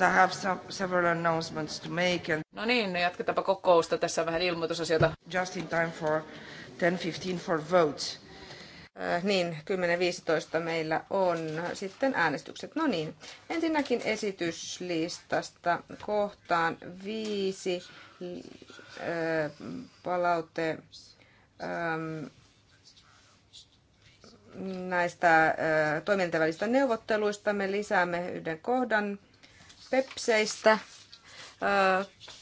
I have some, several announcements to make and... No niin, no jatketaanpa kokousta. Tässä on vähän ilmoitusasioita. Just in time for 10.15 for votes. Äh, niin, 10.15 meillä on sitten äänestykset. No niin, ensinnäkin esityslistasta kohtaan viisi äh, palaute ähm, näistä äh, toimintavälistä neuvotteluista. Me lisäämme yhden kohdan pepseistä.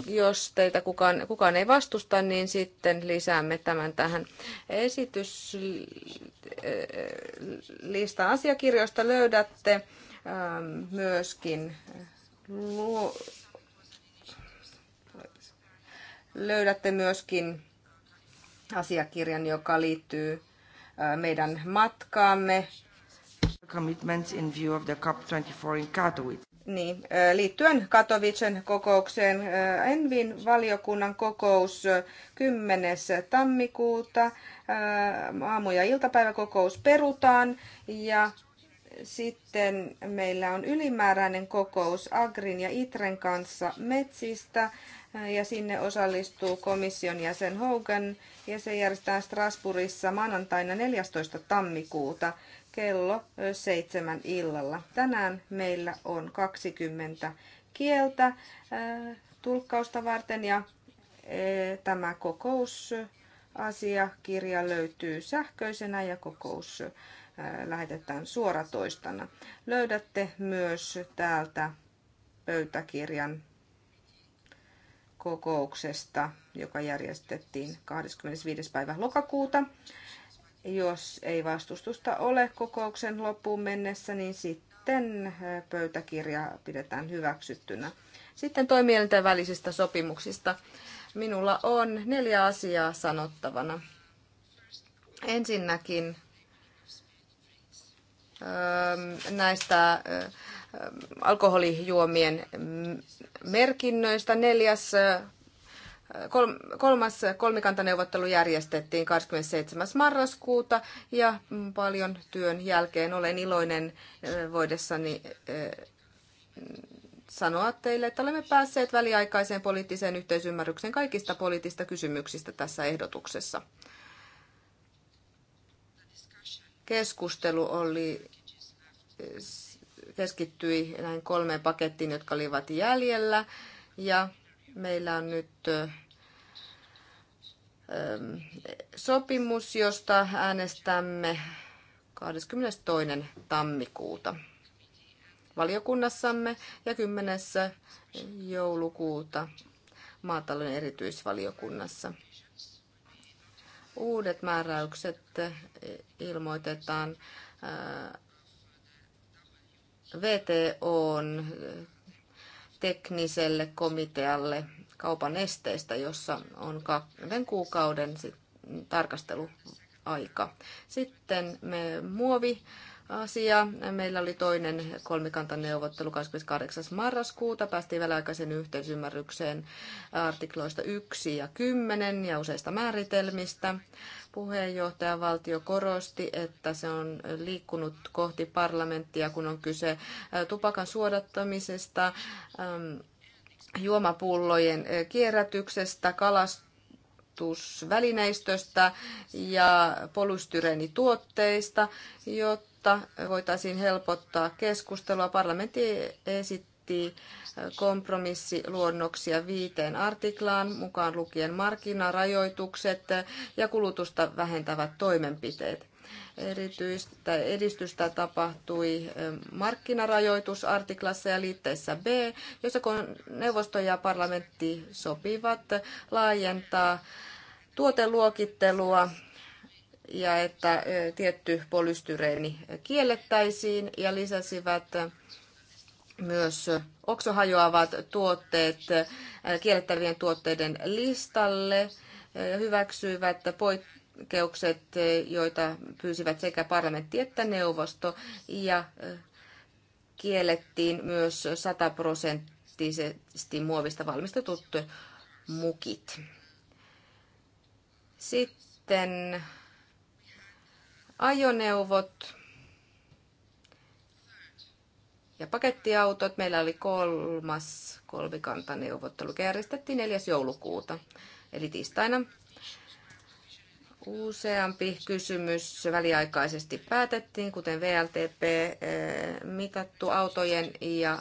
Jos teitä kukaan, kukaan ei vastusta, niin sitten lisäämme tämän tähän esityslista asiakirjoista. Löydätte myöskin löydätte myöskin asiakirjan, joka liittyy meidän matkaamme. Commitments in view of the COP24 in Katowice. Niin, liittyen Katowicen kokoukseen, Envin valiokunnan kokous 10. tammikuuta, aamu- ja iltapäiväkokous perutaan ja sitten meillä on ylimääräinen kokous Agrin ja Itren kanssa metsistä ja sinne osallistuu komission jäsen Hogan ja se järjestetään Strasbourgissa maanantaina 14. tammikuuta kello seitsemän illalla. Tänään meillä on 20 kieltä tulkkausta varten ja tämä kokousasiakirja löytyy sähköisenä ja kokous lähetetään suoratoistana. Löydätte myös täältä pöytäkirjan kokouksesta, joka järjestettiin 25. päivä lokakuuta. Jos ei vastustusta ole kokouksen loppuun mennessä, niin sitten pöytäkirja pidetään hyväksyttynä. Sitten toimielinten välisistä sopimuksista. Minulla on neljä asiaa sanottavana. Ensinnäkin näistä alkoholijuomien merkinnöistä. Neljäs kolmas kolmikantaneuvottelu järjestettiin 27. marraskuuta ja paljon työn jälkeen olen iloinen voidessani sanoa teille, että olemme päässeet väliaikaiseen poliittiseen yhteisymmärrykseen kaikista poliittista kysymyksistä tässä ehdotuksessa. Keskustelu oli, keskittyi näin kolmeen pakettiin, jotka olivat jäljellä ja meillä on nyt sopimus, josta äänestämme 22. tammikuuta valiokunnassamme ja 10. joulukuuta maatalouden erityisvaliokunnassa. Uudet määräykset ilmoitetaan VTOn tekniselle komitealle kaupan esteistä, jossa on kahden kuukauden tarkasteluaika. Sitten me muovi asia. Meillä oli toinen kolmikantaneuvottelu 28. marraskuuta. Päästiin väliaikaisen yhteisymmärrykseen artikloista 1 ja 10 ja useista määritelmistä. Puheenjohtaja valtio korosti, että se on liikkunut kohti parlamenttia, kun on kyse tupakan suodattamisesta, juomapullojen kierrätyksestä, kalastusvälineistöstä ja polystyreenituotteista, jotta voitaisiin helpottaa keskustelua. Parlamentti esitti kompromissiluonnoksia viiteen artiklaan, mukaan lukien markkinarajoitukset ja kulutusta vähentävät toimenpiteet erityistä edistystä tapahtui ähm, markkinarajoitusartiklassa ja liitteessä B, jossa neuvosto ja parlamentti sopivat laajentaa tuoteluokittelua ja että äh, tietty polystyreeni kiellettäisiin ja lisäsivät äh, myös oksohajoavat tuotteet äh, kiellettävien tuotteiden listalle ja hyväksyivät poikkeukset, e, joita pyysivät sekä parlamentti että neuvosto, ja e, kiellettiin myös sataprosenttisesti muovista valmistetut mukit. Sitten ajoneuvot ja pakettiautot. Meillä oli kolmas kolmikantaneuvottelu, järjestettiin 4. joulukuuta, eli tiistaina. Useampi kysymys väliaikaisesti päätettiin, kuten VLTP, eh, mitattu autojen ja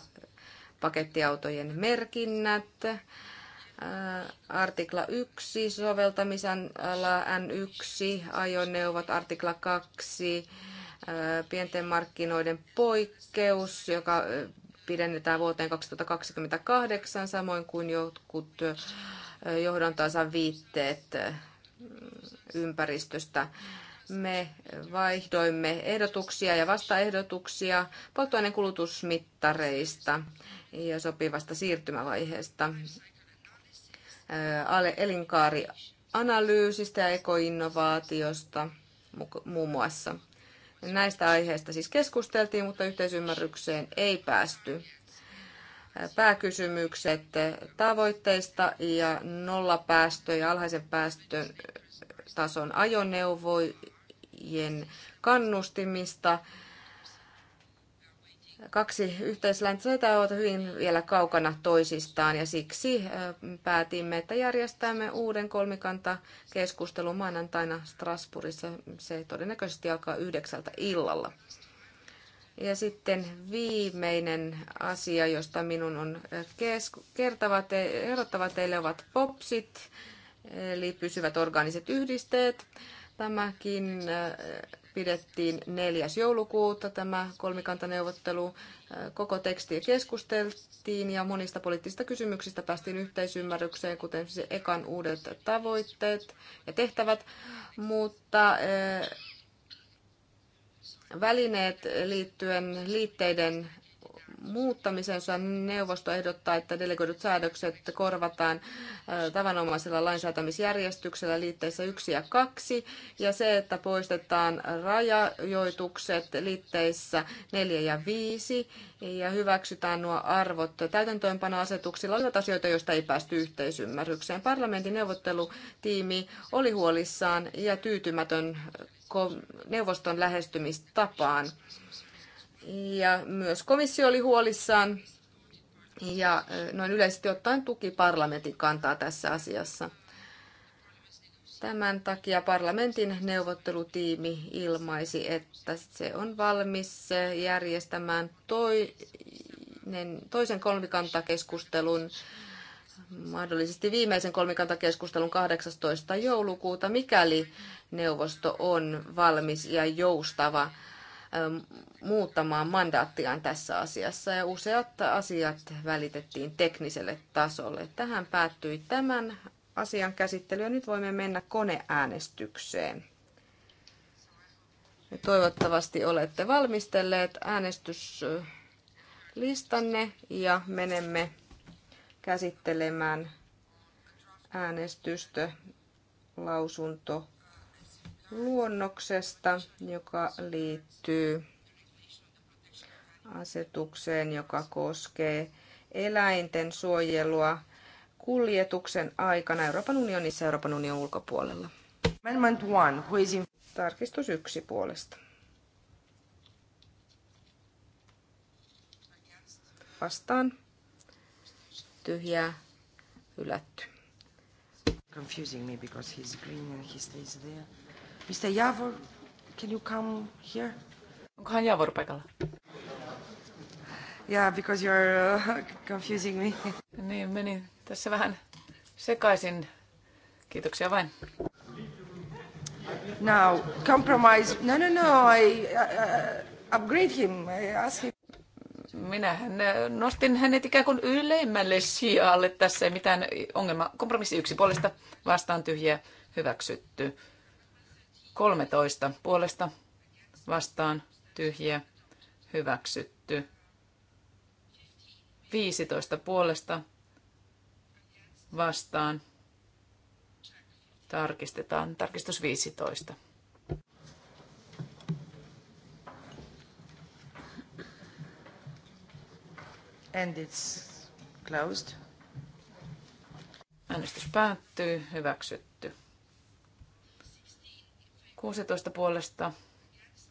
pakettiautojen merkinnät, eh, artikla 1, ala N1, ajoneuvot, artikla 2, eh, pienten markkinoiden poikkeus, joka pidennetään vuoteen 2028, samoin kuin jotkut johdantaansa viitteet ympäristöstä. Me vaihdoimme ehdotuksia ja vastaehdotuksia polttoaineen kulutusmittareista ja sopivasta siirtymävaiheesta, elinkaarianalyysistä ja ekoinnovaatiosta muun muassa. Näistä aiheista siis keskusteltiin, mutta yhteisymmärrykseen ei päästy. Pääkysymykset tavoitteista ja nollapäästö ja alhaisen päästön tason ajoneuvojen kannustimista. Kaksi yhteisläntistä ovat hyvin vielä kaukana toisistaan ja siksi päätimme, että järjestämme uuden kolmikantakeskustelun maanantaina Strasbourgissa. Se todennäköisesti alkaa yhdeksältä illalla. Ja sitten viimeinen asia, josta minun on kertava te- erottava teille, ovat popsit eli pysyvät orgaaniset yhdisteet. Tämäkin äh, pidettiin 4. joulukuuta tämä kolmikantaneuvottelu. Äh, koko tekstiä keskusteltiin ja monista poliittisista kysymyksistä päästiin yhteisymmärrykseen, kuten siis ekan uudet tavoitteet ja tehtävät, mutta äh, välineet liittyen liitteiden muuttamisensa. Neuvosto ehdottaa, että delegoidut säädökset korvataan tavanomaisella lainsäätämisjärjestyksellä liitteissä 1 ja 2 ja se, että poistetaan rajoitukset liitteissä 4 ja 5 ja hyväksytään nuo arvot täytäntöönpanoasetuksilla olivat asioita, joista ei päästy yhteisymmärrykseen. Parlamentin neuvottelutiimi oli huolissaan ja tyytymätön neuvoston lähestymistapaan. Ja myös komissio oli huolissaan ja noin yleisesti ottaen tuki parlamentin kantaa tässä asiassa. Tämän takia parlamentin neuvottelutiimi ilmaisi, että se on valmis järjestämään toinen, toisen kolmikantakeskustelun, mahdollisesti viimeisen kolmikantakeskustelun 18. joulukuuta, mikäli neuvosto on valmis ja joustava Ähm, muuttamaan mandaattiaan tässä asiassa ja useat asiat välitettiin tekniselle tasolle. Tähän päättyi tämän asian käsittely ja nyt voimme mennä koneäänestykseen. Ja toivottavasti olette valmistelleet äänestyslistanne ja menemme käsittelemään äänestystä lausunto luonnoksesta, joka liittyy asetukseen, joka koskee eläinten suojelua kuljetuksen aikana Euroopan unionissa ja Euroopan unionin ulkopuolella. Amendment one, who is in... Tarkistus yksi puolesta. Vastaan. Tyhjää. Hylätty. Confusing me because he's green and he stays there. Mr. Javor, can you come here? Onkohan Javor paikalla? Yeah, because you're uh, confusing me. Niin, meni tässä vähän sekaisin. Kiitoksia vain. Now, compromise. No, no, no, I uh, upgrade him. I ask him. Minähän äh, nostin hänet ikään kuin ylemmälle sijalle. Tässä ei mitään ongelmaa. Kompromissi yksi puolesta vastaan tyhjä hyväksytty. 13 puolesta vastaan tyhjiä hyväksytty. 15 puolesta vastaan tarkistetaan tarkistus 15. And it's closed. Äänestys päättyy. Hyväksytty. 16 puolesta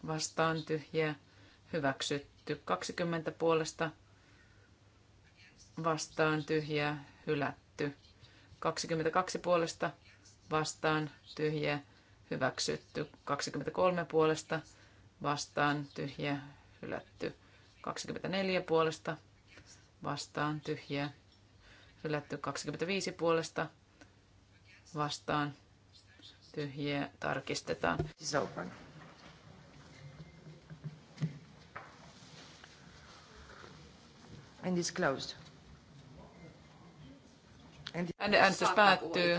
vastaan tyhjiä hyväksytty. 20 puolesta vastaan tyhjiä hylätty. 22 puolesta vastaan tyhjiä hyväksytty. 23 puolesta vastaan tyhjiä hylätty. 24 puolesta vastaan tyhjiä hylätty. 25 puolesta vastaan tyhjiä tarkistetaan. Is open. And it's closed. And äänestys päättyy.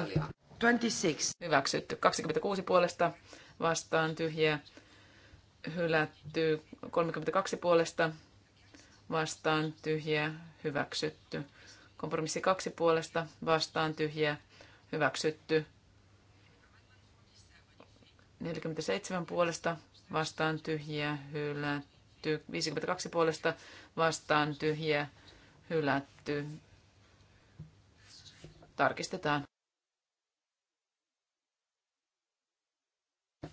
26. Hyväksytty. 26 puolesta vastaan tyhjiä. Hylätty. 32 puolesta vastaan tyhjiä. Hyväksytty. Kompromissi 2 puolesta vastaan tyhjiä. Hyväksytty. 47 puolesta vastaan tyhjiä hylätty. 52 puolesta vastaan tyhjiä hylätty. Tarkistetaan.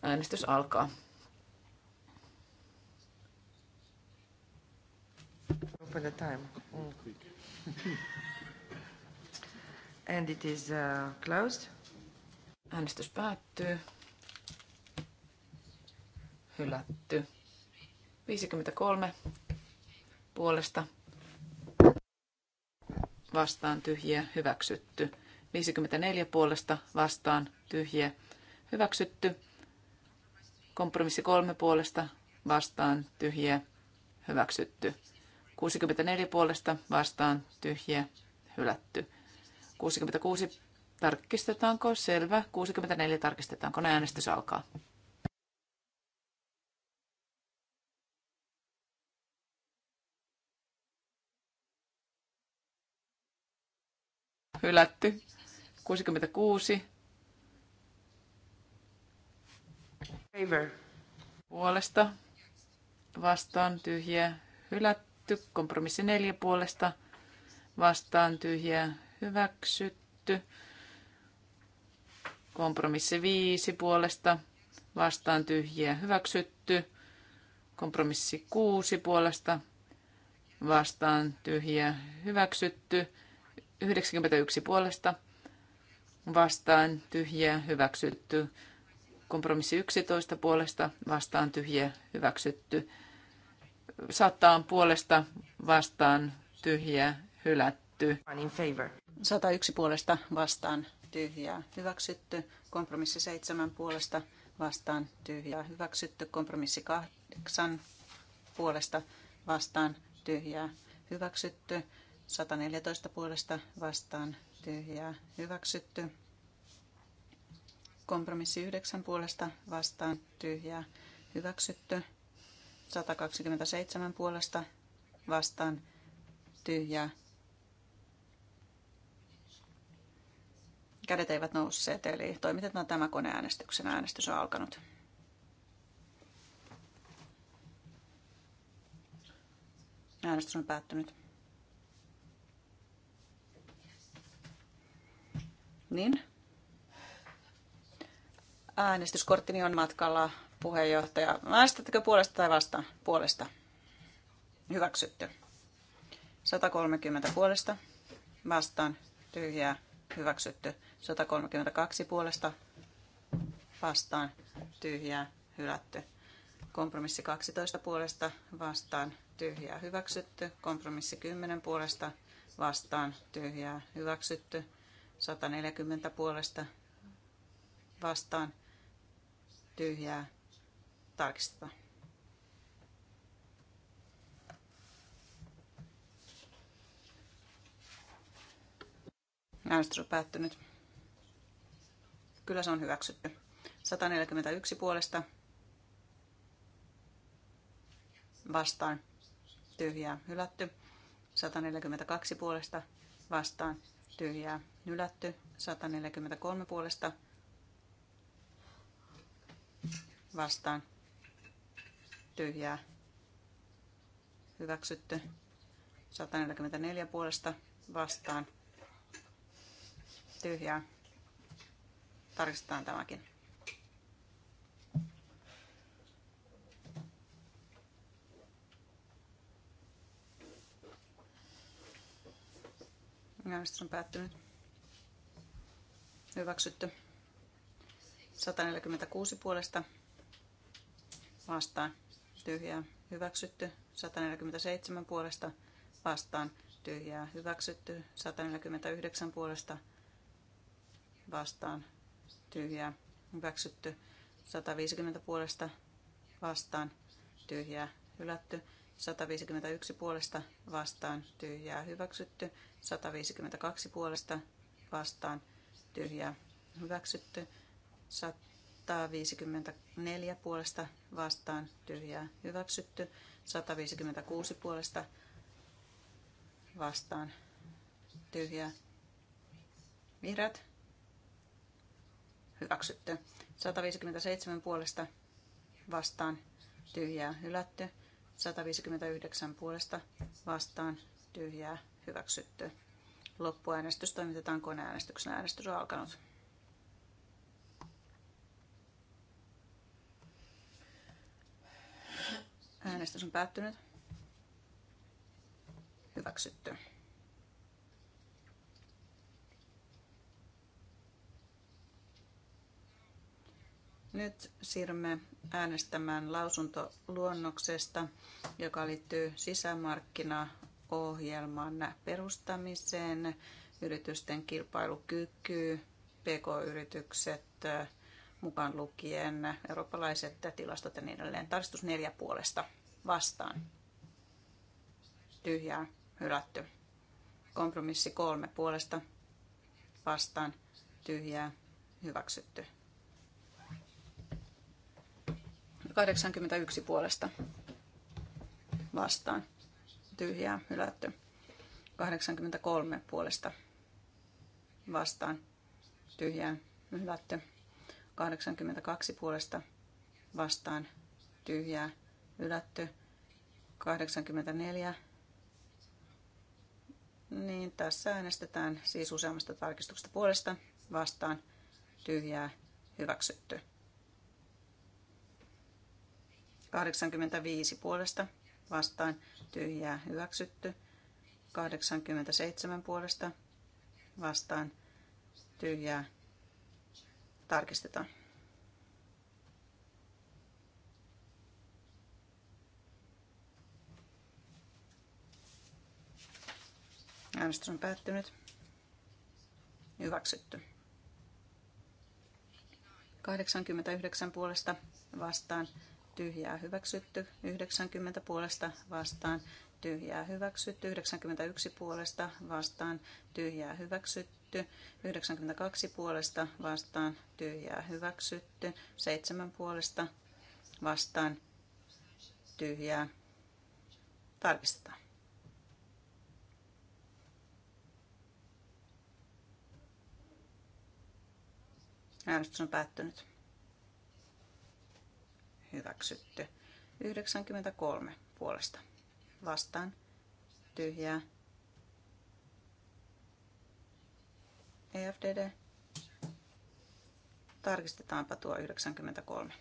Äänestys alkaa. Open the time. Mm. And it is uh, closed. Äänestys päättyy hylätty. 53 puolesta vastaan tyhjiä hyväksytty. 54 puolesta vastaan tyhjiä hyväksytty. Kompromissi 3 puolesta vastaan tyhjiä hyväksytty. 64 puolesta vastaan tyhjiä hylätty. 66 tarkistetaanko? Selvä. 64 tarkistetaanko? Äänestys alkaa. hylätty. 66 favor. puolesta vastaan tyhjiä hylätty. Kompromissi neljä puolesta vastaan tyhjiä hyväksytty. Kompromissi viisi puolesta vastaan tyhjiä hyväksytty. Kompromissi kuusi puolesta vastaan tyhjiä hyväksytty. 91 puolesta vastaan tyhjiä hyväksytty. Kompromissi 11 puolesta vastaan tyhjiä hyväksytty. Sataan puolesta vastaan tyhjiä hylätty. 101 puolesta vastaan tyhjä hyväksytty. Kompromissi 7 puolesta vastaan tyhjä hyväksytty. Kompromissi 8 puolesta vastaan tyhjä hyväksytty. 114 puolesta vastaan tyhjää hyväksytty. Kompromissi 9 puolesta vastaan tyhjää hyväksytty. 127 puolesta vastaan tyhjää. Kädet eivät nousseet, eli toimitetaan tämä koneäänestyksen. Äänestys on alkanut. Äänestys on päättynyt. Niin. Äänestyskorttini on matkalla puheenjohtaja. Äänestättekö puolesta tai vastaan? Puolesta. Hyväksytty. 130 puolesta. Vastaan. Tyhjää. Hyväksytty. 132 puolesta. Vastaan. Tyhjää. Hylätty. Kompromissi 12 puolesta. Vastaan. Tyhjää. Hyväksytty. Kompromissi 10 puolesta. Vastaan. Tyhjää. Hyväksytty. 140 puolesta vastaan tyhjää tarkistetaan. Äänestys on päättynyt. Kyllä se on hyväksytty. 141 puolesta vastaan tyhjää hylätty. 142 puolesta vastaan tyhjää nylätty 143 puolesta vastaan tyhjää hyväksytty. 144 puolesta vastaan tyhjää. Tarkistetaan tämäkin. Äänestys on päättynyt. Hyväksytty. 146 puolesta vastaan tyhjää hyväksytty. 147 puolesta vastaan tyhjää hyväksytty. 149 puolesta vastaan tyhjää hyväksytty. 150 puolesta vastaan tyhjää hylätty. 151 puolesta vastaan tyhjää hyväksytty, 152 puolesta vastaan tyhjää hyväksytty, 154 puolesta vastaan tyhjää hyväksytty, 156 puolesta vastaan tyhjää vihreät hyväksytty, 157 puolesta vastaan tyhjää hylätty, 159 puolesta vastaan tyhjää hyväksytty. Loppuäänestys toimitetaan koneäänestyksen. Äänestys on alkanut. Äänestys on päättynyt. Hyväksytty. Nyt siirrymme äänestämään lausuntoluonnoksesta, joka liittyy sisämarkkinaohjelman perustamiseen, yritysten kilpailukyky, pk-yritykset mukaan lukien eurooppalaiset tilastot ja niin edelleen. Tarkistus neljä puolesta vastaan. Tyhjää, hylätty. Kompromissi kolme puolesta vastaan. Tyhjää, hyväksytty. 81 puolesta vastaan. Tyhjää, hylätty. 83 puolesta vastaan. Tyhjää, hylätty. 82 puolesta vastaan. Tyhjää, hylätty. 84 niin tässä äänestetään siis useammasta tarkistuksesta puolesta vastaan tyhjää hyväksytty. 85 puolesta vastaan tyhjää hyväksytty. 87 puolesta vastaan tyhjää tarkistetaan. Äänestys on päättynyt. Hyväksytty. 89 puolesta vastaan tyhjää hyväksytty, 90 puolesta vastaan tyhjää hyväksytty, 91 puolesta vastaan tyhjää hyväksytty, 92 puolesta vastaan tyhjää hyväksytty, 7 puolesta vastaan tyhjää tarkistetaan. Äänestys on päättynyt hyväksytty. 93 puolesta vastaan tyhjää. EFDD. Tarkistetaanpa tuo 93.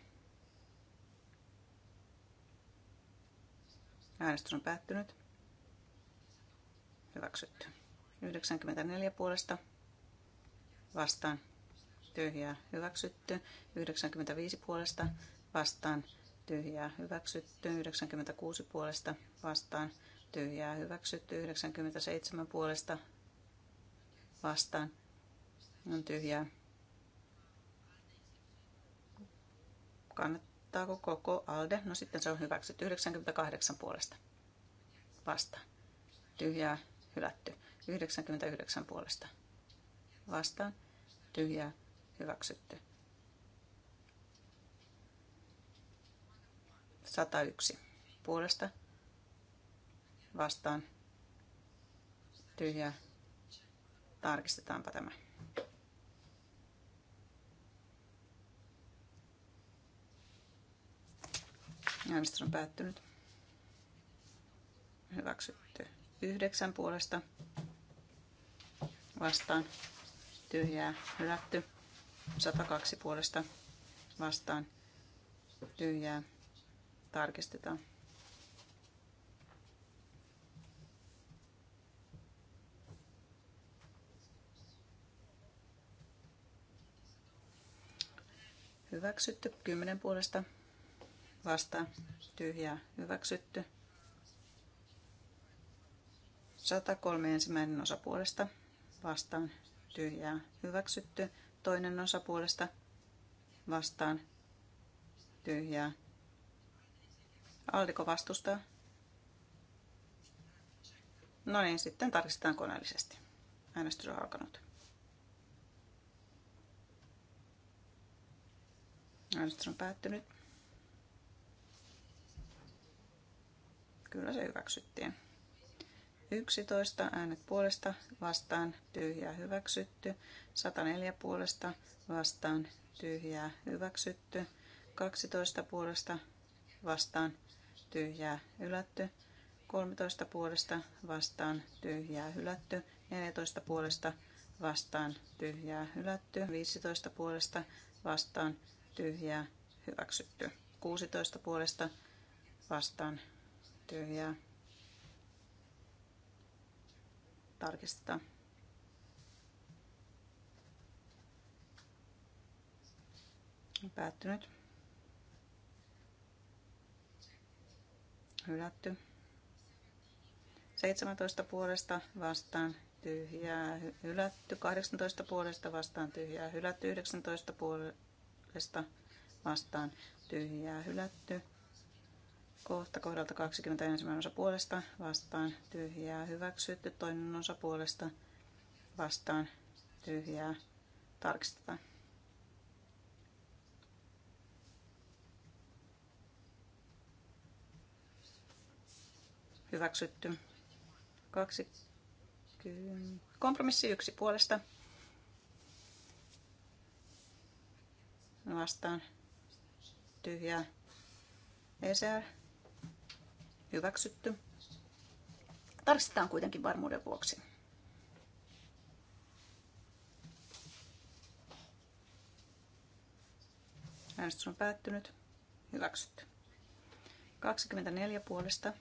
Äänestys on päättynyt. Hyväksytty. 94 puolesta vastaan tyhjää hyväksytty. 95 puolesta vastaan tyhjää hyväksytty, 96 puolesta vastaan tyhjää hyväksytty, 97 puolesta vastaan on tyhjää. Kannattaako koko ALDE? No sitten se on hyväksytty 98 puolesta vastaan. Tyhjää hylätty 99 puolesta vastaan. Tyhjää hyväksytty 101 puolesta vastaan tyhjää. Tarkistetaanpa tämä. Äänestys on päättynyt. Hyväksytty. Yhdeksän puolesta vastaan tyhjää hylätty. 102 puolesta vastaan tyhjää tarkistetaan. Hyväksytty. kymmenen puolesta vasta tyhjää hyväksytty. 103 ensimmäinen osa puolesta vastaan tyhjää hyväksytty. Toinen osa puolesta vastaan tyhjää Aldiko vastustaa? No niin, sitten tarkistetaan koneellisesti. Äänestys on alkanut. Äänestys on päättynyt. Kyllä se hyväksyttiin. 11 äänet puolesta vastaan tyhjää hyväksytty. 104 puolesta vastaan tyhjää hyväksytty. 12 puolesta vastaan tyhjää hylätty. 13 puolesta vastaan tyhjää hylätty. 14 puolesta vastaan tyhjää hylätty. 15 puolesta vastaan tyhjää hyväksytty. 16 puolesta vastaan tyhjää tarkistetaan. Päättynyt. hylätty. 17 puolesta vastaan tyhjää hylätty, 18 puolesta vastaan tyhjää hylätty, 19 puolesta vastaan tyhjää hylätty. Kohta kohdalta 21 osa puolesta vastaan tyhjää hyväksytty, toinen osa puolesta vastaan tyhjää tarkistetaan. hyväksytty. 20. Kompromissi yksi puolesta. Vastaan tyhjää. ECR hyväksytty. Tarkistetaan kuitenkin varmuuden vuoksi. Äänestys on päättynyt. Hyväksytty. 24 puolesta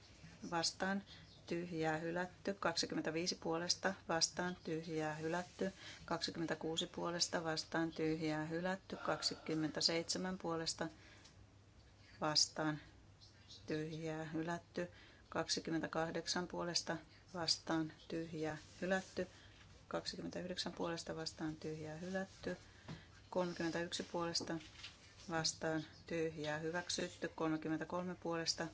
vastaan tyhjää hylätty, 25 puolesta vastaan tyhjää hylätty, 26 puolesta vastaan tyhjää hylätty, 27 puolesta vastaan tyhjää hylätty, 28 puolesta vastaan tyhjää hylätty, 29 puolesta vastaan tyhjää hylätty, 31 puolesta vastaan tyhjää hyväksytty, 33 puolesta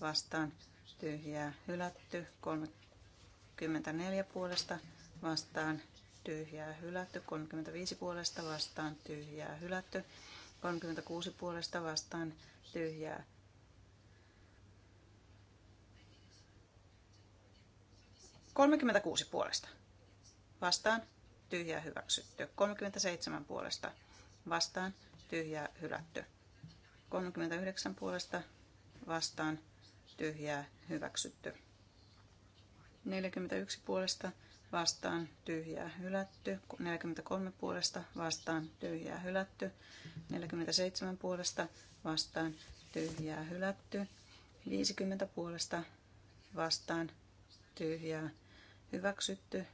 vastaan tyhjää hylätty. 34 puolesta vastaan tyhjää hylätty. 35 puolesta vastaan tyhjää hylätty. 36 puolesta vastaan tyhjää Kolmekymmentäkuusi puolesta. Vastaan tyhjää hyväksytty. 37 puolesta vastaan tyhjää hylätty. 39 puolesta vastaan tyhjää hyväksytty. 41 puolesta vastaan tyhjää hylätty, 43 puolesta vastaan tyhjää hylätty, 47 puolesta vastaan tyhjää hylätty, 50 puolesta vastaan tyhjää hyväksytty,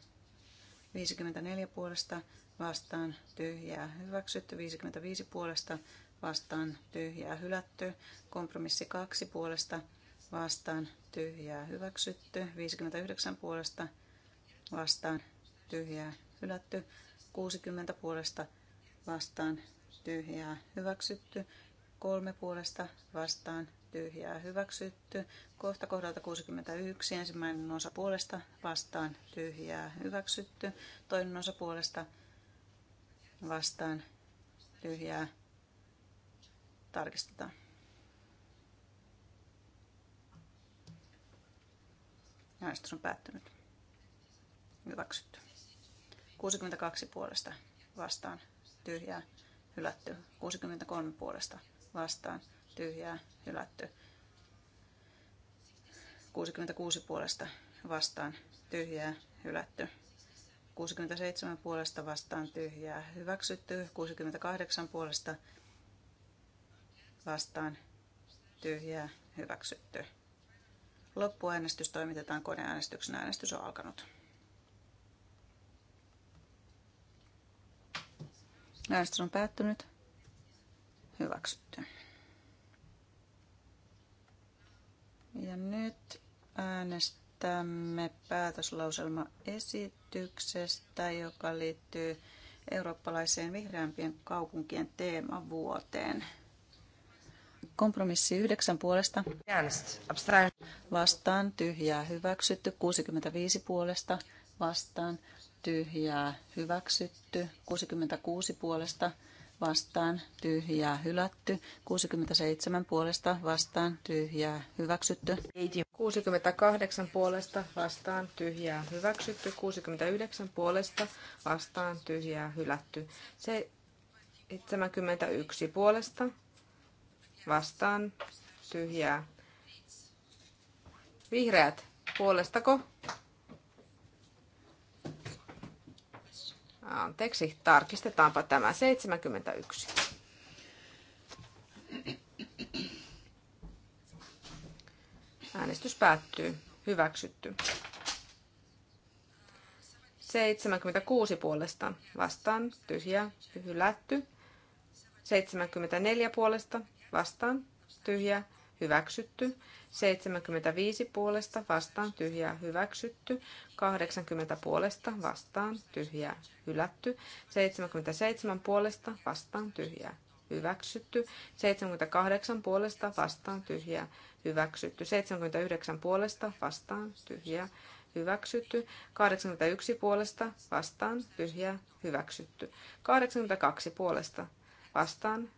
54 puolesta vastaan tyhjää hyväksytty, 55 puolesta vastaan tyhjää hylätty, kompromissi 2 puolesta vastaan tyhjää hyväksytty, 59 puolesta vastaan tyhjää hylätty, 60 puolesta vastaan tyhjää hyväksytty, 3 puolesta vastaan tyhjää hyväksytty, kohta kohdalta 61 ensimmäinen osa puolesta vastaan tyhjää hyväksytty, toinen osa puolesta vastaan tyhjää tarkistetaan. Äänestys on päättynyt. Hyväksytty. 62 puolesta vastaan tyhjää hylätty. 63 puolesta vastaan tyhjää hylätty. 66 puolesta vastaan tyhjää hylätty. 67 puolesta vastaan tyhjää hyväksytty. 68 puolesta vastaan tyhjää hyväksytty. Loppuäänestys toimitetaan koneäänestyksen. Äänestys on alkanut. Äänestys on päättynyt. Hyväksytty. Ja nyt äänestämme päätöslauselmaesityksestä, joka liittyy eurooppalaiseen vihreämpien kaupunkien teemavuoteen. Kompromissi yhdeksän puolesta. Vastaan tyhjää hyväksytty. 65 puolesta. Vastaan tyhjää hyväksytty. 66 puolesta vastaan tyhjää hylätty, 67 puolesta vastaan tyhjää hyväksytty, 68 puolesta vastaan tyhjää hyväksytty, 69 puolesta vastaan tyhjää hylätty, 71 puolesta vastaan tyhjää. Vihreät puolestako? Anteeksi, tarkistetaanpa tämä 71. Äänestys päättyy. Hyväksytty. 76 puolesta vastaan tyhjä hylätty. 74 puolesta vastaan, tyhjä, hyväksytty. 75 puolesta vastaan tyhjä hyväksytty, 80 puolesta vastaan tyhjä, hylätty, 77 puolesta vastaan tyhjä, hyväksytty, 78 puolesta vastaan tyhjä, hyväksytty, 79 puolesta vastaan tyhjä, hyväksytty, 81 puolesta vastaan tyhjä, hyväksytty, 82 puolesta vastaan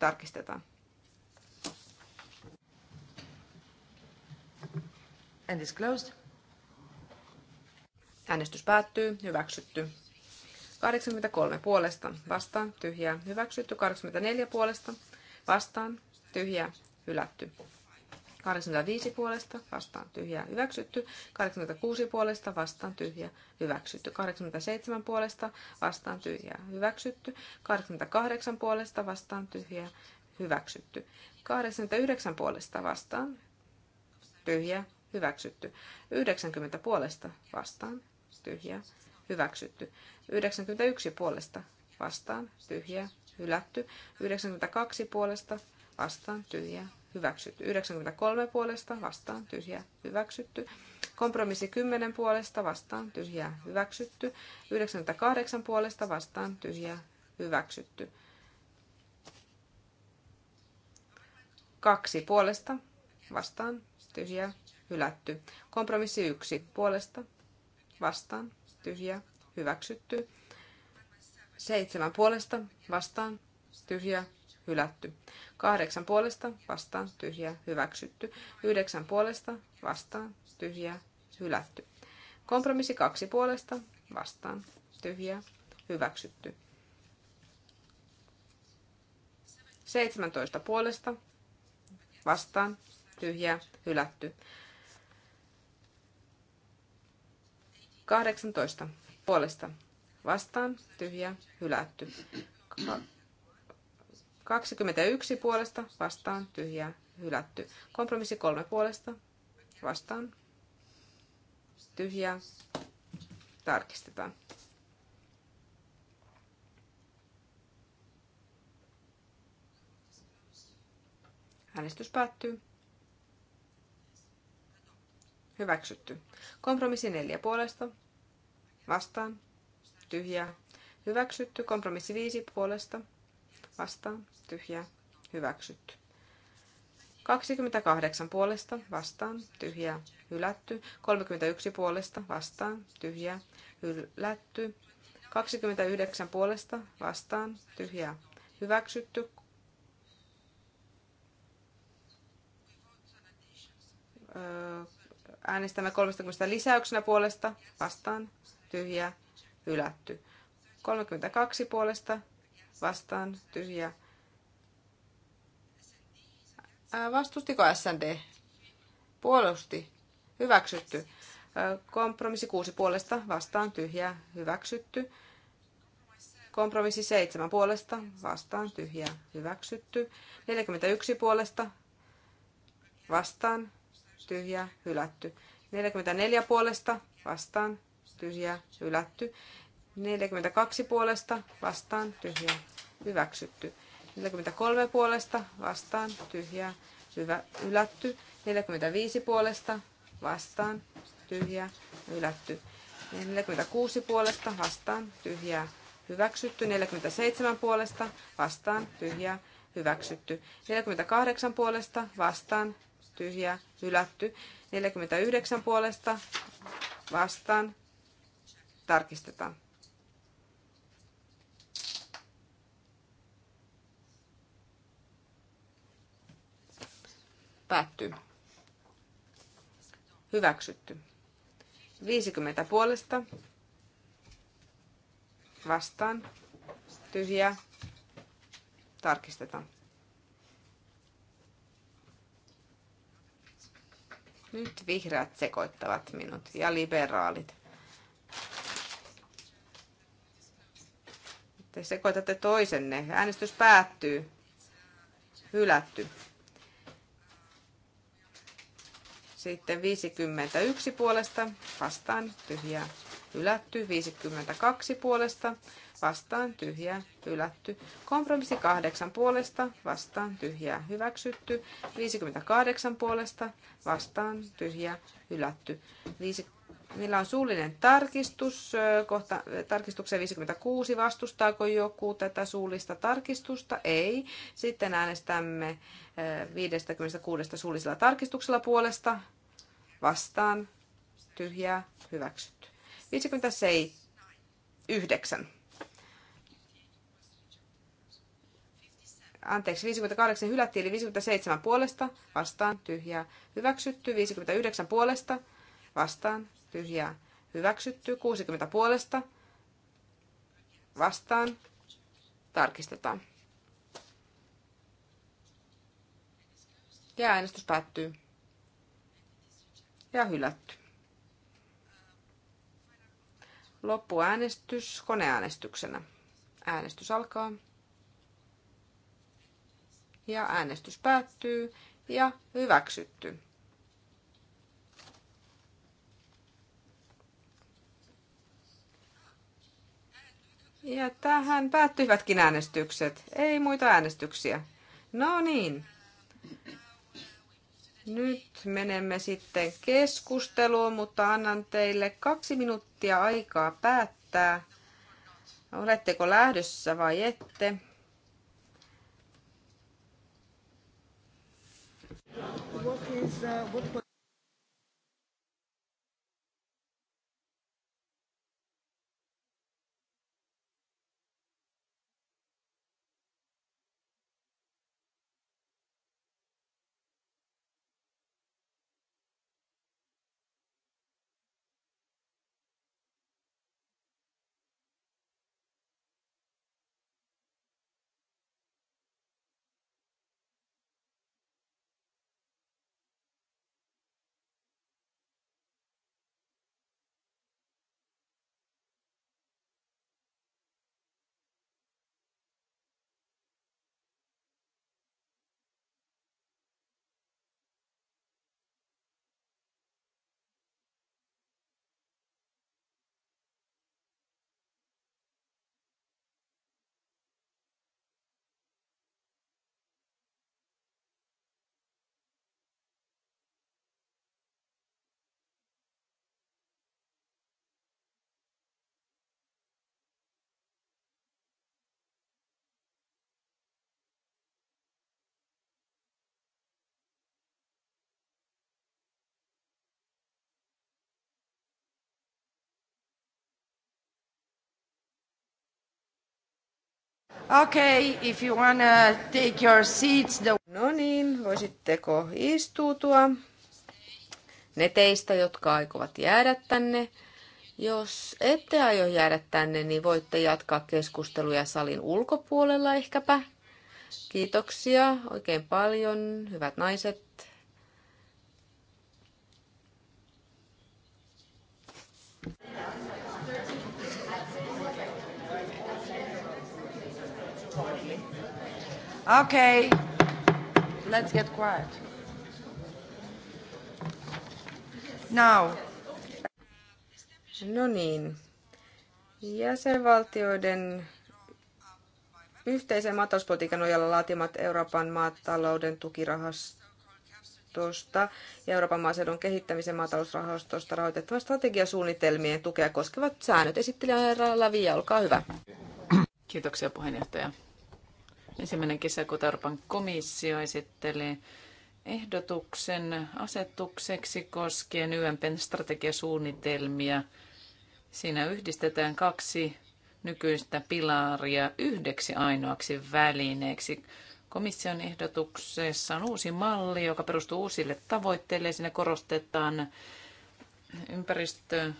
tarkistetaan. And is closed. Äänestys päättyy. Hyväksytty. 83 puolesta. Vastaan. Tyhjää. Hyväksytty. 84 puolesta. Vastaan. Tyhjää. Hylätty. 85 puolesta vastaan tyhjää hyväksytty, 86 puolesta vastaan tyhjä hyväksytty, 87 puolesta vastaan tyhjää hyväksytty, 88 puolesta vastaan tyhjää hyväksytty, 89 puolesta vastaan tyhjä hyväksytty, 90 puolesta vastaan tyhjä hyväksytty, 91 puolesta vastaan tyhjä hylätty, 92 puolesta vastaan tyhjä hyväksytty. 93 puolesta vastaan tyhjä hyväksytty. Kompromissi 10 puolesta vastaan tyhjä hyväksytty. 98 puolesta vastaan tyhjä hyväksytty. Kaksi puolesta vastaan tyhjä hylätty. Kompromissi 1 puolesta vastaan tyhjä hyväksytty. Seitsemän puolesta vastaan tyhjä hylätty. Kahdeksan puolesta vastaan tyhjä hyväksytty. Yhdeksän puolesta vastaan tyhjä hylätty. Kompromissi kaksi puolesta vastaan tyhjä hyväksytty. 17 puolesta vastaan tyhjä hylätty. 18 puolesta vastaan tyhjä hylätty. 21 puolesta vastaan tyhjä hylätty. Kompromissi 3 puolesta vastaan tyhjä tarkistetaan. Äänestys päättyy. Hyväksytty. Kompromissi 4 puolesta vastaan tyhjä hyväksytty. Kompromissi 5 puolesta vastaan, tyhjä hyväksytty. 28 puolesta vastaan, tyhjä hylätty. 31 puolesta vastaan, tyhjä hylätty. 29 puolesta vastaan, tyhjä hyväksytty. Äänestämme 30 lisäyksenä puolesta vastaan, tyhjä hylätty. 32 puolesta vastaan tyhjä. Vastustiko SND? Puolusti. Hyväksytty. Kompromissi 6 puolesta vastaan tyhjä. Hyväksytty. Kompromissi 7 puolesta vastaan tyhjä. Hyväksytty. 41 puolesta vastaan tyhjä. Hylätty. 44 puolesta vastaan tyhjä. Hylätty. 42 puolesta vastaan tyhjää hyväksytty. 43 puolesta vastaan tyhjää hyvä, ylätty. 45 puolesta vastaan tyhjää ylätty. 46 puolesta vastaan tyhjää hyväksytty. 47 puolesta vastaan tyhjää hyväksytty. 48 puolesta vastaan tyhjää hylätty. 49 puolesta vastaan tarkistetaan. Päättyy. Hyväksytty. 50 puolesta. Vastaan. Tyhjä. Tarkistetaan. Nyt vihreät sekoittavat minut ja liberaalit. Te sekoitatte toisenne. Äänestys päättyy. Hylätty. Sitten 51 puolesta vastaan tyhjää ylätty. 52 puolesta vastaan tyhjää ylätty. Kompromissi 8 puolesta vastaan tyhjää hyväksytty. 58 puolesta vastaan tyhjää ylätty. 50 Meillä on suullinen tarkistus, kohta, tarkistukseen 56. Vastustaako joku tätä suullista tarkistusta? Ei. Sitten äänestämme 56 suullisella tarkistuksella puolesta. Vastaan. Tyhjää. Hyväksytty. 59. anteeksi, 58 hylättiin, eli 57 puolesta, vastaan, tyhjää, hyväksytty, 59 puolesta, vastaan, tyhjää hyväksytty. 60 puolesta vastaan tarkistetaan. Ja äänestys päättyy. Ja hylätty. Loppuäänestys koneäänestyksenä. Äänestys alkaa. Ja äänestys päättyy ja hyväksytty. Ja tähän päättyivätkin äänestykset. Ei muita äänestyksiä. No niin. Nyt menemme sitten keskusteluun, mutta annan teille kaksi minuuttia aikaa päättää, oletteko lähdössä vai ette. What is, uh, what... Okay, if you wanna take your seats, the... No niin, voisitteko istuutua? Ne teistä, jotka aikovat jäädä tänne. Jos ette aio jäädä tänne, niin voitte jatkaa keskusteluja salin ulkopuolella ehkäpä. Kiitoksia oikein paljon, hyvät naiset, Okay, let's get quiet. Now. No niin. Jäsenvaltioiden yhteisen maatalouspolitiikan nojalla laatimat Euroopan maatalouden tukirahastosta ja Euroopan maaseudun kehittämisen maatalousrahastosta rahoitettavan strategiasuunnitelmien tukea koskevat säännöt. Esittelijä Lavia, olkaa hyvä. Kiitoksia puheenjohtaja. Ensimmäinen kesäkuutarpan komissio esitteli ehdotuksen asetukseksi koskien YMPn strategiasuunnitelmia. Siinä yhdistetään kaksi nykyistä pilaria yhdeksi ainoaksi välineeksi. Komission ehdotuksessa on uusi malli, joka perustuu uusille tavoitteille. Siinä korostetaan ympäristö-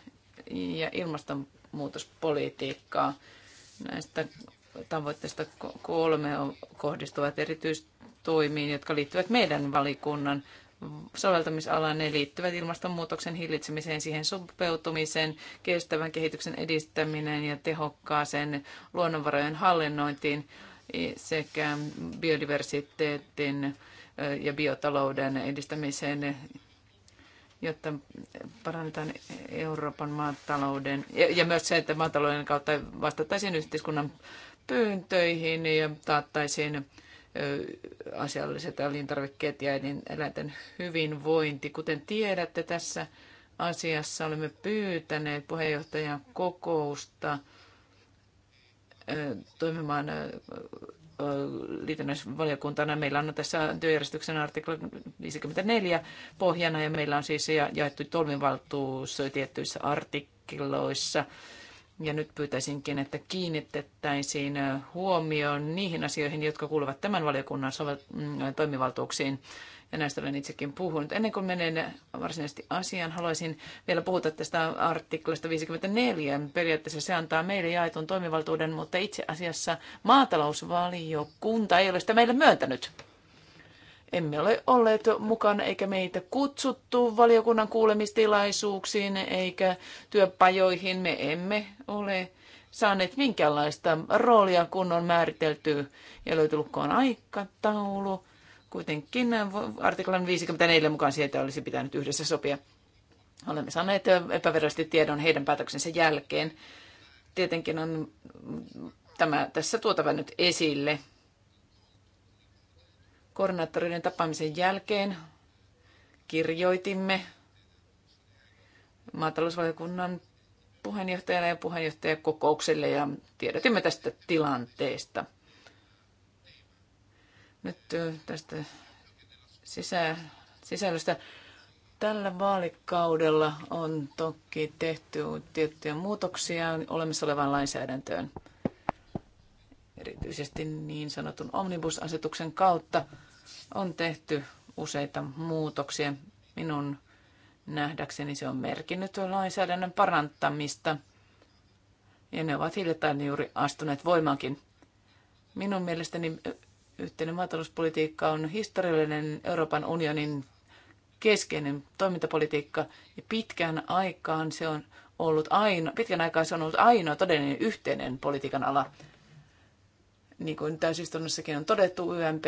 ja ilmastonmuutospolitiikkaa. Näistä tavoitteista kolme kohdistuvat erityistoimiin, jotka liittyvät meidän valikunnan soveltamisalaan. Ne liittyvät ilmastonmuutoksen hillitsemiseen, siihen sopeutumiseen, kestävän kehityksen edistäminen ja tehokkaaseen luonnonvarojen hallinnointiin sekä biodiversiteetin ja biotalouden edistämiseen, jotta parannetaan Euroopan maatalouden ja myös se, että maatalouden kautta vastattaisiin yhteiskunnan pyyntöihin ja taattaisiin asialliset elintarvikkeet ja eläinten hyvinvointi. Kuten tiedätte, tässä asiassa olemme pyytäneet puheenjohtajan kokousta toimimaan liitännäisvaliokuntana. Meillä on tässä työjärjestyksen artikla 54 pohjana ja meillä on siis jaettu toimivaltuus tiettyissä artikkeloissa ja nyt pyytäisinkin, että kiinnitettäisiin huomioon niihin asioihin, jotka kuuluvat tämän valiokunnan sovel- mm, toimivaltuuksiin. Ja näistä olen itsekin puhunut. Ennen kuin menen varsinaisesti asiaan, haluaisin vielä puhua tästä artiklasta 54. Periaatteessa se antaa meille jaetun toimivaltuuden, mutta itse asiassa maatalousvaliokunta ei ole sitä meille myöntänyt. Emme ole olleet mukana eikä meitä kutsuttu valiokunnan kuulemistilaisuuksiin eikä työpajoihin. Me emme ole saaneet minkäänlaista roolia, kun on määritelty ja löyty lukkoon aikataulu. Kuitenkin artiklan 54 mukaan sieltä olisi pitänyt yhdessä sopia. Olemme saaneet epävirallisesti tiedon heidän päätöksensä jälkeen. Tietenkin on tämä tässä tuotava nyt esille Koordinaattorien tapaamisen jälkeen kirjoitimme maatalousvaliokunnan puheenjohtajana ja puheenjohtajakokoukselle ja tiedotimme tästä tilanteesta. Nyt tästä sisä, sisällöstä. Tällä vaalikaudella on toki tehty tiettyjä muutoksia olemassa olevaan lainsäädäntöön erityisesti niin sanotun omnibusasetuksen kautta on tehty useita muutoksia. Minun nähdäkseni se on merkinnyt lainsäädännön parantamista ja ne ovat hiljattain juuri astuneet voimaankin. Minun mielestäni yhteinen maatalouspolitiikka on historiallinen Euroopan unionin keskeinen toimintapolitiikka ja pitkän aikaan se on ollut aino, pitkän aikaa se on ollut ainoa todellinen yhteinen politiikan ala. Niin kuin täysistunnossakin on todettu, YMP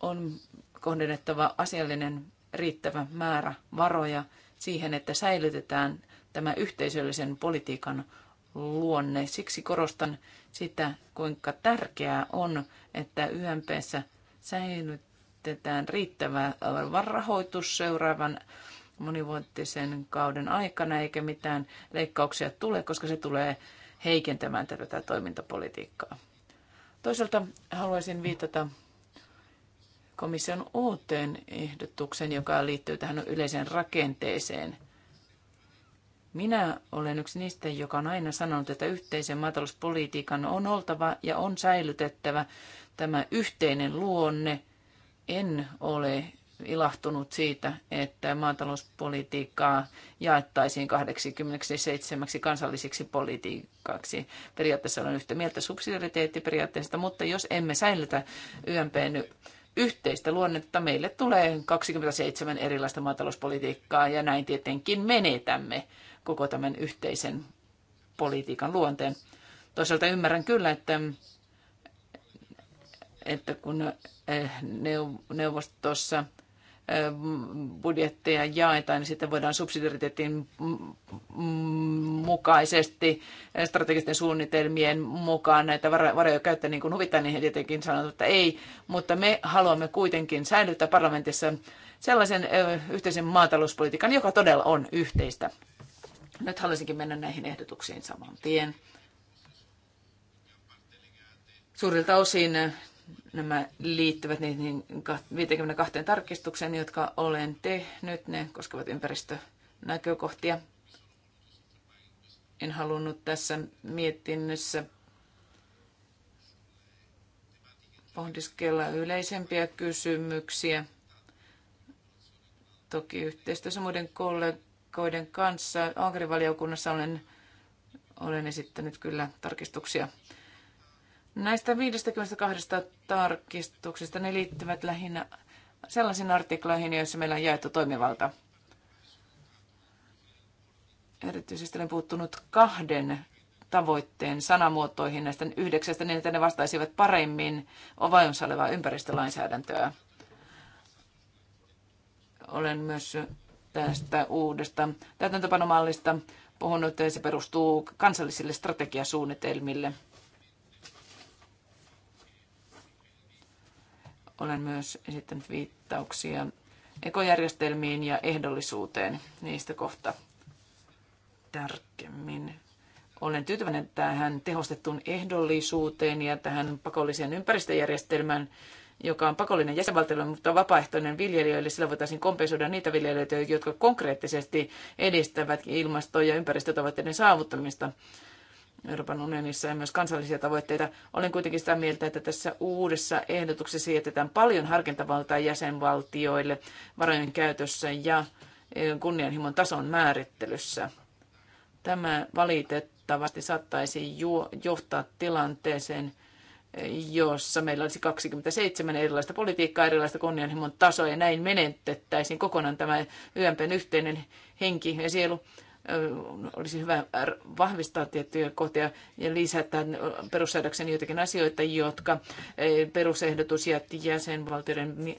on kohdennettava asiallinen riittävä määrä varoja siihen, että säilytetään tämä yhteisöllisen politiikan luonne. Siksi korostan sitä, kuinka tärkeää on, että YMPssä säilytetään riittävä rahoitus seuraavan monivuotisen kauden aikana, eikä mitään leikkauksia tule, koska se tulee heikentämään tätä toimintapolitiikkaa. Toisaalta haluaisin viitata komission uuteen ehdotukseen, joka liittyy tähän yleiseen rakenteeseen. Minä olen yksi niistä, joka on aina sanonut, että yhteisen maatalouspolitiikan on oltava ja on säilytettävä tämä yhteinen luonne. En ole ilahtunut siitä, että maatalouspolitiikkaa jaettaisiin 87 kansallisiksi politiikaksi. Periaatteessa olen yhtä mieltä subsidiariteettiperiaatteesta, mutta jos emme säilytä YMPn yhteistä luonnetta, meille tulee 27 erilaista maatalouspolitiikkaa ja näin tietenkin menetämme koko tämän yhteisen politiikan luonteen. Toisaalta ymmärrän kyllä, että, että kun eh, neuvostossa – budjetteja jaetaan, niin sitten voidaan subsidiariteetin mukaisesti strategisten suunnitelmien mukaan näitä varoja käyttää niin kuin huvittaa, niin he tietenkin sanovat, että ei, mutta me haluamme kuitenkin säilyttää parlamentissa sellaisen yhteisen maatalouspolitiikan, joka todella on yhteistä. Nyt haluaisinkin mennä näihin ehdotuksiin saman tien. Suurilta osin Nämä liittyvät niihin 52 tarkistukseen, jotka olen tehnyt. Ne koskevat ympäristönäkökohtia. En halunnut tässä mietinnössä pohdiskella yleisempiä kysymyksiä. Toki yhteistyössä muiden kollegoiden kanssa agrivaliokunnassa olen, olen esittänyt kyllä tarkistuksia Näistä 52 tarkistuksista ne liittyvät lähinnä sellaisiin artikloihin, joissa meillä on jaettu toimivalta. Erityisesti olen puuttunut kahden tavoitteen sanamuotoihin näistä yhdeksästä niin, että ne vastaisivat paremmin ovajonsa olevaa ympäristölainsäädäntöä. Olen myös tästä uudesta täytäntöpanomallista puhunut että se perustuu kansallisille strategiasuunnitelmille – Olen myös esittänyt viittauksia ekojärjestelmiin ja ehdollisuuteen. Niistä kohta tarkemmin. Olen tyytyväinen tähän tehostettuun ehdollisuuteen ja tähän pakolliseen ympäristöjärjestelmään, joka on pakollinen jäsenvaltiolle, mutta vapaaehtoinen viljelijöille. Sillä voitaisiin kompensoida niitä viljelijöitä, jotka konkreettisesti edistävät ilmasto- ja ympäristötavoitteiden saavuttamista. Euroopan unionissa ja myös kansallisia tavoitteita. Olen kuitenkin sitä mieltä, että tässä uudessa ehdotuksessa jätetään paljon harkintavaltaa jäsenvaltioille varojen käytössä ja e, kunnianhimon tason määrittelyssä. Tämä valitettavasti saattaisi johtaa tilanteeseen, jossa meillä olisi 27 erilaista politiikkaa, erilaista kunnianhimon tasoa, ja näin menetettäisiin kokonaan tämä YMPn yhteinen henki ja sielu olisi hyvä vahvistaa tiettyjä kohtia ja lisätä perussäädöksen joitakin asioita, jotka e, perusehdotus jätti jäsenvaltioiden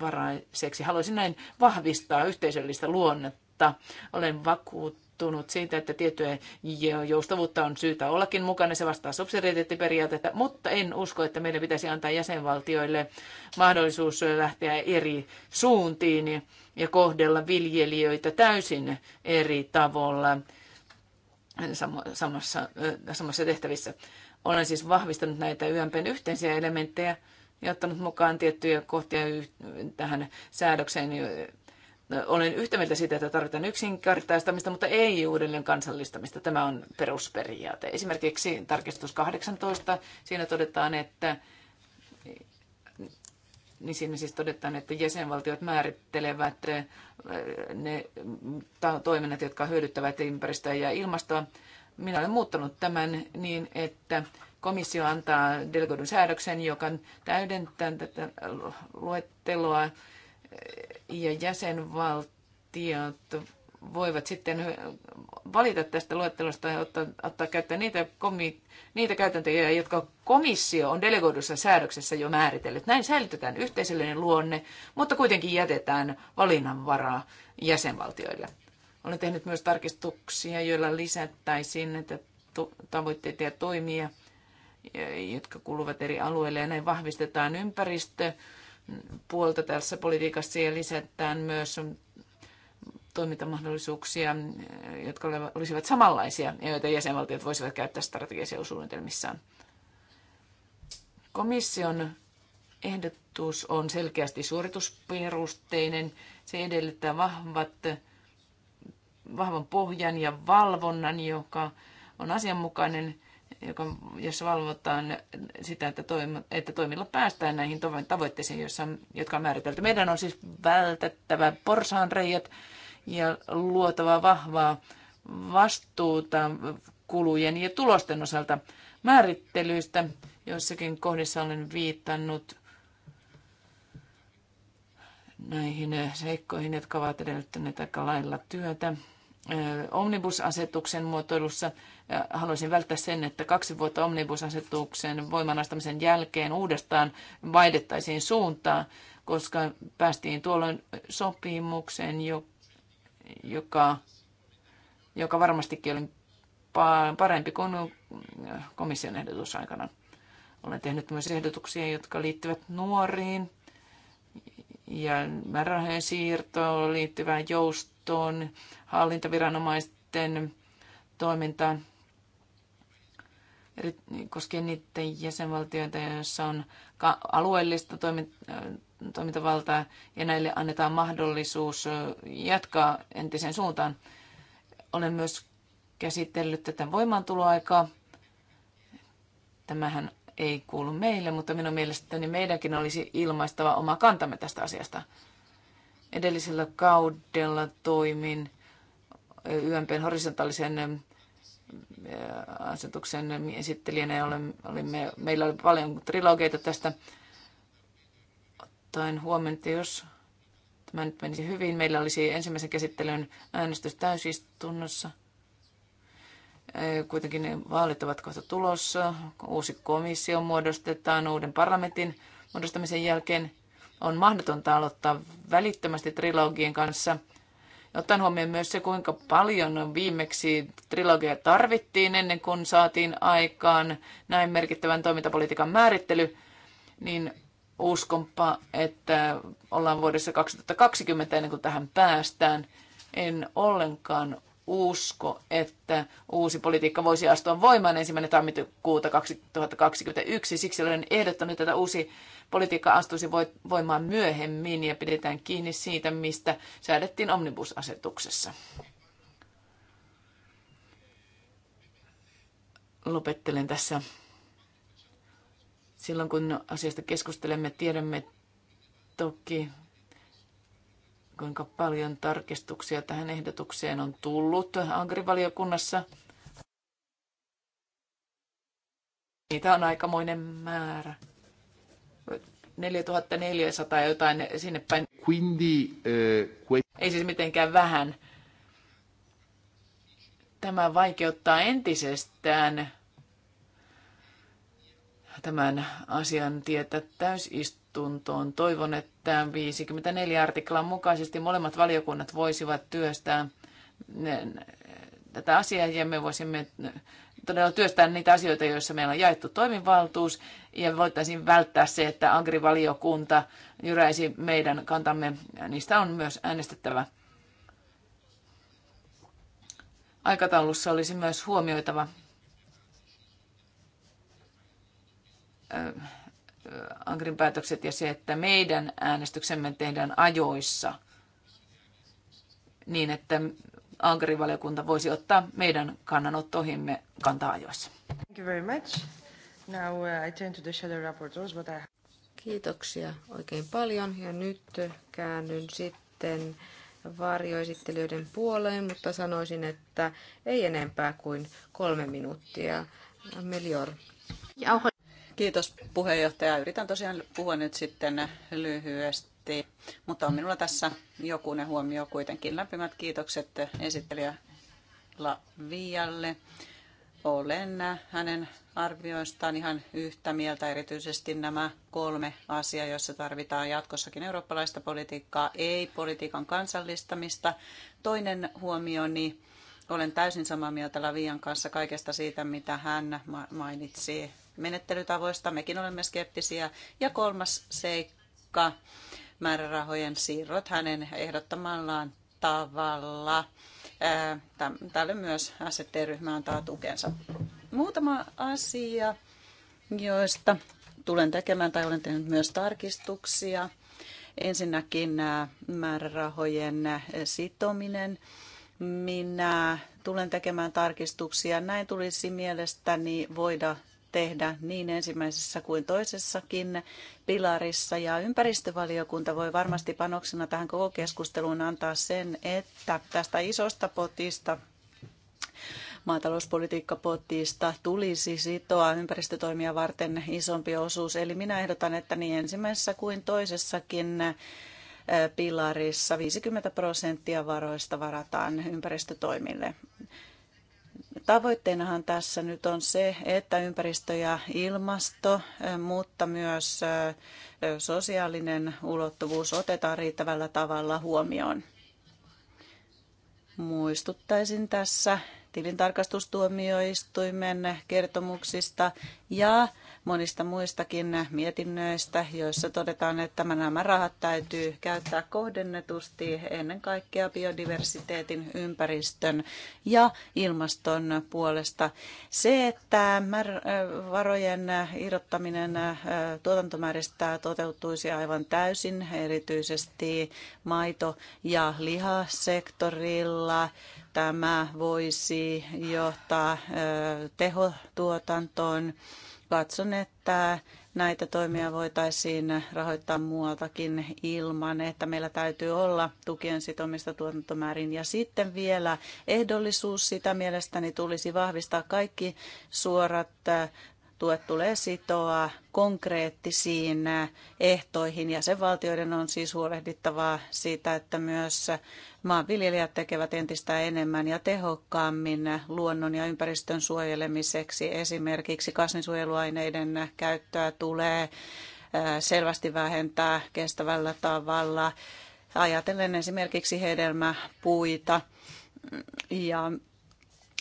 varaiseksi. Haluaisin näin vahvistaa yhteisöllistä luonnetta. Olen vakuuttunut tunut siitä, että tiettyä joustavuutta on syytä ollakin mukana. Se vastaa subsidiariteettiperiaatetta, mutta en usko, että meidän pitäisi antaa jäsenvaltioille mahdollisuus lähteä eri suuntiin ja kohdella viljelijöitä täysin eri tavalla samassa, samassa tehtävissä. Olen siis vahvistanut näitä YMPn yhteisiä elementtejä ja ottanut mukaan tiettyjä kohtia tähän säädökseen. Olen yhtä mieltä siitä, että tarvitaan yksinkertaistamista, mutta ei uudelleen kansallistamista. Tämä on perusperiaate. Esimerkiksi tarkistus 18, siinä todetaan, että niin siinä siis todetaan, että jäsenvaltiot määrittelevät ne toiminnat, jotka hyödyttävät ympäristöä ja ilmastoa. Minä olen muuttanut tämän niin, että komissio antaa delegoidun säädöksen, joka täydentää tätä luetteloa ja jäsenvaltiot voivat sitten valita tästä luettelosta ja ottaa, ottaa käyttöön niitä, komi, niitä käytäntöjä, jotka komissio on delegoidussa säädöksessä jo määritellyt. Näin säilytetään yhteisöllinen luonne, mutta kuitenkin jätetään valinnanvaraa jäsenvaltioille. Olen tehnyt myös tarkistuksia, joilla lisättäisiin näitä tavoitteita ja toimia, jotka kuuluvat eri alueille, ja näin vahvistetaan ympäristö puolta tässä politiikassa ja lisätään myös toimintamahdollisuuksia, jotka olisivat samanlaisia ja joita jäsenvaltiot voisivat käyttää strategisia suunnitelmissaan. Komission ehdotus on selkeästi suoritusperusteinen. Se edellyttää vahvat, vahvan pohjan ja valvonnan, joka on asianmukainen, joka, jossa valvotaan sitä, että, toim, että toimilla päästään näihin tavoitteisiin, jossa, jotka on määritelty. Meidän on siis vältettävä porsaanreijät, ja luotava vahvaa vastuuta kulujen ja tulosten osalta määrittelyistä. Joissakin kohdissa olen viitannut näihin seikkoihin, jotka ovat edellyttäneet aika lailla työtä. Omnibusasetuksen muotoilussa haluaisin välttää sen, että kaksi vuotta omnibusasetuksen voimanastamisen jälkeen uudestaan vaihdettaisiin suuntaa, koska päästiin tuolloin sopimukseen, joka joka, joka varmastikin oli parempi kuin komission ehdotus aikana. Olen tehnyt myös ehdotuksia, jotka liittyvät nuoriin ja määrärahojen siirtoon liittyvään joustoon, hallintaviranomaisten toimintaan koskien niiden jäsenvaltioita, joissa on alueellista toimintaa toimintavaltaa ja näille annetaan mahdollisuus jatkaa entiseen suuntaan. Olen myös käsitellyt tätä voimaantuloaikaa. Tämähän ei kuulu meille, mutta minun mielestäni meidänkin olisi ilmaistava oma kantamme tästä asiasta. Edellisellä kaudella toimin YMPn horisontaalisen asetuksen esittelijänä ja olimme, meillä oli paljon trilogeita tästä ottaen huomioon, että jos tämä nyt menisi hyvin, meillä olisi ensimmäisen käsittelyn äänestys täysistunnossa. Kuitenkin ne vaalit ovat kohta tulossa. Uusi komissio muodostetaan uuden parlamentin muodostamisen jälkeen. On mahdotonta aloittaa välittömästi trilogien kanssa. Ottaen huomioon myös se, kuinka paljon viimeksi trilogia tarvittiin ennen kuin saatiin aikaan näin merkittävän toimintapolitiikan määrittely, niin uskonpa, että ollaan vuodessa 2020 ennen kuin tähän päästään. En ollenkaan usko, että uusi politiikka voisi astua voimaan ensimmäinen tammikuuta 2021. Siksi olen ehdottanut, että uusi politiikka astuisi voimaan myöhemmin ja pidetään kiinni siitä, mistä säädettiin omnibusasetuksessa. Lopettelen tässä Silloin kun asiasta keskustelemme, tiedämme toki, kuinka paljon tarkistuksia tähän ehdotukseen on tullut Angrivaliokunnassa. Niitä on aikamoinen määrä. 4400 ja jotain sinne päin. Quindi, eh, Ei siis mitenkään vähän. Tämä vaikeuttaa entisestään tämän asian tietä täysistuntoon. Toivon, että 54 artiklan mukaisesti molemmat valiokunnat voisivat työstää tätä asiaa ja me voisimme todella työstää niitä asioita, joissa meillä on jaettu toimivaltuus ja voitaisiin välttää se, että agrivaliokunta jyräisi meidän kantamme. niistä on myös äänestettävä. Aikataulussa olisi myös huomioitava Angrin päätökset ja se, että meidän äänestyksemme tehdään ajoissa niin, että Agri-valiokunta voisi ottaa meidän kannanottoihimme kantaa ajoissa. Thank you very much. Now uh, I turn to the shadow rapporteurs, but I... Kiitoksia oikein paljon ja nyt käännyn sitten varjoesittelijöiden puoleen, mutta sanoisin, että ei enempää kuin kolme minuuttia. Melior. Kiitos puheenjohtaja. Yritän tosiaan puhua nyt sitten lyhyesti, mutta on minulla tässä jokunen huomio kuitenkin. Lämpimät kiitokset esittelijä Lavialle. Olen hänen arvioistaan ihan yhtä mieltä, erityisesti nämä kolme asiaa, joissa tarvitaan jatkossakin eurooppalaista politiikkaa, ei politiikan kansallistamista. Toinen huomioni, niin olen täysin samaa mieltä Lavian kanssa kaikesta siitä, mitä hän mainitsi menettelytavoista. Mekin olemme skeptisiä. Ja kolmas seikka, määrärahojen siirrot hänen ehdottamallaan tavalla. Tälle myös ST-ryhmä antaa tukensa. Muutama asia, joista tulen tekemään tai olen tehnyt myös tarkistuksia. Ensinnäkin määrärahojen sitominen. Minä tulen tekemään tarkistuksia. Näin tulisi mielestäni voida tehdä niin ensimmäisessä kuin toisessakin pilarissa. Ja ympäristövaliokunta voi varmasti panoksena tähän koko keskusteluun antaa sen, että tästä isosta potista maatalouspolitiikkapottiista tulisi sitoa ympäristötoimia varten isompi osuus. Eli minä ehdotan, että niin ensimmäisessä kuin toisessakin pilarissa 50 prosenttia varoista varataan ympäristötoimille. Tavoitteenahan tässä nyt on se, että ympäristö ja ilmasto, mutta myös sosiaalinen ulottuvuus otetaan riittävällä tavalla huomioon. Muistuttaisin tässä tilintarkastustuomioistuimen kertomuksista ja monista muistakin mietinnöistä, joissa todetaan, että nämä rahat täytyy käyttää kohdennetusti ennen kaikkea biodiversiteetin, ympäristön ja ilmaston puolesta. Se, että varojen irrottaminen äh, tuotantomääristä toteutuisi aivan täysin, erityisesti maito- ja lihasektorilla, tämä voisi johtaa äh, tehotuotantoon katson, että näitä toimia voitaisiin rahoittaa muualtakin ilman, että meillä täytyy olla tukien sitomista tuotantomäärin. Ja sitten vielä ehdollisuus, sitä mielestäni tulisi vahvistaa kaikki suorat tuet tulee sitoa konkreettisiin ehtoihin. ja Jäsenvaltioiden on siis huolehdittavaa siitä, että myös maanviljelijät tekevät entistä enemmän ja tehokkaammin luonnon ja ympäristön suojelemiseksi. Esimerkiksi kasvinsuojeluaineiden käyttöä tulee selvästi vähentää kestävällä tavalla. Ajatellen esimerkiksi hedelmäpuita ja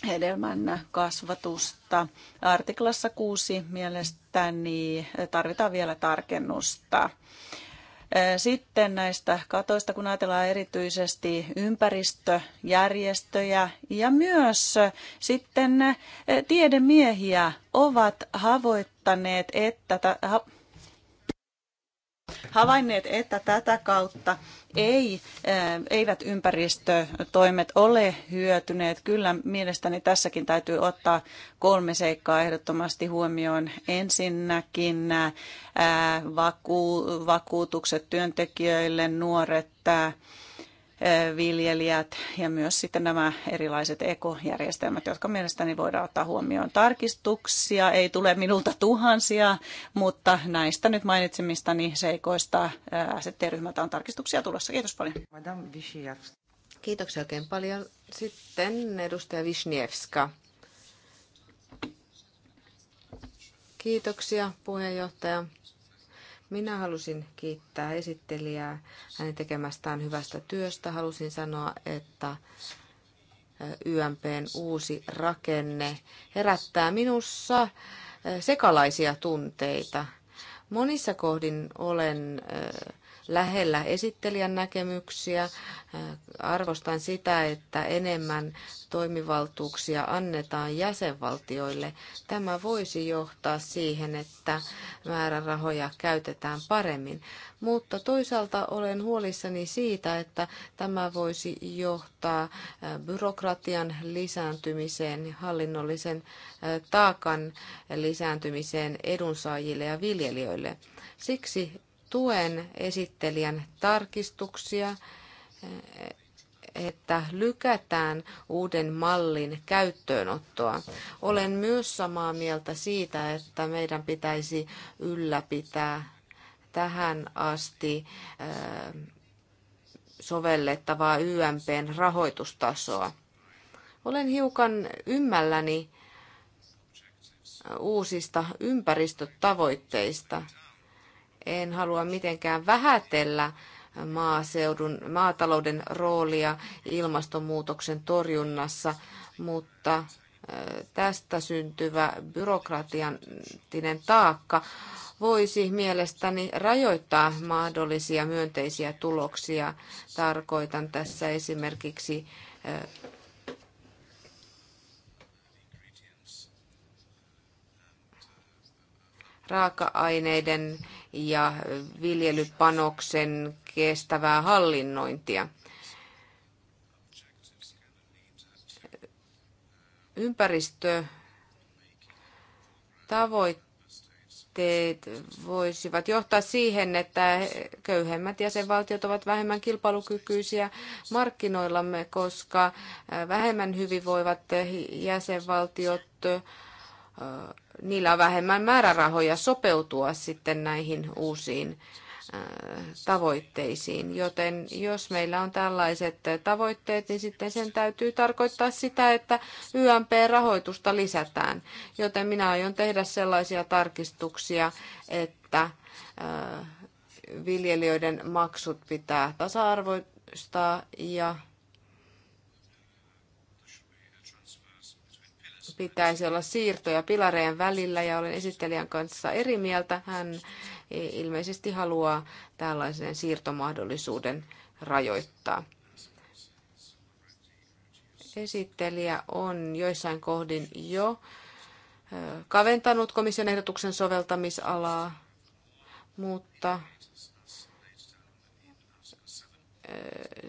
hedelmän kasvatusta. Artiklassa 6 mielestäni tarvitaan vielä tarkennusta. Sitten näistä katoista, kun ajatellaan erityisesti ympäristöjärjestöjä ja myös sitten tiedemiehiä ovat havoittaneet, että, havainneet, että tätä kautta ei, eh, eivät ympäristötoimet ole hyötyneet. Kyllä mielestäni tässäkin täytyy ottaa kolme seikkaa ehdottomasti huomioon. Ensinnäkin eh, vakuutukset työntekijöille, nuoret, eh, viljelijät ja myös sitten nämä erilaiset ekojärjestelmät, jotka mielestäni voidaan ottaa huomioon. Tarkistuksia ei tule minulta tuhansia, mutta näistä nyt mainitsemistani seikoista ST-ryhmältä on tarkistuksia tulossa. Kiitos paljon. Kiitoksia oikein paljon. Sitten edustaja Vishnievska. Kiitoksia puheenjohtaja. Minä halusin kiittää esittelijää hänen tekemästään hyvästä työstä. Halusin sanoa, että YMPn uusi rakenne herättää minussa sekalaisia tunteita. Monissa kohdin olen äh, lähellä esittelijän näkemyksiä. Äh, arvostan sitä, että enemmän toimivaltuuksia annetaan jäsenvaltioille. Tämä voisi johtaa siihen, että määrärahoja käytetään paremmin. Mutta toisaalta olen huolissani siitä, että tämä voisi johtaa äh, byrokratian lisääntymiseen, hallinnollisen äh, taakan lisääntymiseen edunsaajille ja viljelijöille. Siksi tuen esittelijän tarkistuksia, että lykätään uuden mallin käyttöönottoa. Olen myös samaa mieltä siitä, että meidän pitäisi ylläpitää tähän asti äh, sovellettavaa YMPn rahoitustasoa. Olen hiukan ymmälläni uusista ympäristötavoitteista. En halua mitenkään vähätellä maaseudun, maatalouden roolia ilmastonmuutoksen torjunnassa, mutta tästä syntyvä byrokratiantinen taakka voisi mielestäni rajoittaa mahdollisia myönteisiä tuloksia. Tarkoitan tässä esimerkiksi raaka-aineiden ja viljelypanoksen kestävää hallinnointia. Ympäristö tavoitteet voisivat johtaa siihen, että köyhemmät jäsenvaltiot ovat vähemmän kilpailukykyisiä markkinoillamme, koska vähemmän hyvinvoivat jäsenvaltiot niillä on vähemmän määrärahoja sopeutua sitten näihin uusiin tavoitteisiin. Joten jos meillä on tällaiset tavoitteet, niin sitten sen täytyy tarkoittaa sitä, että YMP-rahoitusta lisätään. Joten minä aion tehdä sellaisia tarkistuksia, että viljelijöiden maksut pitää tasa-arvoistaa ja pitäisi olla siirtoja pilareen välillä ja olen esittelijän kanssa eri mieltä. Hän ilmeisesti haluaa tällaisen siirtomahdollisuuden rajoittaa. Esittelijä on joissain kohdin jo kaventanut komission ehdotuksen soveltamisalaa, mutta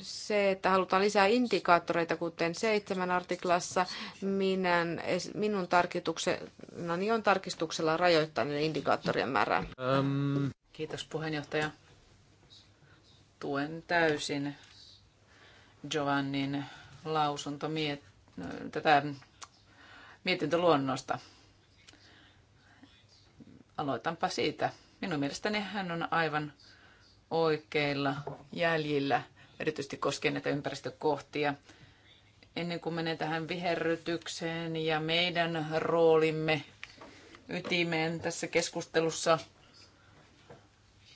se, että halutaan lisää indikaattoreita, kuten seitsemän artiklassa, minän, minun tarkistuksenani on tarkistuksella rajoittaa niiden indikaattorien määrää. Um. Kiitos puheenjohtaja. Tuen täysin Giovannin lausunto miet- tätä mietintöluonnosta. Aloitanpa siitä. Minun mielestäni hän on aivan oikeilla jäljillä, erityisesti koskien näitä ympäristökohtia. Ennen kuin menen tähän viherrytykseen ja meidän roolimme ytimeen tässä keskustelussa,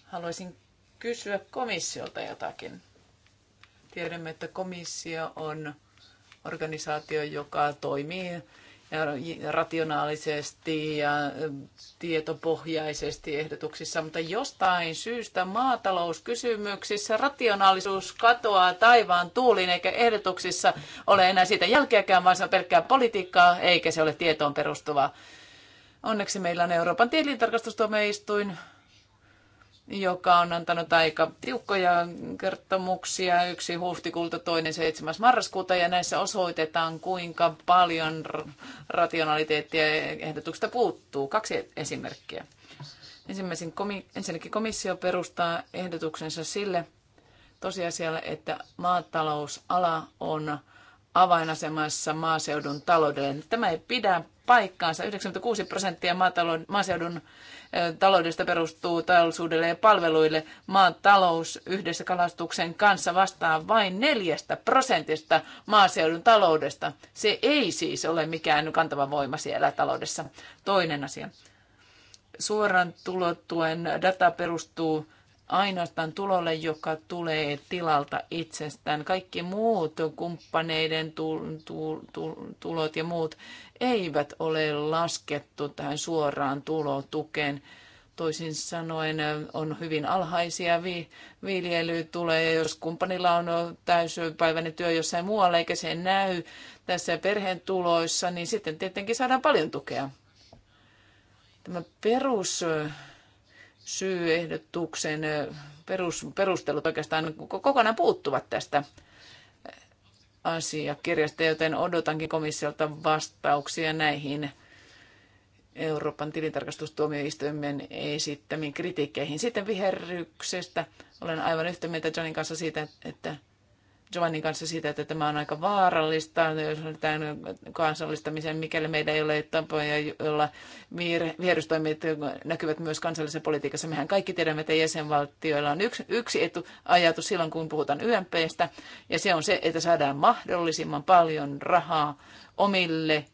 haluaisin kysyä komissiolta jotakin. Tiedämme, että komissio on organisaatio, joka toimii rationaalisesti ja tietopohjaisesti ehdotuksissa, mutta jostain syystä maatalouskysymyksissä rationaalisuus katoaa taivaan tuuliin, eikä ehdotuksissa ole enää siitä jälkeäkään, vaan se on pelkkää politiikkaa, eikä se ole tietoon perustuvaa. Onneksi meillä on Euroopan tilintarkastustuomioistuin, joka on antanut aika tiukkoja kertomuksia, yksi huhtikuulta, toinen 7. marraskuuta, ja näissä osoitetaan, kuinka paljon rationaliteettia ehdotuksesta puuttuu. Kaksi esimerkkiä. Ensimmäisen komi- ensinnäkin komissio perustaa ehdotuksensa sille tosiasialle, että maatalousala on avainasemassa maaseudun taloudelle. Tämä ei pidä paikkaansa. 96 prosenttia maatalon, maaseudun taloudesta perustuu teollisuudelle ja palveluille. Maatalous yhdessä kalastuksen kanssa vastaa vain neljästä prosentista maaseudun taloudesta. Se ei siis ole mikään kantava voima siellä taloudessa. Toinen asia. Suoran tulotuen data perustuu ainoastaan tulolle, joka tulee tilalta itsestään. Kaikki muut kumppaneiden tulot ja muut eivät ole laskettu tähän suoraan tulotukeen. Toisin sanoen on hyvin alhaisia vi, viljelytuloja, jos kumppanilla on täysipäiväinen työ jossain muualla eikä se näy tässä perheen tuloissa, niin sitten tietenkin saadaan paljon tukea. Tämä perus syyehdotuksen perus, perustelut oikeastaan kokonaan puuttuvat tästä asiakirjasta, joten odotankin komissiolta vastauksia näihin Euroopan tilintarkastustuomioistuimen esittämiin kritiikkeihin. Sitten viherryksestä. Olen aivan yhtä mieltä Johnin kanssa siitä, että Giovannin kanssa siitä, että tämä on aika vaarallista, jos tämän kansallistamisen, mikäli meillä ei ole tapoja, joilla vierustoimet näkyvät myös kansallisessa politiikassa. Mehän kaikki tiedämme, että jäsenvaltioilla on yksi, yksi etu, ajatus silloin, kun puhutaan YMPstä, ja se on se, että saadaan mahdollisimman paljon rahaa omille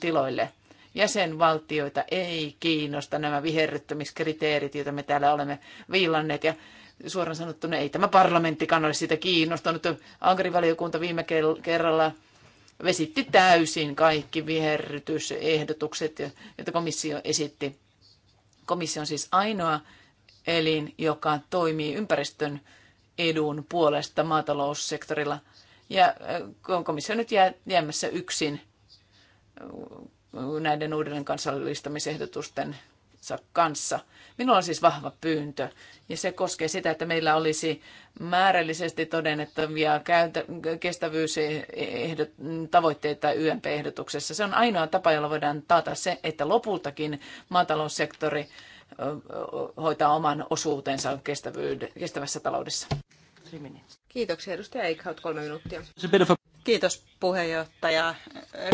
tiloille. Jäsenvaltioita ei kiinnosta nämä viherryttämiskriteerit, joita me täällä olemme viilanneet, ja suoraan sanottuna ei tämä parlamenttikaan ole siitä kiinnostunut. Ankarivaliokunta viime kerralla vesitti täysin kaikki viherrytysehdotukset, joita komissio esitti. Komissio on siis ainoa elin, joka toimii ympäristön edun puolesta maataloussektorilla. Ja äh, komissio on nyt jäämässä yksin äh, näiden uudelleen kansallistamisehdotusten kanssa. Minulla on siis vahva pyyntö ja se koskee sitä, että meillä olisi määrällisesti todennettavia käytä, kestävyysehdot, tavoitteita YMP-ehdotuksessa. Se on ainoa tapa, jolla voidaan taata se, että lopultakin maataloussektori hoitaa oman osuutensa kestävässä taloudessa. Kiitoksia edustaja Eikhaut, kolme minuuttia. Kiitos puheenjohtaja.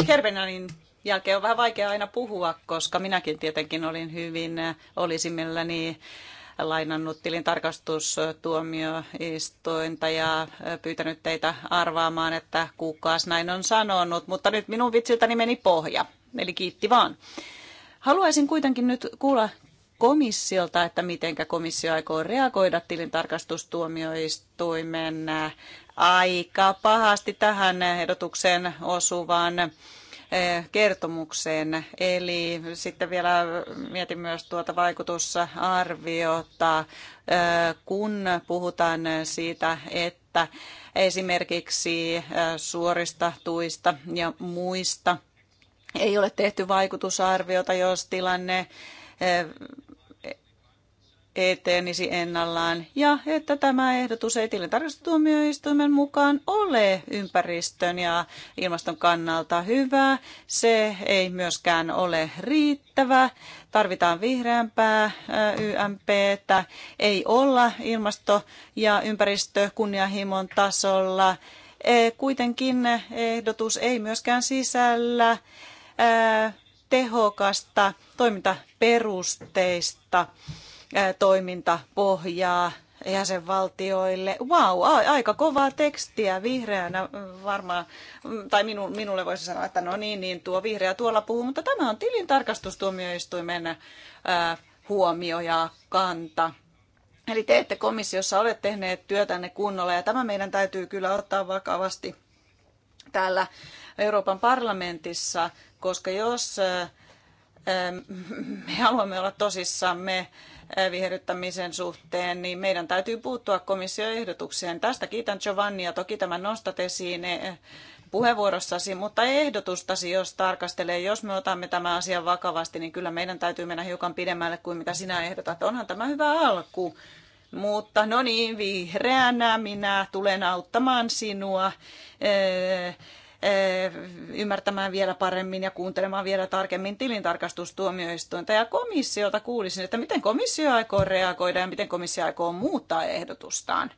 Kervenanin jälkeen on vähän vaikea aina puhua, koska minäkin tietenkin olin hyvin, olisin mielelläni lainannut tilintarkastustuomioistuinta ja pyytänyt teitä arvaamaan, että kukaas näin on sanonut, mutta nyt minun vitsiltäni meni pohja, eli kiitti vaan. Haluaisin kuitenkin nyt kuulla komissiolta, että miten komissio aikoo reagoida tilintarkastustuomioistuimen äh, aika pahasti tähän ehdotukseen osuvan Eh, kertomukseen. Eli sitten vielä mietin myös tuota vaikutusarviota, eh, kun puhutaan siitä, että esimerkiksi eh, suorista tuista ja muista ei ole tehty vaikutusarviota, jos tilanne etenisi ennallaan ja että tämä ehdotus ei tilintarkastustuomioistuimen mukaan ole ympäristön ja ilmaston kannalta hyvä. Se ei myöskään ole riittävä. Tarvitaan vihreämpää että Ei olla ilmasto- ja ympäristökunnianhimon tasolla. E, kuitenkin ehdotus ei myöskään sisällä tehokasta toimintaperusteista toimintapohjaa jäsenvaltioille. Vau, wow, aika kovaa tekstiä vihreänä varmaan, mm, tai minu, minulle voisi sanoa, että no niin, niin tuo vihreä tuolla puhuu, mutta tämä on tilintarkastustuomioistuimen huomio ja kanta. Eli te ette komissiossa ole tehneet työtänne kunnolla ja tämä meidän täytyy kyllä ottaa vakavasti täällä Euroopan parlamentissa, koska jos me haluamme olla tosissamme eh, viherryttämisen suhteen, niin meidän täytyy puuttua komissioehdotukseen. Tästä kiitän Giovannia, toki tämän nostat esiin eh, puheenvuorossasi, mutta ehdotustasi, jos tarkastelee, jos me otamme tämän asian vakavasti, niin kyllä meidän täytyy mennä hiukan pidemmälle kuin mitä sinä ehdotat. Onhan tämä hyvä alku. Mutta no niin, vihreänä minä tulen auttamaan sinua eh, Eh, ymmärtämään vielä paremmin ja kuuntelemaan vielä tarkemmin tilintarkastustuomioistuinta ja komissiota kuulisin, että miten komissio aikoo reagoida ja miten komissio aikoo muuttaa ehdotustaan.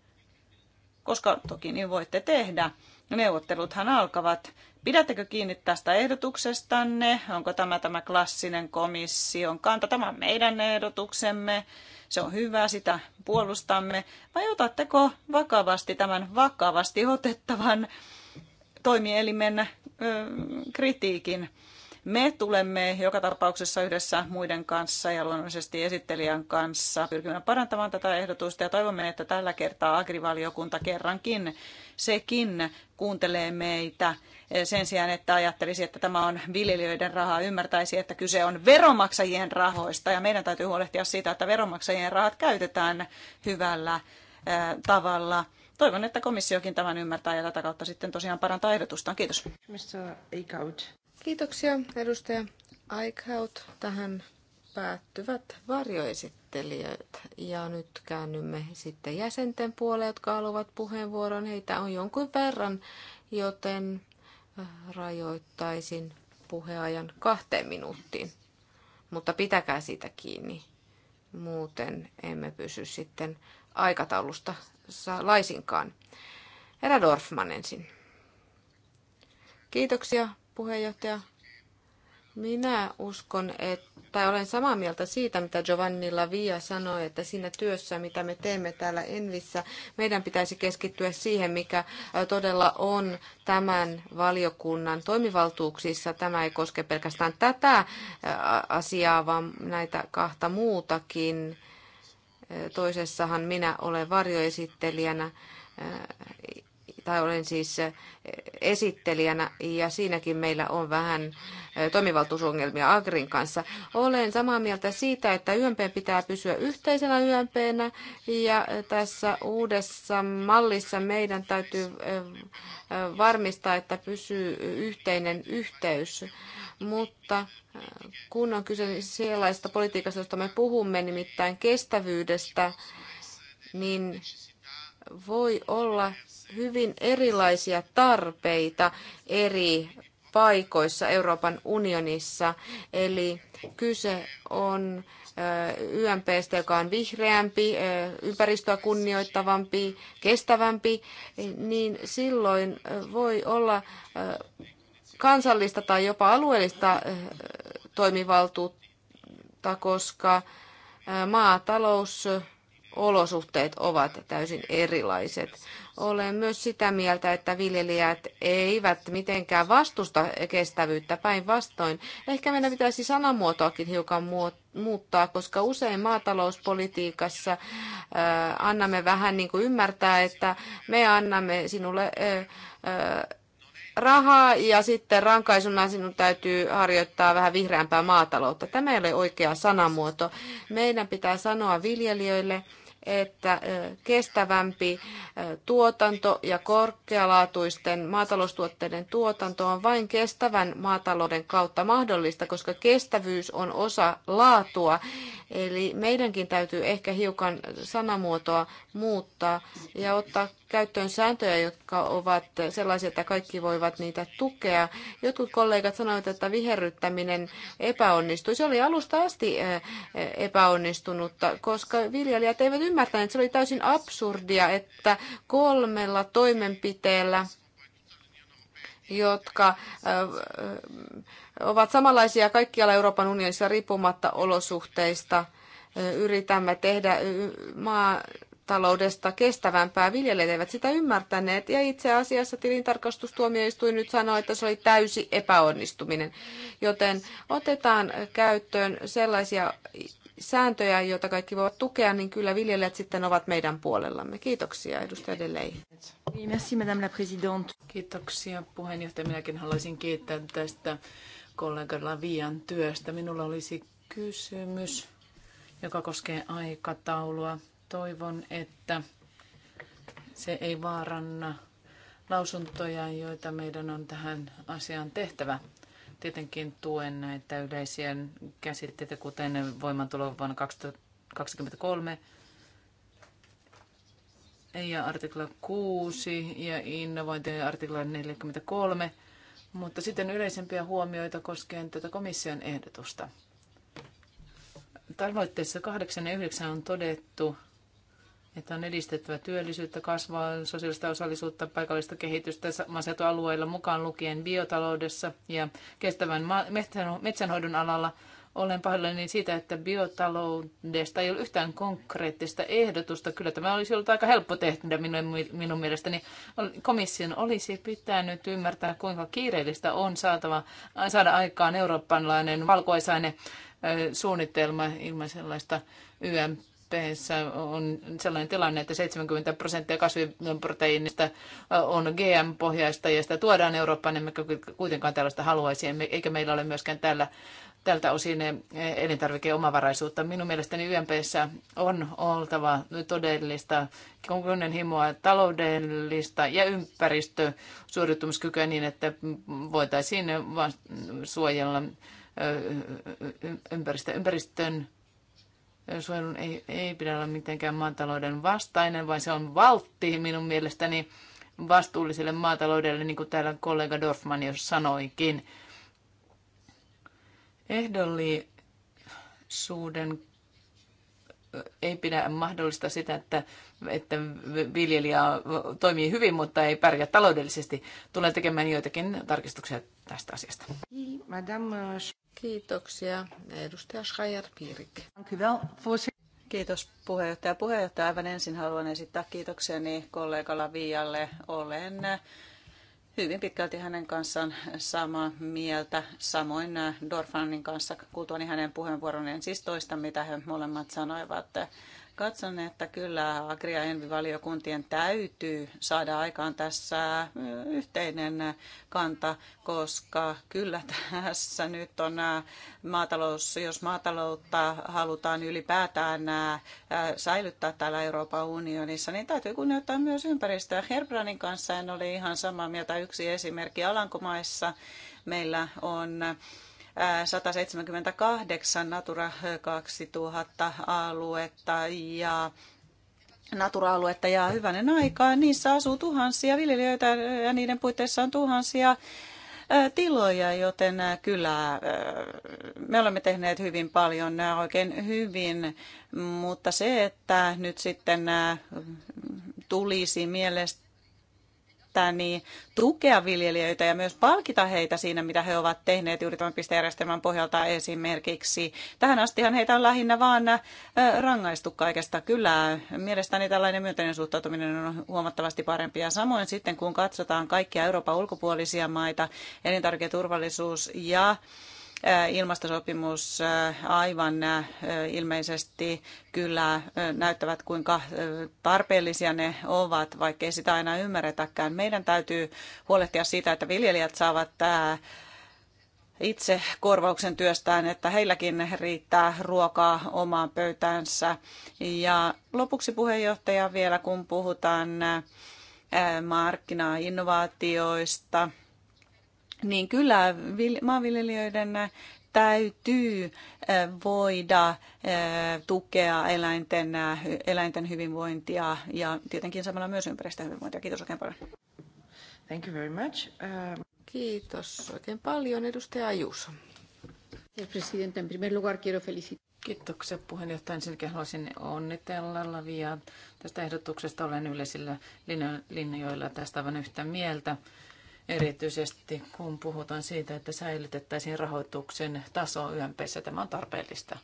Koska toki niin voitte tehdä. Neuvotteluthan alkavat. Pidättekö kiinni tästä ehdotuksestanne? Onko tämä tämä klassinen komission kanta? Tämä on meidän ehdotuksemme. Se on hyvä, sitä puolustamme. Vai otatteko vakavasti tämän vakavasti otettavan toimielimen kritiikin. Me tulemme joka tapauksessa yhdessä muiden kanssa ja luonnollisesti esittelijän kanssa pyrkimään parantamaan tätä ehdotusta ja toivomme, että tällä kertaa agrivaliokunta kerrankin sekin kuuntelee meitä sen sijaan, että ajattelisi, että tämä on viljelijöiden rahaa, ymmärtäisi, että kyse on veromaksajien rahoista ja meidän täytyy huolehtia siitä, että veromaksajien rahat käytetään hyvällä tavalla – toivon, että komissiokin tämän ymmärtää ja tätä kautta sitten tosiaan parantaa ehdotustaan. Kiitos. Kiitoksia edustaja Eichhout. Tähän päättyvät varjoesittelijät. Ja nyt käännymme sitten jäsenten puoleen, jotka haluavat puheenvuoron. Heitä on jonkun verran, joten äh, rajoittaisin puheajan kahteen minuuttiin. Mutta pitäkää siitä kiinni, muuten emme pysy sitten aikataulusta saa laisinkaan. Herra Dorfman ensin. Kiitoksia, puheenjohtaja. Minä uskon, että olen samaa mieltä siitä, mitä Giovanni Lavia sanoi, että siinä työssä, mitä me teemme täällä Envissä, meidän pitäisi keskittyä siihen, mikä todella on tämän valiokunnan toimivaltuuksissa. Tämä ei koske pelkästään tätä asiaa, vaan näitä kahta muutakin Toisessahan minä olen varjoesittelijänä eh, tai olen siis eh, esittelijänä ja siinäkin meillä on vähän eh, toimivaltuusongelmia Agrin kanssa. Olen samaa mieltä siitä, että YMP pitää pysyä yhteisenä YMPnä ja tässä uudessa mallissa meidän täytyy varmistaa, että pysyy yhteinen yhteys mutta äh, kun on kyse sellaista politiikasta, josta me puhumme, nimittäin kestävyydestä, niin voi olla hyvin erilaisia tarpeita eri paikoissa Euroopan unionissa. Eli kyse on äh, YMPstä, joka on vihreämpi, äh, ympäristöä kunnioittavampi, kestävämpi, niin silloin voi olla kansallista tai jopa alueellista eh, toimivaltuutta, koska eh, maatalousolosuhteet ovat täysin erilaiset. Olen myös sitä mieltä, että viljelijät eivät mitenkään vastusta kestävyyttä päinvastoin. Ehkä meidän pitäisi sanamuotoakin hiukan muuttaa, koska usein maatalouspolitiikassa eh, annamme vähän niin kuin ymmärtää, että me annamme sinulle rahaa ja sitten rankaisuna sinun täytyy harjoittaa vähän vihreämpää maataloutta. Tämä ei ole oikea sanamuoto. Meidän pitää sanoa viljelijöille, että kestävämpi tuotanto ja korkealaatuisten maataloustuotteiden tuotanto on vain kestävän maatalouden kautta mahdollista, koska kestävyys on osa laatua. Eli meidänkin täytyy ehkä hiukan sanamuotoa muuttaa ja ottaa käyttöön sääntöjä, jotka ovat sellaisia, että kaikki voivat niitä tukea. Jotkut kollegat sanoivat, että viherryttäminen epäonnistui. Se oli alusta asti eh, eh, epäonnistunutta, koska viljelijät eivät ymmärtäneet, että se oli täysin absurdia, että kolmella toimenpiteellä jotka eh, ovat samanlaisia kaikkialla Euroopan unionissa riippumatta olosuhteista. Yritämme tehdä maa taloudesta kestävämpää. Viljelijät eivät sitä ymmärtäneet ja itse asiassa tilintarkastustuomioistuin nyt sanoi, että se oli täysi epäonnistuminen. Joten otetaan käyttöön sellaisia sääntöjä, joita kaikki voivat tukea, niin kyllä viljelijät sitten ovat meidän puolellamme. Kiitoksia, edustaja Delei. Kiitoksia, puheenjohtaja. Minäkin haluaisin kiittää tästä kollega Lavian työstä. Minulla olisi kysymys, joka koskee aikataulua. Toivon, että se ei vaaranna lausuntoja, joita meidän on tähän asiaan tehtävä. Tietenkin tuen näitä yleisiä käsitteitä, kuten voimantulo vuonna 2023 ja artikla 6 ja innovointien artikla 43, mutta sitten yleisempiä huomioita koskien tätä komission ehdotusta. Tavoitteessa 8 ja 9 on todettu, että on edistettävä työllisyyttä, kasvaa sosiaalista osallisuutta, paikallista kehitystä maaseutualueilla mukaan lukien biotaloudessa ja kestävän metsänhoidon alalla. Olen pahoillani siitä, että biotaloudesta ei ole yhtään konkreettista ehdotusta. Kyllä tämä olisi ollut aika helppo tehdä minun, minun mielestäni. Komission olisi pitänyt ymmärtää, kuinka kiireellistä on saatava, saada aikaan eurooppalainen valkoisainen suunnitelma ilman sellaista YMP tuotteissa on sellainen tilanne, että 70 prosenttia kasviproteiinista on GM-pohjaista ja sitä tuodaan Eurooppaan, emme niin kuitenkaan tällaista haluaisi, eikä meillä ole myöskään tällä tältä osin elintarvikeomavaraisuutta. Minun mielestäni YMPssä on oltava todellista kunnianhimoa taloudellista ja ympäristösuorittumiskykyä niin, että voitaisiin suojella ympäristö, ympäristön suojelun ei, ei pidä olla mitenkään maatalouden vastainen, vaan se on valtti minun mielestäni vastuulliselle maataloudelle, niin kuin täällä kollega Dorfman jo sanoikin. Ehdollisuuden ei pidä mahdollista sitä, että, että viljelijä toimii hyvin, mutta ei pärjää taloudellisesti. Tulee tekemään joitakin tarkistuksia tästä asiasta. Madame. Kiitoksia. Edustaja Schreier Piirik. Kiitos puheenjohtaja. Puheenjohtaja, aivan ensin haluan esittää kiitokseni kollega Lavialle. Olen hyvin pitkälti hänen kanssaan samaa mieltä, samoin Dorfanin kanssa kuultuani hänen puheenvuoroneen, siis toista mitä he molemmat sanoivat. Katson, että kyllä Agri- ja Envi-valiokuntien täytyy saada aikaan tässä yhteinen kanta, koska kyllä tässä nyt on maatalous, jos maataloutta halutaan ylipäätään säilyttää täällä Euroopan unionissa, niin täytyy kunnioittaa myös ympäristöä. Herbranin kanssa en ole ihan samaa mieltä. Yksi esimerkki Alankomaissa meillä on 178 Natura 2000 aluetta ja Natura-aluetta ja hyvänen aikaa. Niissä asuu tuhansia viljelijöitä ja niiden puitteissa on tuhansia tiloja, joten kyllä me olemme tehneet hyvin paljon, oikein hyvin, mutta se, että nyt sitten tulisi mielestä päättää, niin tukea viljelijöitä ja myös palkita heitä siinä, mitä he ovat tehneet juuri tämän pistejärjestelmän pohjalta esimerkiksi. Tähän astihan heitä on lähinnä vaan rangaistu kaikesta. Kyllä, mielestäni tällainen myönteinen suhtautuminen on huomattavasti parempi. Ja samoin sitten, kun katsotaan kaikkia Euroopan ulkopuolisia maita, elintarviketurvallisuus ja Äh, ilmastosopimus äh, aivan äh, ilmeisesti kyllä näyttävät, kuinka tarpeellisia ne ovat, vaikkei sitä aina ymmärretäkään. Meidän täytyy huolehtia siitä, että viljelijät saavat itse korvauksen työstään, että heilläkin riittää ruokaa omaan pöytäänsä. Ja lopuksi puheenjohtaja vielä, kun puhutaan markkina innovaatioista niin kyllä maanviljelijöiden äh, täytyy äh, voida äh, tukea eläinten, eläinten hyvinvointia ja tietenkin samalla myös ympäristön hyvinvointia. Kiitos oikein paljon. Thank you very much. Uh... Kiitos oikein paljon, edustaja Ajuso. Presidente, en primer lugar quiero felicitar. Kiitoksia puheenjohtaja. Ensinnäkin haluaisin onnitella Lavia tästä ehdotuksesta. Olen yleisillä linjoilla tästä aivan yhtä mieltä erityisesti kun puhutaan siitä, että säilytettäisiin rahoituksen taso YMPssä. Tämä on tarpeellista.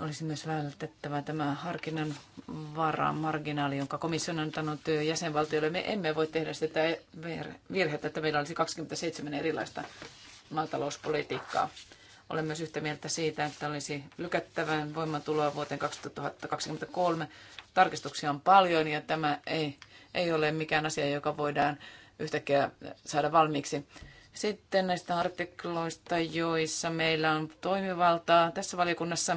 Olisi myös vältettävä tämä harkinnan varaan marginaali, jonka komissio on antanut jäsenvaltioille. Me emme voi tehdä sitä virhettä, että meillä olisi 27 erilaista maatalouspolitiikkaa. Olen myös yhtä mieltä siitä, että olisi lykättävän voimantuloa vuoteen 2023. Tarkistuksia on paljon ja tämä ei ei ole mikään asia, joka voidaan yhtäkkiä saada valmiiksi. Sitten näistä artikloista, joissa meillä on toimivaltaa. Tässä valiokunnassa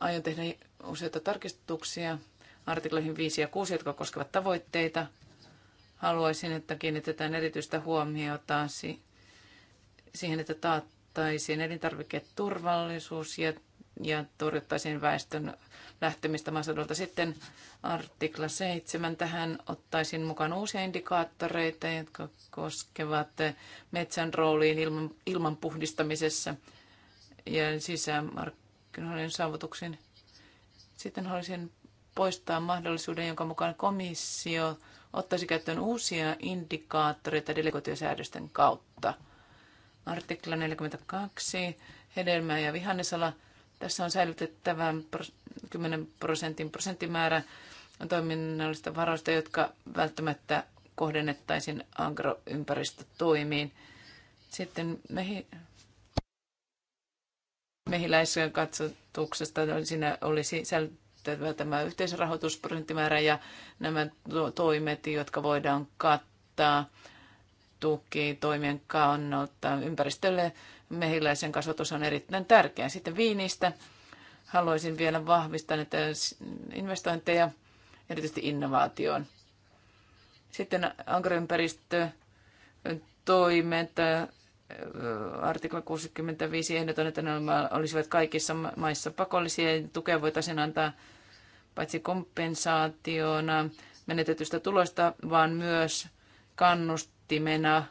aion tehdä useita tarkistuksia artikloihin 5 ja 6, jotka koskevat tavoitteita. Haluaisin, että kiinnitetään erityistä huomiota siihen, että taattaisiin elintarviketurvallisuus ja ja torjuttaisiin väestön lähtemistä maaseudulta. Sitten artikla 7. Tähän ottaisin mukaan uusia indikaattoreita, jotka koskevat metsän rooliin ilman, ilman puhdistamisessa ja sisämarkkinoiden saavutuksiin. Sitten haluaisin poistaa mahdollisuuden, jonka mukaan komissio ottaisi käyttöön uusia indikaattoreita delegoitiosäädösten kautta. Artikla 42, hedelmä- ja vihannesala – tässä on säilytettävä 10 prosentin prosenttimäärä toiminnallista varoista, jotka välttämättä kohdennettaisiin agroympäristötoimiin. Sitten mehi, mehiläisön katsotuksesta siinä olisi säilytettävä tämä yhteisrahoitusprosenttimäärä ja nämä toimet, jotka voidaan kattaa tuki toimien kannalta ympäristölle mehiläisen kasvatus on erittäin tärkeää. Sitten viinistä haluaisin vielä vahvistaa näitä investointeja, erityisesti innovaatioon. Sitten agroympäristö, toimet, artikla 65 ehdoton, että ne olisivat kaikissa maissa pakollisia ja tukea voitaisiin antaa paitsi kompensaationa menetetystä tulosta, vaan myös kannustimena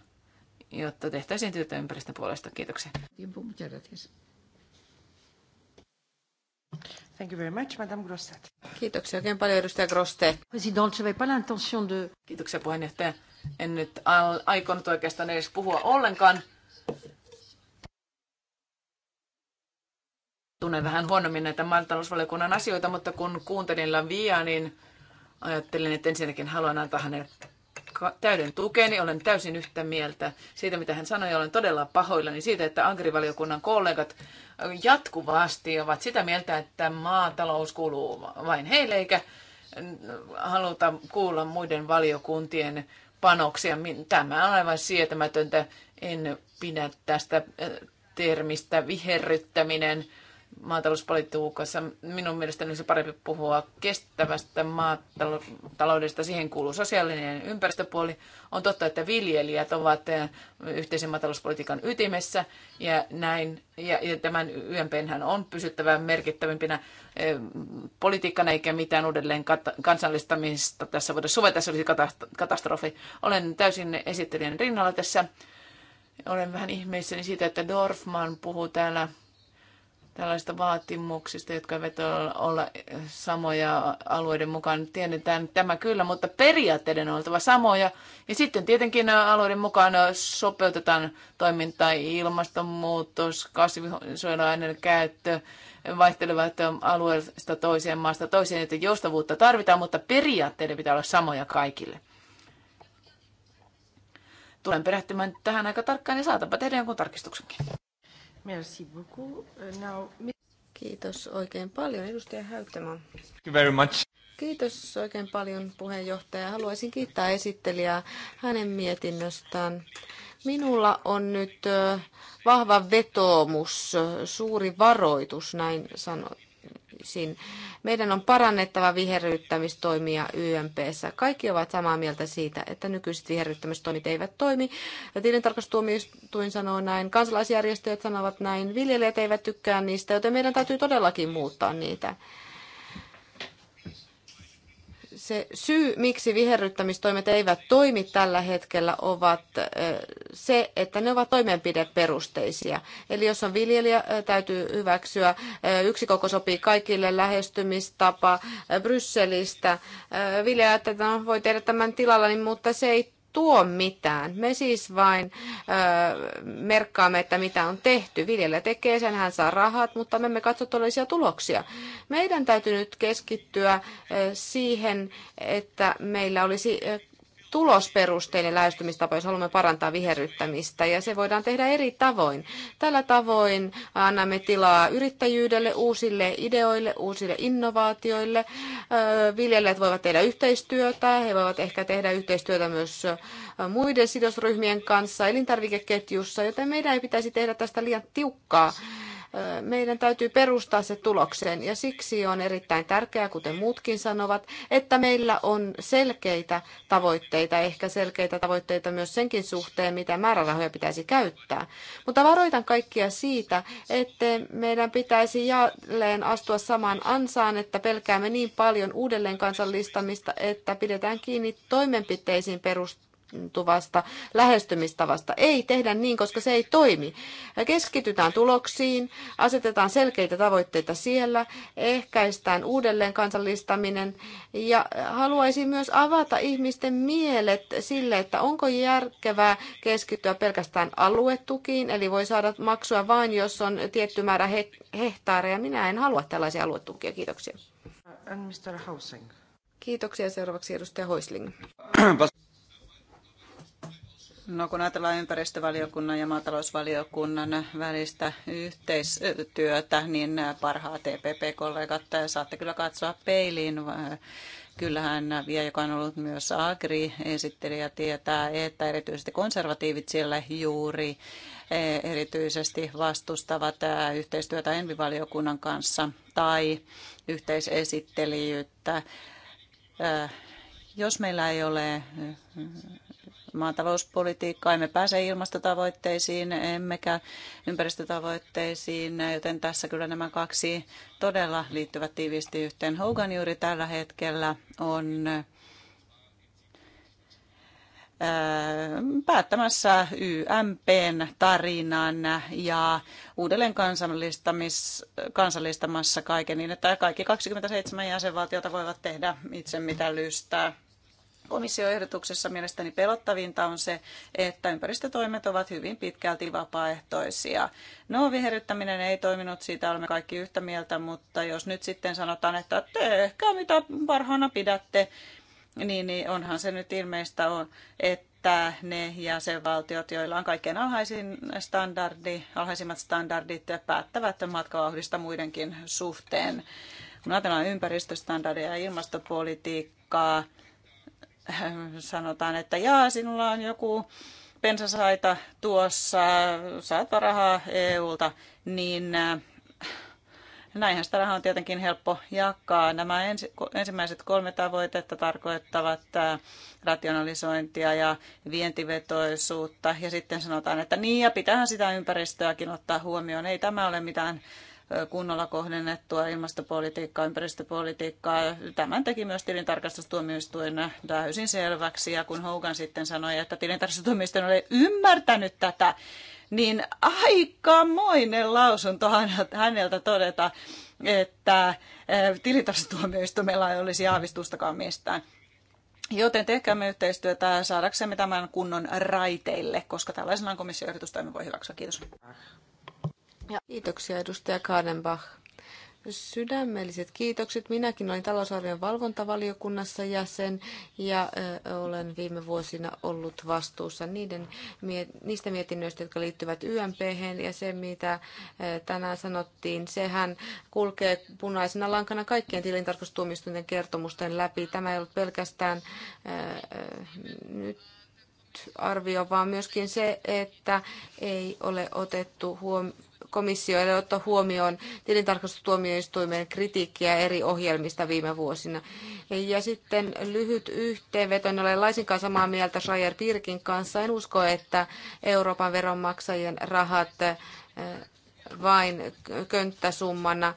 jotta tehtäisiin työtä ympäristön puolesta. Kiitoksia. Thank you very much, Madame Grosset. Kiitoksia oikein paljon, edustaja Groste. pas de... Kiitoksia puheenjohtaja. En nyt aikonut oikeastaan edes puhua ollenkaan. Tunnen vähän huonommin näitä maailmantalousvaliokunnan asioita, mutta kun kuuntelin Lavia, niin ajattelin, että ensinnäkin haluan antaa hänelle täyden tukeni. Olen täysin yhtä mieltä siitä, mitä hän sanoi. Olen todella pahoillani siitä, että Angri-valiokunnan kollegat jatkuvasti ovat sitä mieltä, että maatalous kuuluu vain heille, eikä haluta kuulla muiden valiokuntien panoksia. Tämä on aivan sietämätöntä. En pidä tästä eh, termistä viherryttäminen maatalouspolitiikassa. Minun mielestäni olisi parempi puhua kestävästä maataloudesta. Siihen kuuluu sosiaalinen ympäristöpuoli. On totta, että viljelijät ovat eh, yhteisen maatalouspolitiikan ytimessä ja näin. Ja, ja tämän YMPnhän on pysyttävä merkittävimpinä eh, politiikkana eikä mitään uudelleen kansallistamista tässä voida suve, tässä olisi katastrofi. Olen täysin esittelijän rinnalla tässä. Olen vähän ihmeissäni siitä, että Dorfman puhuu täällä tällaista vaatimuksista, jotka eivät ole, olla samoja alueiden mukaan. Tiedetään tämä kyllä, mutta periaatteiden on oltava samoja. Ja sitten tietenkin alueiden mukaan sopeutetaan toimintaa, ilmastonmuutos, kasvinsuojeluaineiden käyttö, vaihtelevat alueesta toiseen maasta toiseen, että joustavuutta tarvitaan, mutta periaatteiden pitää olla samoja kaikille. Tulen perehtymään tähän aika tarkkaan ja saatapa tehdä jonkun tarkistuksenkin. Merci beaucoup. Uh, now... Kiitos oikein paljon, edustaja Häyttämä. Thank you very much. Kiitos oikein paljon puheenjohtaja. Haluaisin kiittää esittelijää hänen mietinnöstään. Minulla on nyt vahva vetoomus, suuri varoitus, näin sanoit täysin. Meidän on parannettava viherryttämistoimia YMPssä. Kaikki ovat samaa mieltä siitä, että nykyiset viherryttämistoimit eivät toimi. Tilintarkastustuomioistuin sanoo näin, kansalaisjärjestöt sanovat näin, viljelijät eivät tykkää niistä, joten meidän täytyy todellakin muuttaa niitä se syy, miksi viherryttämistoimet eivät toimi tällä hetkellä, ovat se, että ne ovat toimenpideperusteisia. Eli jos on viljelijä, täytyy hyväksyä yksi koko sopii kaikille lähestymistapa Brysselistä. Viljelijä, että no, voi tehdä tämän tilalla, mutta se ei tuo mitään. Me siis vain ö, merkkaamme, että mitä on tehty. Viljelijä tekee sen, hän saa rahat, mutta me emme katso todellisia tuloksia. Meidän täytyy nyt keskittyä ö, siihen, että meillä olisi tulosperusteinen lähestymistapa, jos haluamme parantaa viherryttämistä, ja se voidaan tehdä eri tavoin. Tällä tavoin annamme tilaa yrittäjyydelle, uusille ideoille, uusille innovaatioille. Viljelijät voivat tehdä yhteistyötä, he voivat ehkä tehdä yhteistyötä myös muiden sidosryhmien kanssa elintarvikeketjussa, joten meidän ei pitäisi tehdä tästä liian tiukkaa meidän täytyy perustaa se tulokseen ja siksi on erittäin tärkeää, kuten muutkin sanovat, että meillä on selkeitä tavoitteita, ehkä selkeitä tavoitteita myös senkin suhteen, mitä määrärahoja pitäisi käyttää. Mutta varoitan kaikkia siitä, että meidän pitäisi jälleen astua samaan ansaan, että pelkäämme niin paljon uudelleen kansallistamista, että pidetään kiinni toimenpiteisiin perustuvaa tuvasta lähestymistavasta. Ei tehdä niin, koska se ei toimi. Keskitytään tuloksiin, asetetaan selkeitä tavoitteita siellä, ehkäistään uudelleen kansallistaminen ja haluaisin myös avata ihmisten mielet sille, että onko järkevää keskittyä pelkästään aluetukiin, eli voi saada maksua vain, jos on tietty määrä he- hehtaareja. Minä en halua tällaisia aluetukia. Kiitoksia. Kiitoksia. Seuraavaksi edustaja Hoisling. No kun ajatellaan ympäristövaliokunnan ja maatalousvaliokunnan välistä yhteistyötä, niin parhaat TPP-kollegat eh, saatte kyllä katsoa peiliin. Kyllähän vie, joka on ollut myös Agri-esittelijä, tietää, että erityisesti konservatiivit siellä juuri eh, erityisesti vastustavat eh, yhteistyötä envivaliokunnan kanssa tai yhteisesittelijyyttä. Jos meillä ei ole maatalouspolitiikkaa, emme pääse ilmastotavoitteisiin emmekä ympäristötavoitteisiin, joten tässä kyllä nämä kaksi todella liittyvät tiiviisti yhteen. Hogan juuri tällä hetkellä on äh, päättämässä YMPn tarinan ja uudelleen kansallistamis, kansallistamassa kaiken niin, että kaikki 27 jäsenvaltiota voivat tehdä itse mitä lystää. Komissioehdotuksessa mielestäni pelottavinta on se, että ympäristötoimet ovat hyvin pitkälti vapaaehtoisia. No, viherryttäminen ei toiminut, siitä olemme kaikki yhtä mieltä, mutta jos nyt sitten sanotaan, että ehkä mitä parhaana pidätte, niin, niin onhan se nyt ilmeistä on, että ne jäsenvaltiot, joilla on kaikkein alhaisin standardi, alhaisimmat standardit, päättävät matkavauhdista muidenkin suhteen. Kun ajatellaan ympäristöstandardeja ja ilmastopolitiikkaa, sanotaan, että jaa, sinulla on joku pensasaita tuossa, saat rahaa EUlta, niin äh, näinhän sitä rahaa on tietenkin helppo jakaa. Nämä ensimmäiset kolme tavoitetta tarkoittavat äh, rationalisointia ja vientivetoisuutta. Ja sitten sanotaan, että niin ja pitäähän sitä ympäristöäkin ottaa huomioon. Ei tämä ole mitään kunnolla kohdennettua ilmastopolitiikkaa, ympäristöpolitiikkaa. Tämän teki myös tilintarkastustuomioistuin täysin selväksi. Ja kun Hogan sitten sanoi, että tilintarkastustuomioistuin oli ymmärtänyt tätä, niin aikamoinen lausunto häneltä todeta, että tilintarkastustuomioistuimella ei olisi aavistustakaan mistään. Joten tehkäämme yhteistyötä saadaksemme tämän kunnon raiteille, koska tällaisenaan komissioehdotusta emme voi hyväksyä. Kiitos. Ja kiitoksia edustaja Kadenbach. Sydämelliset kiitokset. Minäkin olin talousarvion valvontavaliokunnassa jäsen ja olen viime vuosina ollut vastuussa niiden, niistä mietinnöistä, jotka liittyvät YMP ja se, mitä tänään sanottiin, sehän kulkee punaisena lankana kaikkien tilintarkastustuomioistuinten kertomusten läpi. Tämä ei ollut pelkästään nyt arvio, vaan myöskin se, että ei ole otettu huomioon komissio ei ottaa huomioon tilintarkastustuomioistuimen kritiikkiä eri ohjelmista viime vuosina. Ja sitten lyhyt yhteenveto, en ole laisinkaan samaa mieltä Schreier Pirkin kanssa. En usko, että Euroopan veronmaksajien rahat eh, vain könttäsummana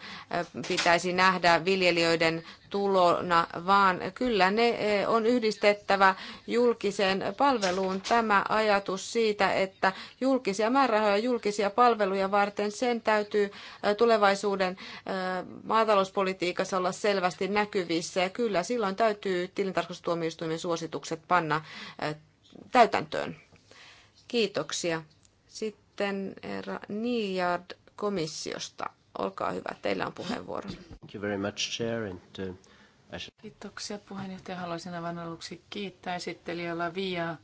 pitäisi nähdä viljelijöiden tulona, vaan kyllä ne on yhdistettävä julkiseen palveluun. Tämä ajatus siitä, että julkisia määrärahoja julkisia palveluja varten, sen täytyy tulevaisuuden maatalouspolitiikassa olla selvästi näkyvissä. Ja kyllä silloin täytyy tilintarkastustuomioistuimen suositukset panna täytäntöön. Kiitoksia. Sitten herra Niard komissiosta. Olkaa hyvä, teillä on puheenvuoro. Thank you very much, Chair, and, uh, Kiitoksia puheenjohtaja. Haluaisin aivan aluksi kiittää esittelijä Lavia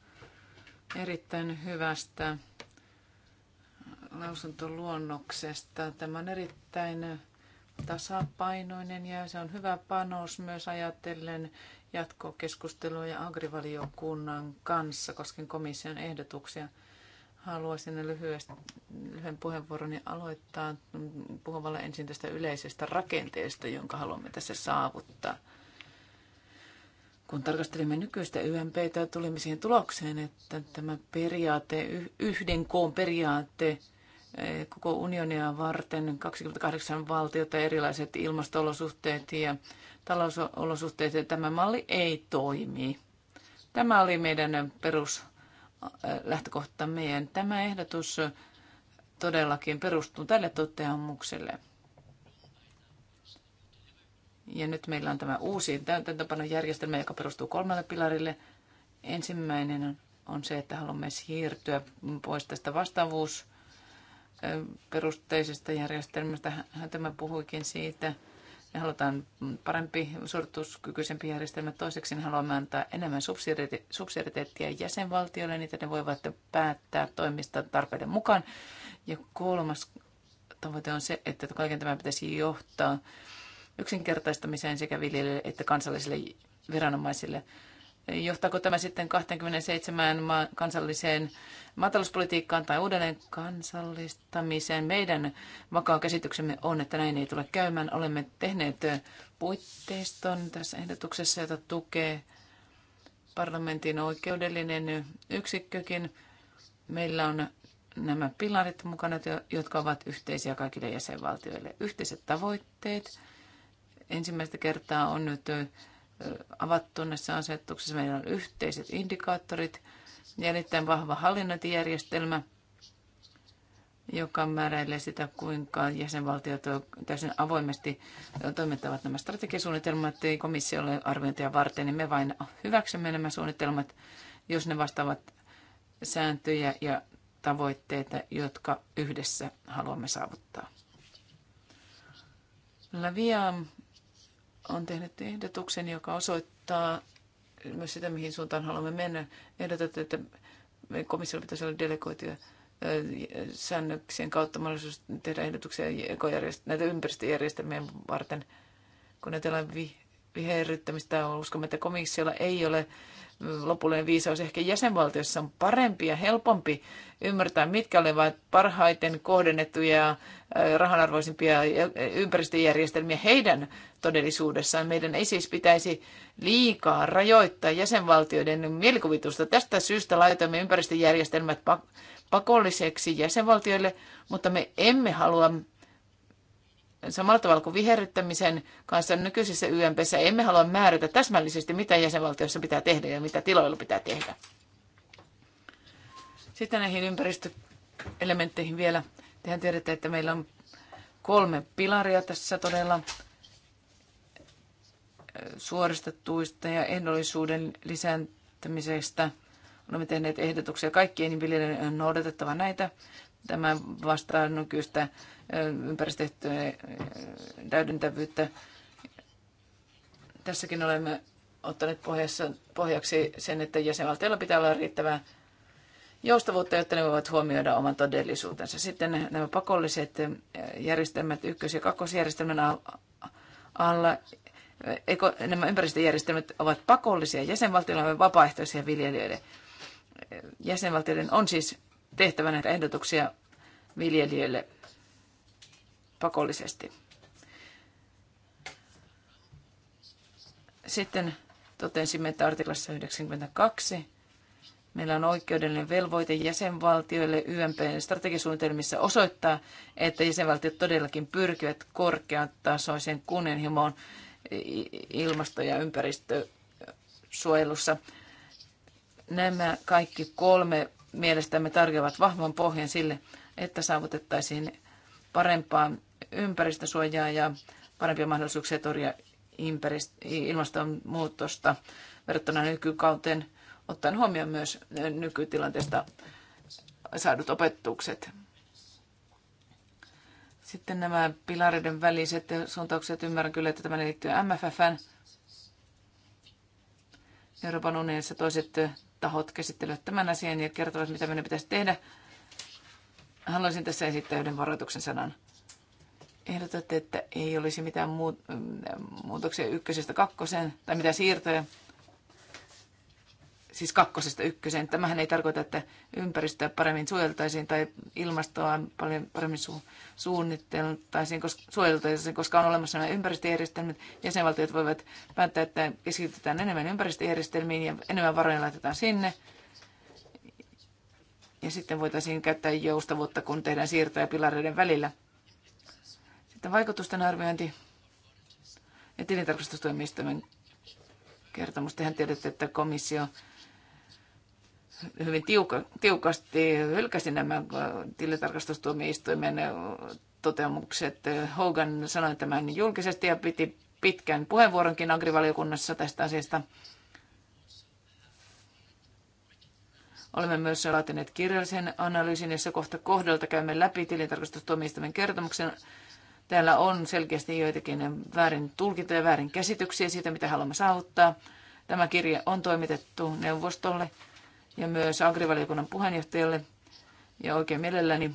erittäin hyvästä lausuntoluonnoksesta. Tämä on erittäin tasapainoinen ja se on hyvä panos myös ajatellen jatkokeskustelua ja agrivaliokunnan kanssa koskien komission ehdotuksia – Haluaisin lyhyesti, lyhyen puheenvuoroni aloittaa puhumalla ensin tästä yleisestä rakenteesta, jonka haluamme tässä saavuttaa. Kun tarkastelimme nykyistä YMPtä, tulimme siihen tulokseen, että tämä periaate, yhden koon periaate, eh, koko unionia varten 28 valtiota, erilaiset ilmastoolosuhteet ja talousolosuhteet, ja tämä malli ei toimi. Tämä oli meidän perus lähtökohta meidän. Tämä ehdotus todellakin perustuu tälle toteamukselle. Ja nyt meillä on tämä uusi täytäntöpanojärjestelmä, joka perustuu kolmelle pilarille. Ensimmäinen on, on se, että haluamme siirtyä pois tästä vastaavuusperusteisesta järjestelmästä. Tämä puhuikin siitä, me halutaan parempi, suorituskykyisempi järjestelmä. Toiseksi me haluamme antaa enemmän subsidiariteettia jäsenvaltioille, niin ne voivat päättää toimista tarpeiden mukaan. Ja kolmas tavoite on se, että kaiken tämän pitäisi johtaa yksinkertaistamiseen sekä viljelijöille että kansallisille viranomaisille johtaako tämä sitten 27 kansalliseen maatalouspolitiikkaan tai uudelleen kansallistamiseen. Meidän vakaa käsityksemme on, että näin ei tule käymään. Olemme tehneet puitteiston tässä ehdotuksessa, jota tukee parlamentin oikeudellinen yksikkökin. Meillä on nämä pilarit mukana, jotka ovat yhteisiä kaikille jäsenvaltioille. Yhteiset tavoitteet. Ensimmäistä kertaa on nyt avattu näissä asetuksissa. Meillä on yhteiset indikaattorit ja erittäin vahva hallinnointijärjestelmä, joka määräilee sitä, kuinka jäsenvaltiot täysin avoimesti toimittavat nämä strategiasuunnitelmat komissiolle arviointia varten, niin me vain hyväksymme nämä suunnitelmat, jos ne vastaavat sääntöjä ja tavoitteita, jotka yhdessä haluamme saavuttaa. La via on tehnyt ehdotuksen, joka osoittaa myös sitä, mihin suuntaan haluamme mennä. Ehdotat, että komissiolla pitäisi olla delegoituja säännöksien kautta mahdollisuus tehdä ehdotuksia näitä ympäristöjärjestelmien varten, kun ajatellaan vi- viherryttämistä. Uskomme, että komissiolla ei ole lopullinen viisaus. Ehkä jäsenvaltiossa on parempi ja helpompi ymmärtää, mitkä olivat parhaiten kohdennettuja äh, rahanarvoisimpia äh, ympäristöjärjestelmiä heidän todellisuudessaan. Meidän ei siis pitäisi liikaa rajoittaa jäsenvaltioiden mielikuvitusta. Tästä syystä laitamme ympäristöjärjestelmät pakolliseksi jäsenvaltioille, mutta me emme halua samalla tavalla kuin viherryttämisen kanssa nykyisessä YMPssä emme halua määrätä täsmällisesti, mitä jäsenvaltiossa pitää tehdä ja mitä tiloilla pitää tehdä. Sitten näihin ympäristöelementteihin vielä. Tehän tiedätte, että meillä on kolme pilaria tässä todella suoristettuista ja ehdollisuuden lisääntymisestä. Olemme tehneet ehdotuksia kaikkien viljelijöiden on noudatettava näitä. Tämä vastaa nykyistä ympäristöehtojen täydentävyyttä. Tässäkin olemme ottaneet pohjassa, pohjaksi sen, että jäsenvaltioilla pitää olla riittävää joustavuutta, jotta ne voivat huomioida oman todellisuutensa. Sitten nämä pakolliset järjestelmät ykkös- ja kakkosjärjestelmän alla, eikö, nämä ympäristöjärjestelmät ovat pakollisia jäsenvaltioilla ja vapaaehtoisia viljelijöille. Jäsenvaltioiden on siis tehtävä näitä ehdotuksia viljelijöille pakollisesti. Sitten totesimme, että artiklassa 92 meillä on oikeudellinen velvoite jäsenvaltioille YMPn strategisuunnitelmissa osoittaa, että jäsenvaltiot todellakin pyrkivät korkeatasoiseen kunnianhimoon ilmasto- ja ympäristösuojelussa. Nämä kaikki kolme mielestämme tarjoavat vahvan pohjan sille, että saavutettaisiin parempaa ympäristösuojaa ja parempia mahdollisuuksia torjua ilmastonmuutosta verrattuna nykykauteen, ottaen huomioon myös nykytilanteesta saadut opetukset. Sitten nämä pilareiden väliset suuntaukset. Ymmärrän kyllä, että tämä liittyy MFFn. Euroopan unionissa toiset tahot käsittelevät tämän asian ja kertovat, mitä meidän pitäisi tehdä. Haluaisin tässä esittää yhden varoituksen sanan. Ehdotatte, että ei olisi mitään muut, mm, muutoksia ykkösestä kakkosen tai mitään siirtoja siis kakkosesta ykköseen. Tämähän ei tarkoita, että ympäristöä paremmin suojeltaisiin tai ilmastoa paljon paremmin su- suunniteltaisiin, koska, suojeltaisiin, koska on olemassa nämä ympäristöjärjestelmät. Jäsenvaltiot voivat päättää, että keskitytään enemmän ympäristöjärjestelmiin ja enemmän varoja laitetaan sinne. Ja sitten voitaisiin käyttää joustavuutta, kun tehdään siirtoja pilareiden välillä. Sitten vaikutusten arviointi ja tilintarkastustoimistoimen kertomus. Tehän tiedätte, että komissio hyvin tiuka, tiukasti hylkäsi nämä äh, tilitarkastustuomioistuimen äh, toteamukset. Hogan sanoi tämän julkisesti ja piti pitkän puheenvuoronkin agrivaliokunnassa tästä asiasta. Olemme myös laatineet kirjallisen analyysin, jossa kohta kohdalta käymme läpi tilintarkastustuomioistuimen kertomuksen. Täällä on selkeästi joitakin väärin tulkintoja väärin käsityksiä siitä, mitä haluamme saavuttaa. Tämä kirje on toimitettu neuvostolle ja myös agrivaliokunnan puheenjohtajalle. Ja oikein mielelläni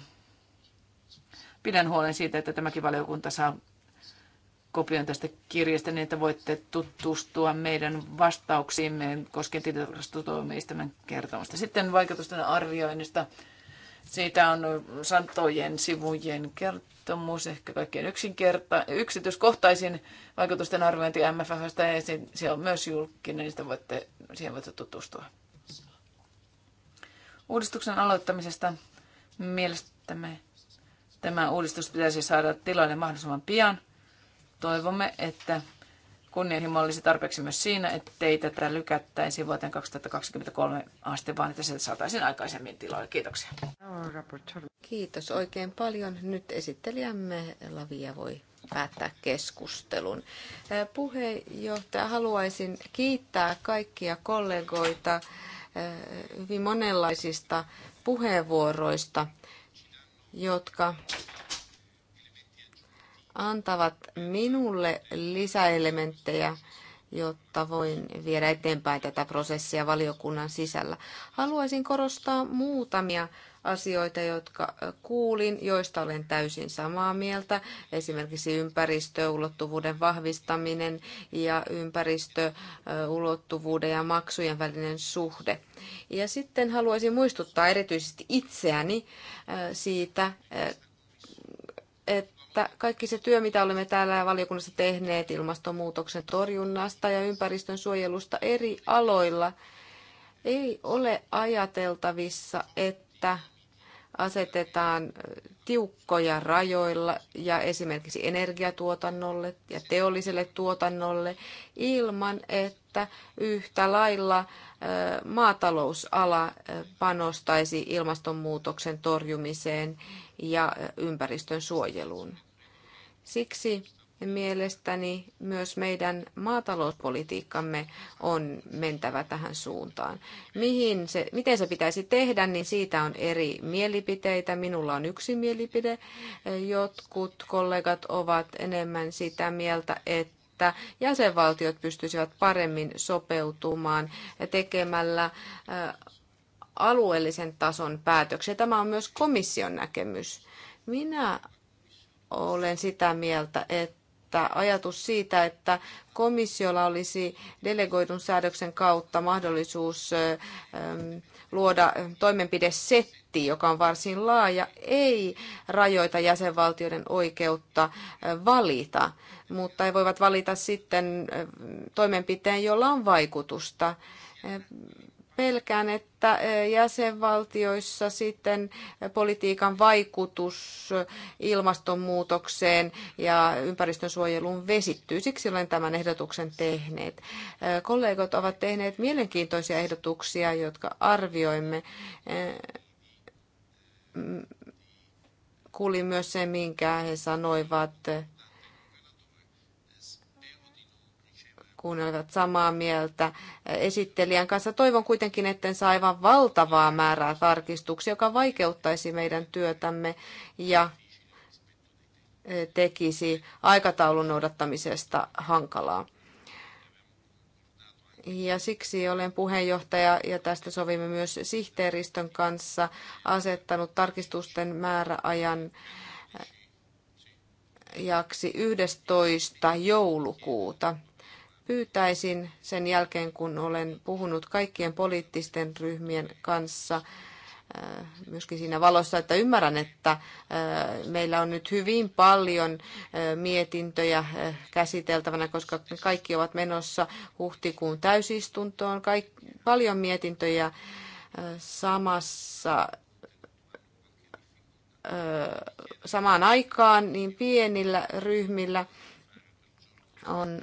pidän huolen siitä, että tämäkin valiokunta saa kopion tästä kirjasta niin, että voitte tutustua meidän vastauksiimme koskien tilintarkastustoimistamme kertomusta. Sitten vaikutusten arvioinnista. Siitä on santojen sivujen kertomus, ehkä kaikkein yksinkerta, yksityiskohtaisin vaikutusten arviointi MFFstä ja se on myös julkinen, niin sitä voitte, siihen voitte tutustua. Uudistuksen aloittamisesta mielestämme tämä uudistus pitäisi saada tilalle mahdollisimman pian. Toivomme, että kunnianhimo olisi tarpeeksi myös siinä, ettei tätä lykättäisi vuoteen 2023 asti, vaan että se saataisiin aikaisemmin tilalle. Kiitoksia. Kiitos oikein paljon. Nyt esittelijämme Lavia voi päättää keskustelun. Puheenjohtaja, haluaisin kiittää kaikkia kollegoita hyvin monenlaisista puheenvuoroista, jotka antavat minulle lisäelementtejä, jotta voin viedä eteenpäin tätä prosessia valiokunnan sisällä. Haluaisin korostaa muutamia asioita, jotka kuulin, joista olen täysin samaa mieltä. Esimerkiksi ympäristöulottuvuuden vahvistaminen ja ympäristöulottuvuuden ja maksujen välinen suhde. Ja sitten haluaisin muistuttaa erityisesti itseäni siitä, että kaikki se työ, mitä olemme täällä valiokunnassa tehneet ilmastonmuutoksen torjunnasta ja ympäristön suojelusta eri aloilla, ei ole ajateltavissa, että asetetaan tiukkoja rajoilla ja esimerkiksi energiatuotannolle ja teolliselle tuotannolle ilman, että yhtä lailla maatalousala panostaisi ilmastonmuutoksen torjumiseen ja ympäristön suojeluun. Siksi Mielestäni myös meidän maatalouspolitiikkamme on mentävä tähän suuntaan. Mihin se, miten se pitäisi tehdä, niin siitä on eri mielipiteitä. Minulla on yksi mielipide. Jotkut kollegat ovat enemmän sitä mieltä, että että jäsenvaltiot pystyisivät paremmin sopeutumaan tekemällä äh, alueellisen tason päätöksiä. Tämä on myös komission näkemys. Minä olen sitä mieltä, että että ajatus siitä, että komissiolla olisi delegoidun säädöksen kautta mahdollisuus luoda toimenpidesetti, joka on varsin laaja, ei rajoita jäsenvaltioiden oikeutta valita, mutta he voivat valita sitten toimenpiteen, jolla on vaikutusta pelkään, että jäsenvaltioissa sitten politiikan vaikutus ilmastonmuutokseen ja ympäristönsuojeluun vesittyy. Siksi olen tämän ehdotuksen tehneet. Kollegot ovat tehneet mielenkiintoisia ehdotuksia, jotka arvioimme. Kuulin myös sen, minkä he sanoivat kun olivat samaa mieltä esittelijän kanssa. Toivon kuitenkin, etten saa aivan valtavaa määrää tarkistuksia, joka vaikeuttaisi meidän työtämme ja e, tekisi aikataulun noudattamisesta hankalaa. Ja siksi olen puheenjohtaja ja tästä sovimme myös sihteeristön kanssa asettanut tarkistusten määräajan e, jaksi 11. joulukuuta pyytäisin sen jälkeen, kun olen puhunut kaikkien poliittisten ryhmien kanssa, äh, myöskin siinä valossa, että ymmärrän, että äh, meillä on nyt hyvin paljon äh, mietintöjä käsiteltävänä, koska kaikki ovat menossa huhtikuun täysistuntoon. Kaik- paljon mietintöjä samassa samaan aikaan, niin pienillä ryhmillä on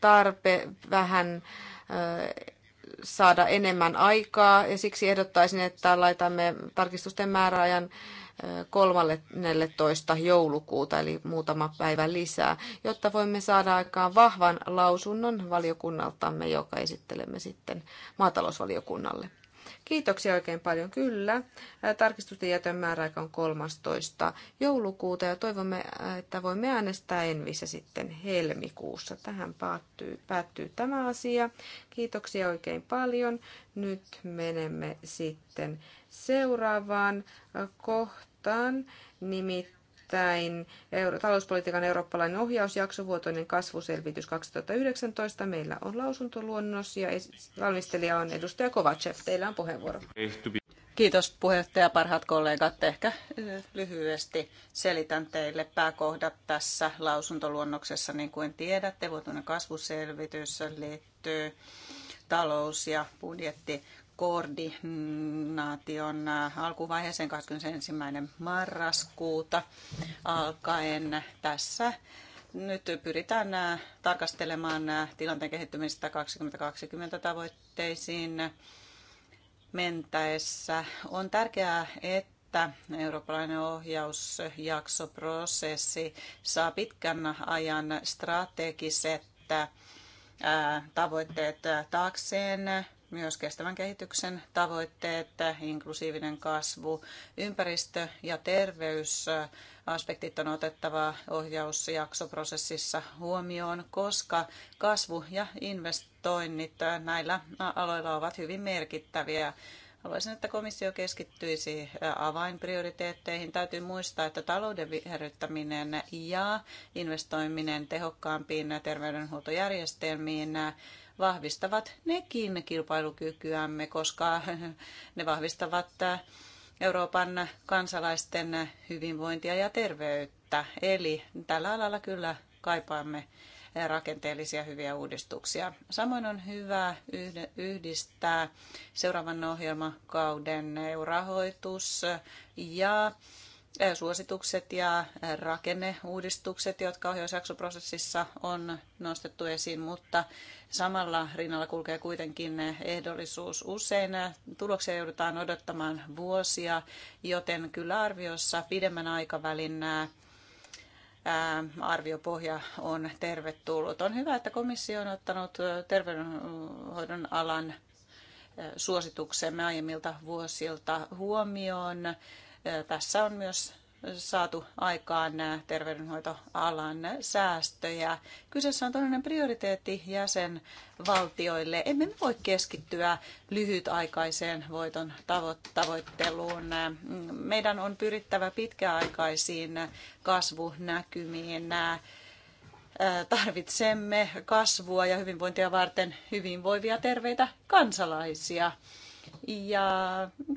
tarpe vähän saada enemmän aikaa ja siksi ehdottaisin, että laitamme tarkistusten määräajan 13. joulukuuta, eli muutama päivä lisää, jotta voimme saada aikaan vahvan lausunnon valiokunnaltamme, joka esittelemme sitten maatalousvaliokunnalle. Kiitoksia oikein paljon. Kyllä. Tarkistusten jätön määräaika on 13. joulukuuta ja toivomme, että voimme äänestää Envissä sitten helmikuussa. Tähän päättyy, päättyy tämä asia. Kiitoksia oikein paljon. Nyt menemme sitten seuraavaan kohtaan, nimittäin nimittäin euro, talouspolitiikan eurooppalainen ohjausjakso, vuotoinen kasvuselvitys 2019. Meillä on lausuntoluonnos ja valmistelija on edustaja Kovacev. Teillä on puheenvuoro. Kiitos puheenjohtaja, parhaat kollegat. Ehkä eh, lyhyesti selitän teille pääkohdat tässä lausuntoluonnoksessa. Niin kuin tiedätte, vuotuinen kasvuselvitys liittyy talous- ja budjetti koordinaation alkuvaiheeseen 21. marraskuuta alkaen. Tässä nyt pyritään tarkastelemaan tilanteen kehittymistä 2020 tavoitteisiin mentäessä. On tärkeää, että eurooppalainen ohjausjaksoprosessi saa pitkän ajan strategiset tavoitteet taakseen myös kestävän kehityksen tavoitteet, inklusiivinen kasvu, ympäristö ja terveys. Aspektit on otettava ohjausjaksoprosessissa huomioon, koska kasvu ja investoinnit näillä aloilla ovat hyvin merkittäviä. Haluaisin, että komissio keskittyisi avainprioriteetteihin. Täytyy muistaa, että talouden viherryttäminen ja investoiminen tehokkaampiin terveydenhuoltojärjestelmiin vahvistavat nekin kilpailukykyämme, koska ne vahvistavat äh, Euroopan kansalaisten hyvinvointia ja terveyttä. Eli tällä alalla kyllä kaipaamme äh, rakenteellisia hyviä uudistuksia. Samoin on hyvä yhdistää seuraavan ohjelmakauden EU-rahoitus ja suositukset ja rakenneuudistukset, jotka ohjausjaksoprosessissa on nostettu esiin, mutta samalla rinnalla kulkee kuitenkin ehdollisuus. Usein tuloksia joudutaan odottamaan vuosia, joten kyllä arviossa pidemmän aikavälin arviopohja on tervetullut. On hyvä, että komissio on ottanut terveydenhoidon alan suosituksemme aiemmilta vuosilta huomioon tässä on myös saatu aikaan terveydenhoitoalan säästöjä. Kyseessä on todellinen prioriteetti jäsenvaltioille. Emme voi keskittyä lyhytaikaiseen voiton tavoitteluun. Meidän on pyrittävä pitkäaikaisiin kasvunäkymiin. Tarvitsemme kasvua ja hyvinvointia varten hyvinvoivia terveitä kansalaisia. Ja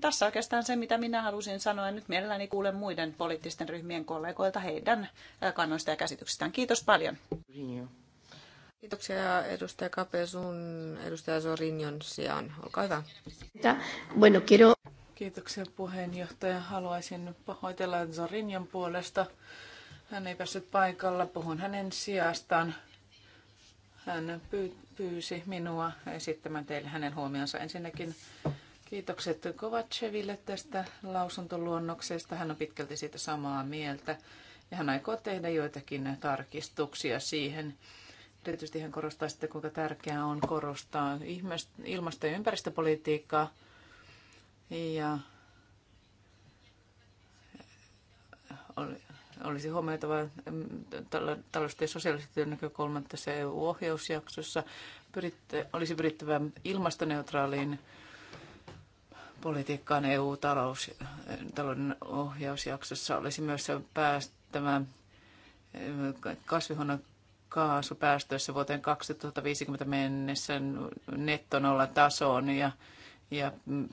tässä oikeastaan se, mitä minä halusin sanoa. Nyt mielelläni kuulen muiden poliittisten ryhmien kollegoilta heidän äh, kannoista ja käsityksistään. Kiitos paljon. Kiitoksia edustaja Kape sun edustaja Sorinjon sijaan. Olkaa hyvä. Kiitoksia puheenjohtaja. Haluaisin pahoitella Zorinjon puolesta. Hän ei päässyt paikalla. Puhun hänen sijastaan. Hän pyysi minua esittämään teille hänen huomionsa. Ensinnäkin Kiitokset Kovaceville tästä lausuntoluonnoksesta. Hän on pitkälti siitä samaa mieltä ja hän aikoo tehdä joitakin tarkistuksia siihen. Erityisesti hän korostaa sitä, kuinka tärkeää on korostaa ilmasto- ja ympäristöpolitiikkaa ja olisi huomioitava mm, taloudellisesti ja sosiaalisesti näkökulmat tässä EU-ohjausjaksossa. Pyritte, olisi pyrittävä ilmastoneutraaliin politiikkaan EU-talouden ohjausjaksossa olisi myös päästävä eh, kasvihuonekaasupäästöissä vuoteen 2050 mennessä nettonolla tasoon ja, ja mm,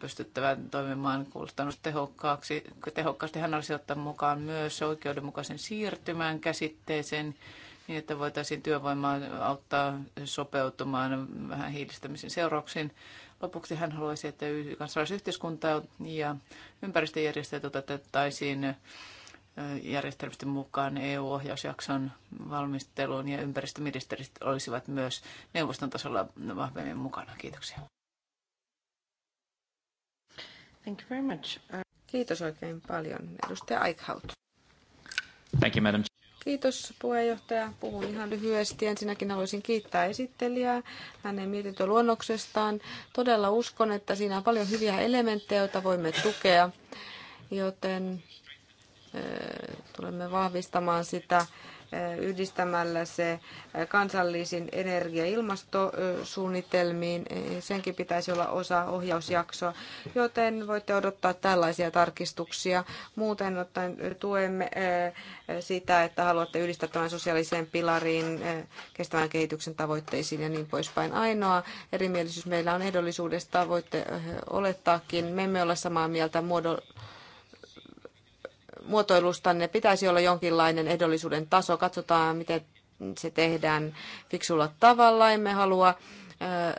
pystyttävä toimimaan kustannustehokkaaksi. Tehokkaasti hän olisi ottaa mukaan myös oikeudenmukaisen siirtymään käsitteeseen niin, että voitaisiin työvoimaa auttaa sopeutumaan vähän hiilistämisen seurauksiin. Lopuksi hän haluaisi, että kansalaisyhteiskunta ja ympäristöjärjestöt otettaisiin järjestelmisten mukaan EU-ohjausjakson valmisteluun ja ympäristöministerit olisivat myös neuvoston tasolla vahvemmin mukana. Kiitoksia. Thank you very much. Kiitos oikein paljon. Edustaja Eichhout. Thank you, madam. Kiitos puheenjohtaja. Puhun ihan lyhyesti. Ensinnäkin haluaisin kiittää esittelijää hänen mietintöluonnoksestaan. Todella uskon, että siinä on paljon hyviä elementtejä, joita voimme tukea, joten tulemme vahvistamaan sitä Eh, yhdistämällä se eh, kansallisiin energia- ja ilmastosuunnitelmiin. Eh, senkin pitäisi olla osa ohjausjaksoa, joten voitte odottaa tällaisia tarkistuksia. Muuten ottaen tuemme sitä, että haluatte yhdistää tämän sosiaaliseen pilariin, kestävän kehityksen tavoitteisiin ja niin poispäin. Ainoa erimielisyys meillä on ehdollisuudesta, voitte olettaakin. Me emme ole samaa mieltä muodolla muotoilustanne pitäisi olla jonkinlainen ehdollisuuden taso. Katsotaan, miten se tehdään fiksulla tavalla. Emme halua äh,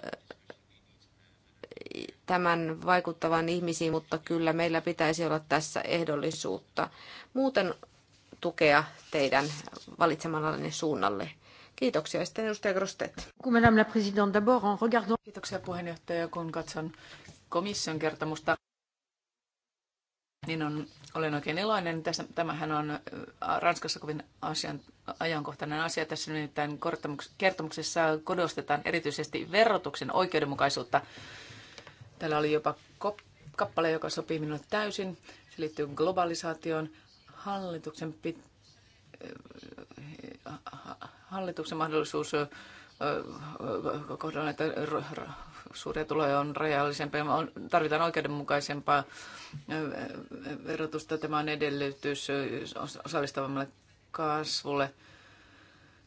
tämän vaikuttavan ihmisiin, mutta kyllä meillä pitäisi olla tässä ehdollisuutta. Muuten tukea teidän valitsemallanne suunnalle. Kiitoksia. Sitten edustaja Grostet. Kiitoksia puheenjohtaja, kun katson komission kertomusta. Niin on, olen oikein iloinen. Tässä, tämähän on Ranskassa kovin asian, ajankohtainen asia. Tässä nimittäin kertomuksessa kodostetaan erityisesti verotuksen oikeudenmukaisuutta. Täällä oli jopa kappale, joka sopii minulle täysin. Se liittyy globalisaatioon. Hallituksen, pit, hallituksen mahdollisuus kohdalla näitä suuria tuloja on rajallisempia. On, tarvitaan oikeudenmukaisempaa verotusta. Tämä on edellytys osallistavammalle kasvulle.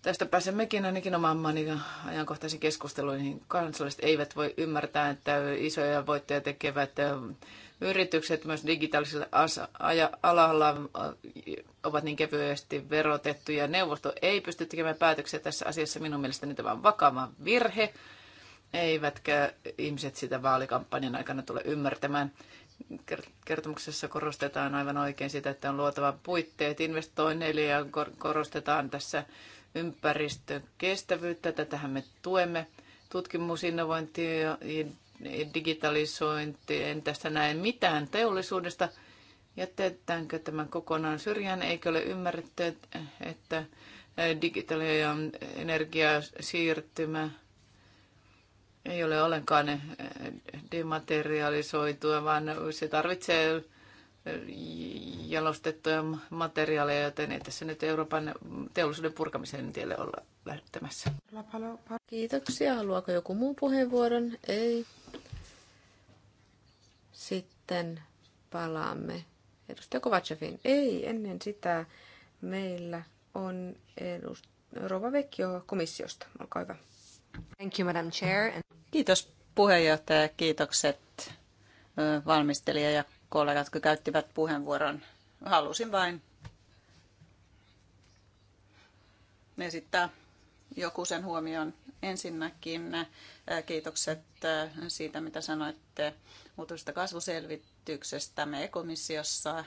Tästä pääsemmekin ainakin oman maani ajankohtaisiin keskusteluun, niin kansalaiset eivät voi ymmärtää, että isoja voittoja tekevät yritykset myös digitaalisella alalla ovat niin kevyesti verotettuja. Neuvosto ei pysty tekemään päätöksiä tässä asiassa. Minun mielestäni tämä on vakava virhe eivätkä ihmiset sitä vaalikampanjan aikana tule ymmärtämään. Kertomuksessa korostetaan aivan oikein sitä, että on luotava puitteet investoinneille ja korostetaan tässä ympäristön kestävyyttä. Tätähän me tuemme. Tutkimusinnovointi ja digitalisointi, en tästä näe mitään teollisuudesta. Jätetäänkö tämän kokonaan syrjään? Eikö ole ymmärretty, että digitaalinen energiasiirtymä siirtymä ei ole ollenkaan eh, dematerialisoitua, vaan se tarvitsee eh, jalostettuja materiaaleja, joten ei tässä nyt Euroopan teollisuuden purkamisen tielle olla lähtemässä. Kiitoksia. Haluaako joku muu puheenvuoron? Ei. Sitten palaamme. Edustaja Kovacevin. Ei, ennen sitä meillä on edust- Rova Vekio komissiosta. Olkaa hyvä. Thank you, Madam Chair. Kiitos puheenjohtaja ja kiitokset valmistelija ja kollegat, kun käyttivät puheenvuoron. Halusin vain esittää joku sen huomion. Ensinnäkin kiitokset siitä, mitä sanoitte muutosta kasvuselvityksestä. Me komissiossa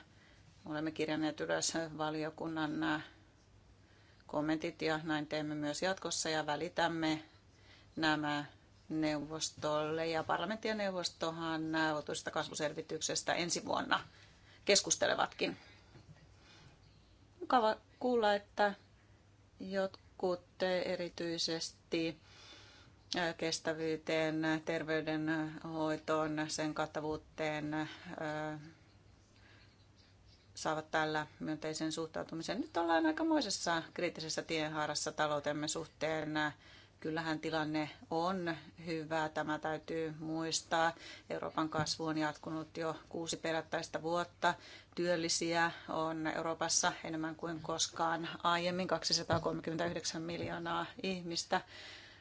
olemme kirjanneet ylös valiokunnan kommentit ja näin teemme myös jatkossa ja välitämme nämä neuvostolle. Ja parlamentti ja neuvostohan vuotuisesta kasvuselvityksestä ensi vuonna keskustelevatkin. Mukava kuulla, että jotkut erityisesti kestävyyteen, terveydenhoitoon, sen kattavuuteen saavat tällä myönteisen suhtautumisen. Nyt ollaan aikamoisessa kriittisessä tienhaarassa taloutemme suhteen kyllähän tilanne on hyvä. Tämä täytyy muistaa. Euroopan kasvu on jatkunut jo kuusi perättäistä vuotta. Työllisiä on Euroopassa enemmän kuin koskaan aiemmin, 239 miljoonaa ihmistä.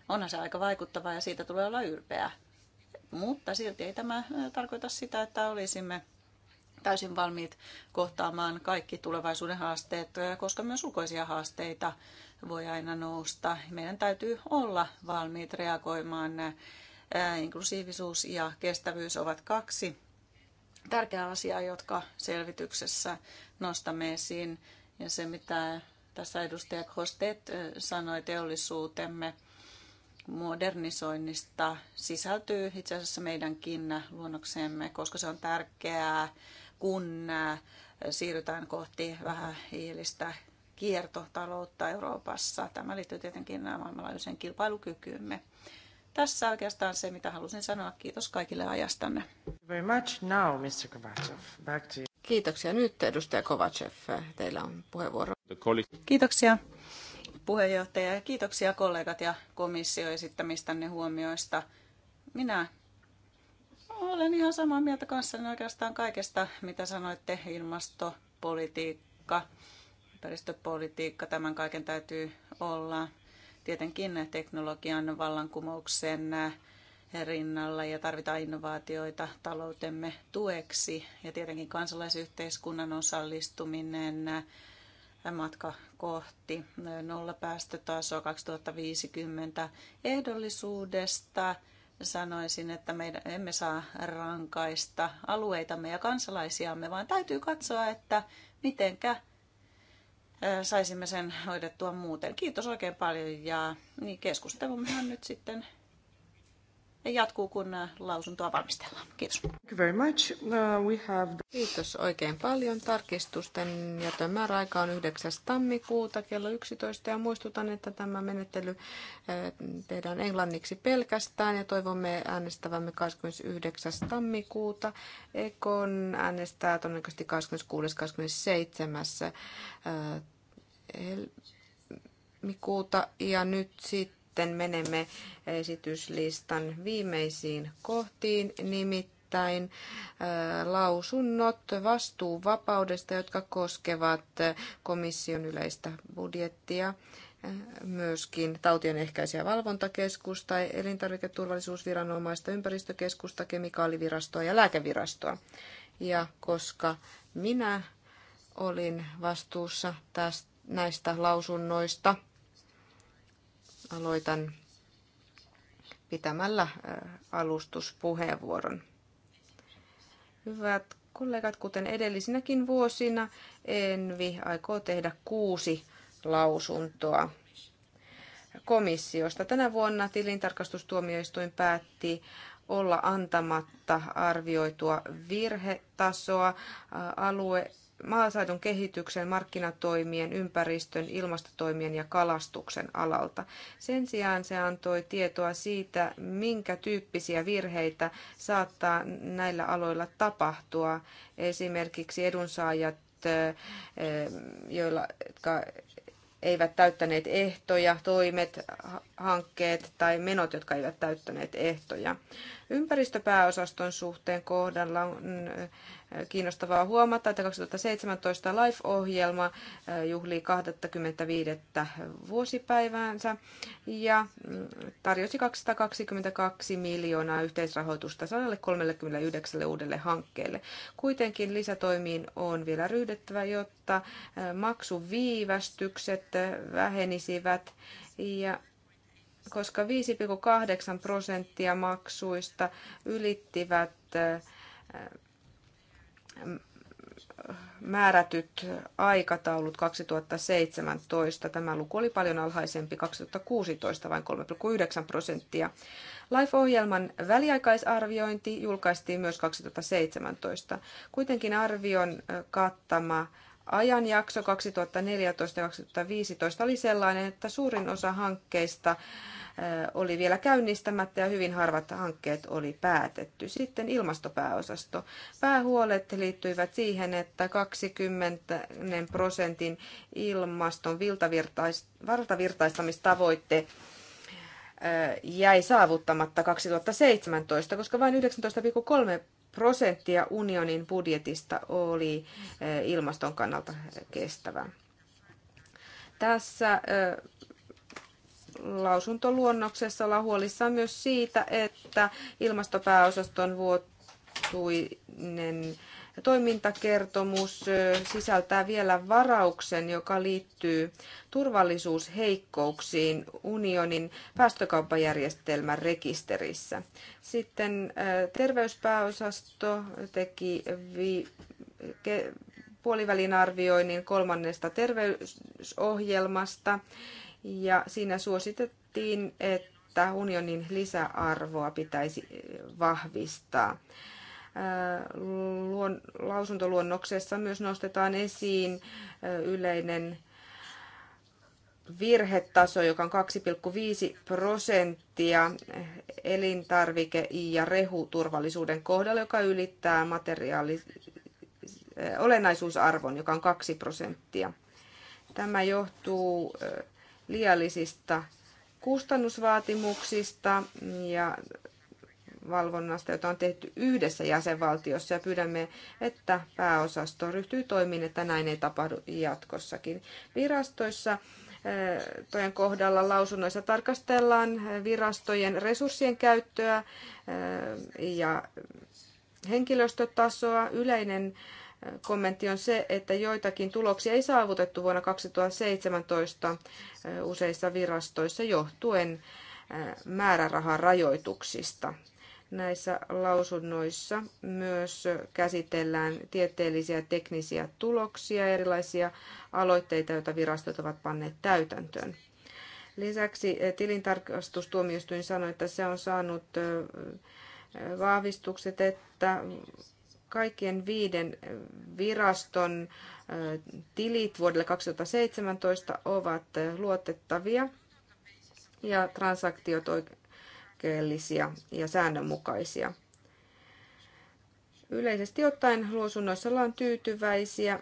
Onhan se aika vaikuttavaa ja siitä tulee olla ylpeä. Mutta silti ei tämä tarkoita sitä, että olisimme täysin valmiit kohtaamaan kaikki tulevaisuuden haasteet, koska myös ulkoisia haasteita voi aina nousta. Meidän täytyy olla valmiit reagoimaan. Inklusiivisuus ja kestävyys ovat kaksi tärkeää asiaa, jotka selvityksessä nostamme esiin. Ja se, mitä tässä edustaja Kostet sanoi teollisuutemme modernisoinnista, sisältyy itse asiassa meidänkin luonnokseemme, koska se on tärkeää, kun siirrytään kohti vähän hiilistä kiertotaloutta Euroopassa. Tämä liittyy tietenkin maailmanlaajuiseen kilpailukykyymme. Tässä oikeastaan se, mitä halusin sanoa. Kiitos kaikille ajastanne. Very much now, Mr. Kovacev. Back to you. Kiitoksia. Nyt edustaja Kovacev, teillä on puheenvuoro. Kiitoksia puheenjohtaja ja kiitoksia kollegat ja komissio esittämistänne huomioista. Minä olen ihan samaa mieltä kanssanne oikeastaan kaikesta, mitä sanoitte, ilmastopolitiikka ympäristöpolitiikka, tämän kaiken täytyy olla tietenkin teknologian vallankumouksen rinnalla ja tarvitaan innovaatioita taloutemme tueksi ja tietenkin kansalaisyhteiskunnan osallistuminen matka kohti nollapäästötasoa 2050 ehdollisuudesta. Sanoisin, että me emme saa rankaista alueitamme ja kansalaisiamme, vaan täytyy katsoa, että mitenkä saisimme sen hoidettua muuten. Kiitos oikein paljon ja niin keskustelummehan nyt sitten jatkuu, kun äh, lausuntoa valmistellaan. Kiitos. Thank you very much. Uh, we have... Kiitos oikein paljon tarkistusten ja tämä aika on 9. tammikuuta kello 11 ja muistutan, että tämä menettely äh, tehdään englanniksi pelkästään ja toivomme äänestävämme 29. tammikuuta. Ekon äänestää todennäköisesti 26.27. Äh, mikuuta. ja nyt sitten sitten menemme esityslistan viimeisiin kohtiin, nimittäin äh, lausunnot vastuuvapaudesta, jotka koskevat äh, komission yleistä budjettia äh, myöskin tautien ehkäisiä valvontakeskusta, elintarviketurvallisuusviranomaista, ympäristökeskusta, kemikaalivirastoa ja lääkevirastoa. Ja koska minä olin vastuussa tästä, näistä lausunnoista, Aloitan pitämällä äh, alustuspuheenvuoron. Hyvät kollegat, kuten edellisinäkin vuosina, Envi aikoo tehdä kuusi lausuntoa komissiosta. Tänä vuonna tilintarkastustuomioistuin päätti olla antamatta arvioitua virhetasoa äh, alue maaseudun kehityksen, markkinatoimien, ympäristön, ilmastotoimien ja kalastuksen alalta. Sen sijaan se antoi tietoa siitä, minkä tyyppisiä virheitä saattaa näillä aloilla tapahtua. Esimerkiksi edunsaajat, eh, joilla, jotka eivät täyttäneet ehtoja, toimet, hankkeet tai menot, jotka eivät täyttäneet ehtoja. Ympäristöpääosaston suhteen kohdalla on kiinnostavaa huomata, että 2017 Life-ohjelma juhlii 25. vuosipäiväänsä ja mm, tarjosi 222 miljoonaa yhteisrahoitusta 139 uudelle hankkeelle. Kuitenkin lisätoimiin on vielä ryhdyttävä, jotta maksuviivästykset vähenisivät ja koska 5,8 prosenttia maksuista ylittivät määrätyt aikataulut 2017. Tämä luku oli paljon alhaisempi 2016, vain 3,9 prosenttia. LIFE-ohjelman väliaikaisarviointi julkaistiin myös 2017. Kuitenkin arvion kattama ajanjakso 2014-2015 oli sellainen, että suurin osa hankkeista eh, oli vielä käynnistämättä ja hyvin harvat hankkeet oli päätetty. Sitten ilmastopääosasto. Päähuolet liittyivät siihen, että 20 prosentin ilmaston valtavirtaistamistavoitte eh, jäi saavuttamatta 2017, koska vain 19,3 prosenttia unionin budjetista oli eh, ilmaston kannalta kestävää. Tässä eh, lausuntoluonnoksessa ollaan huolissaan myös siitä, että ilmastopääosaston vuotuinen toimintakertomus sisältää vielä varauksen, joka liittyy turvallisuusheikkouksiin unionin päästökauppajärjestelmän rekisterissä. Sitten terveyspääosasto teki vi- puolivälin arvioinnin kolmannesta terveysohjelmasta ja siinä suositettiin, että unionin lisäarvoa pitäisi vahvistaa luon, lausuntoluonnoksessa myös nostetaan esiin yleinen virhetaso, joka on 2,5 prosenttia elintarvike- ja rehuturvallisuuden kohdalla, joka ylittää materiaali olennaisuusarvon, joka on 2 prosenttia. Tämä johtuu liiallisista kustannusvaatimuksista ja valvonnasta, jota on tehty yhdessä jäsenvaltiossa ja pyydämme, että pääosasto ryhtyy toimiin, että näin ei tapahdu jatkossakin. Virastoissa eh, tojen kohdalla lausunnoissa tarkastellaan eh, virastojen resurssien käyttöä eh, ja henkilöstötasoa. Yleinen kommentti on se, että joitakin tuloksia ei saavutettu vuonna 2017 useissa virastoissa johtuen määräraha-rajoituksista. Näissä lausunnoissa myös käsitellään tieteellisiä ja teknisiä tuloksia, erilaisia aloitteita, joita virastot ovat panneet täytäntöön. Lisäksi tilintarkastustuomioistuin sanoi, että se on saanut vahvistukset, että kaikkien viiden viraston tilit vuodelle 2017 ovat luotettavia ja transaktiot oikein tarkkeellisia ja säännönmukaisia. Yleisesti ottaen luosunnoissa ollaan tyytyväisiä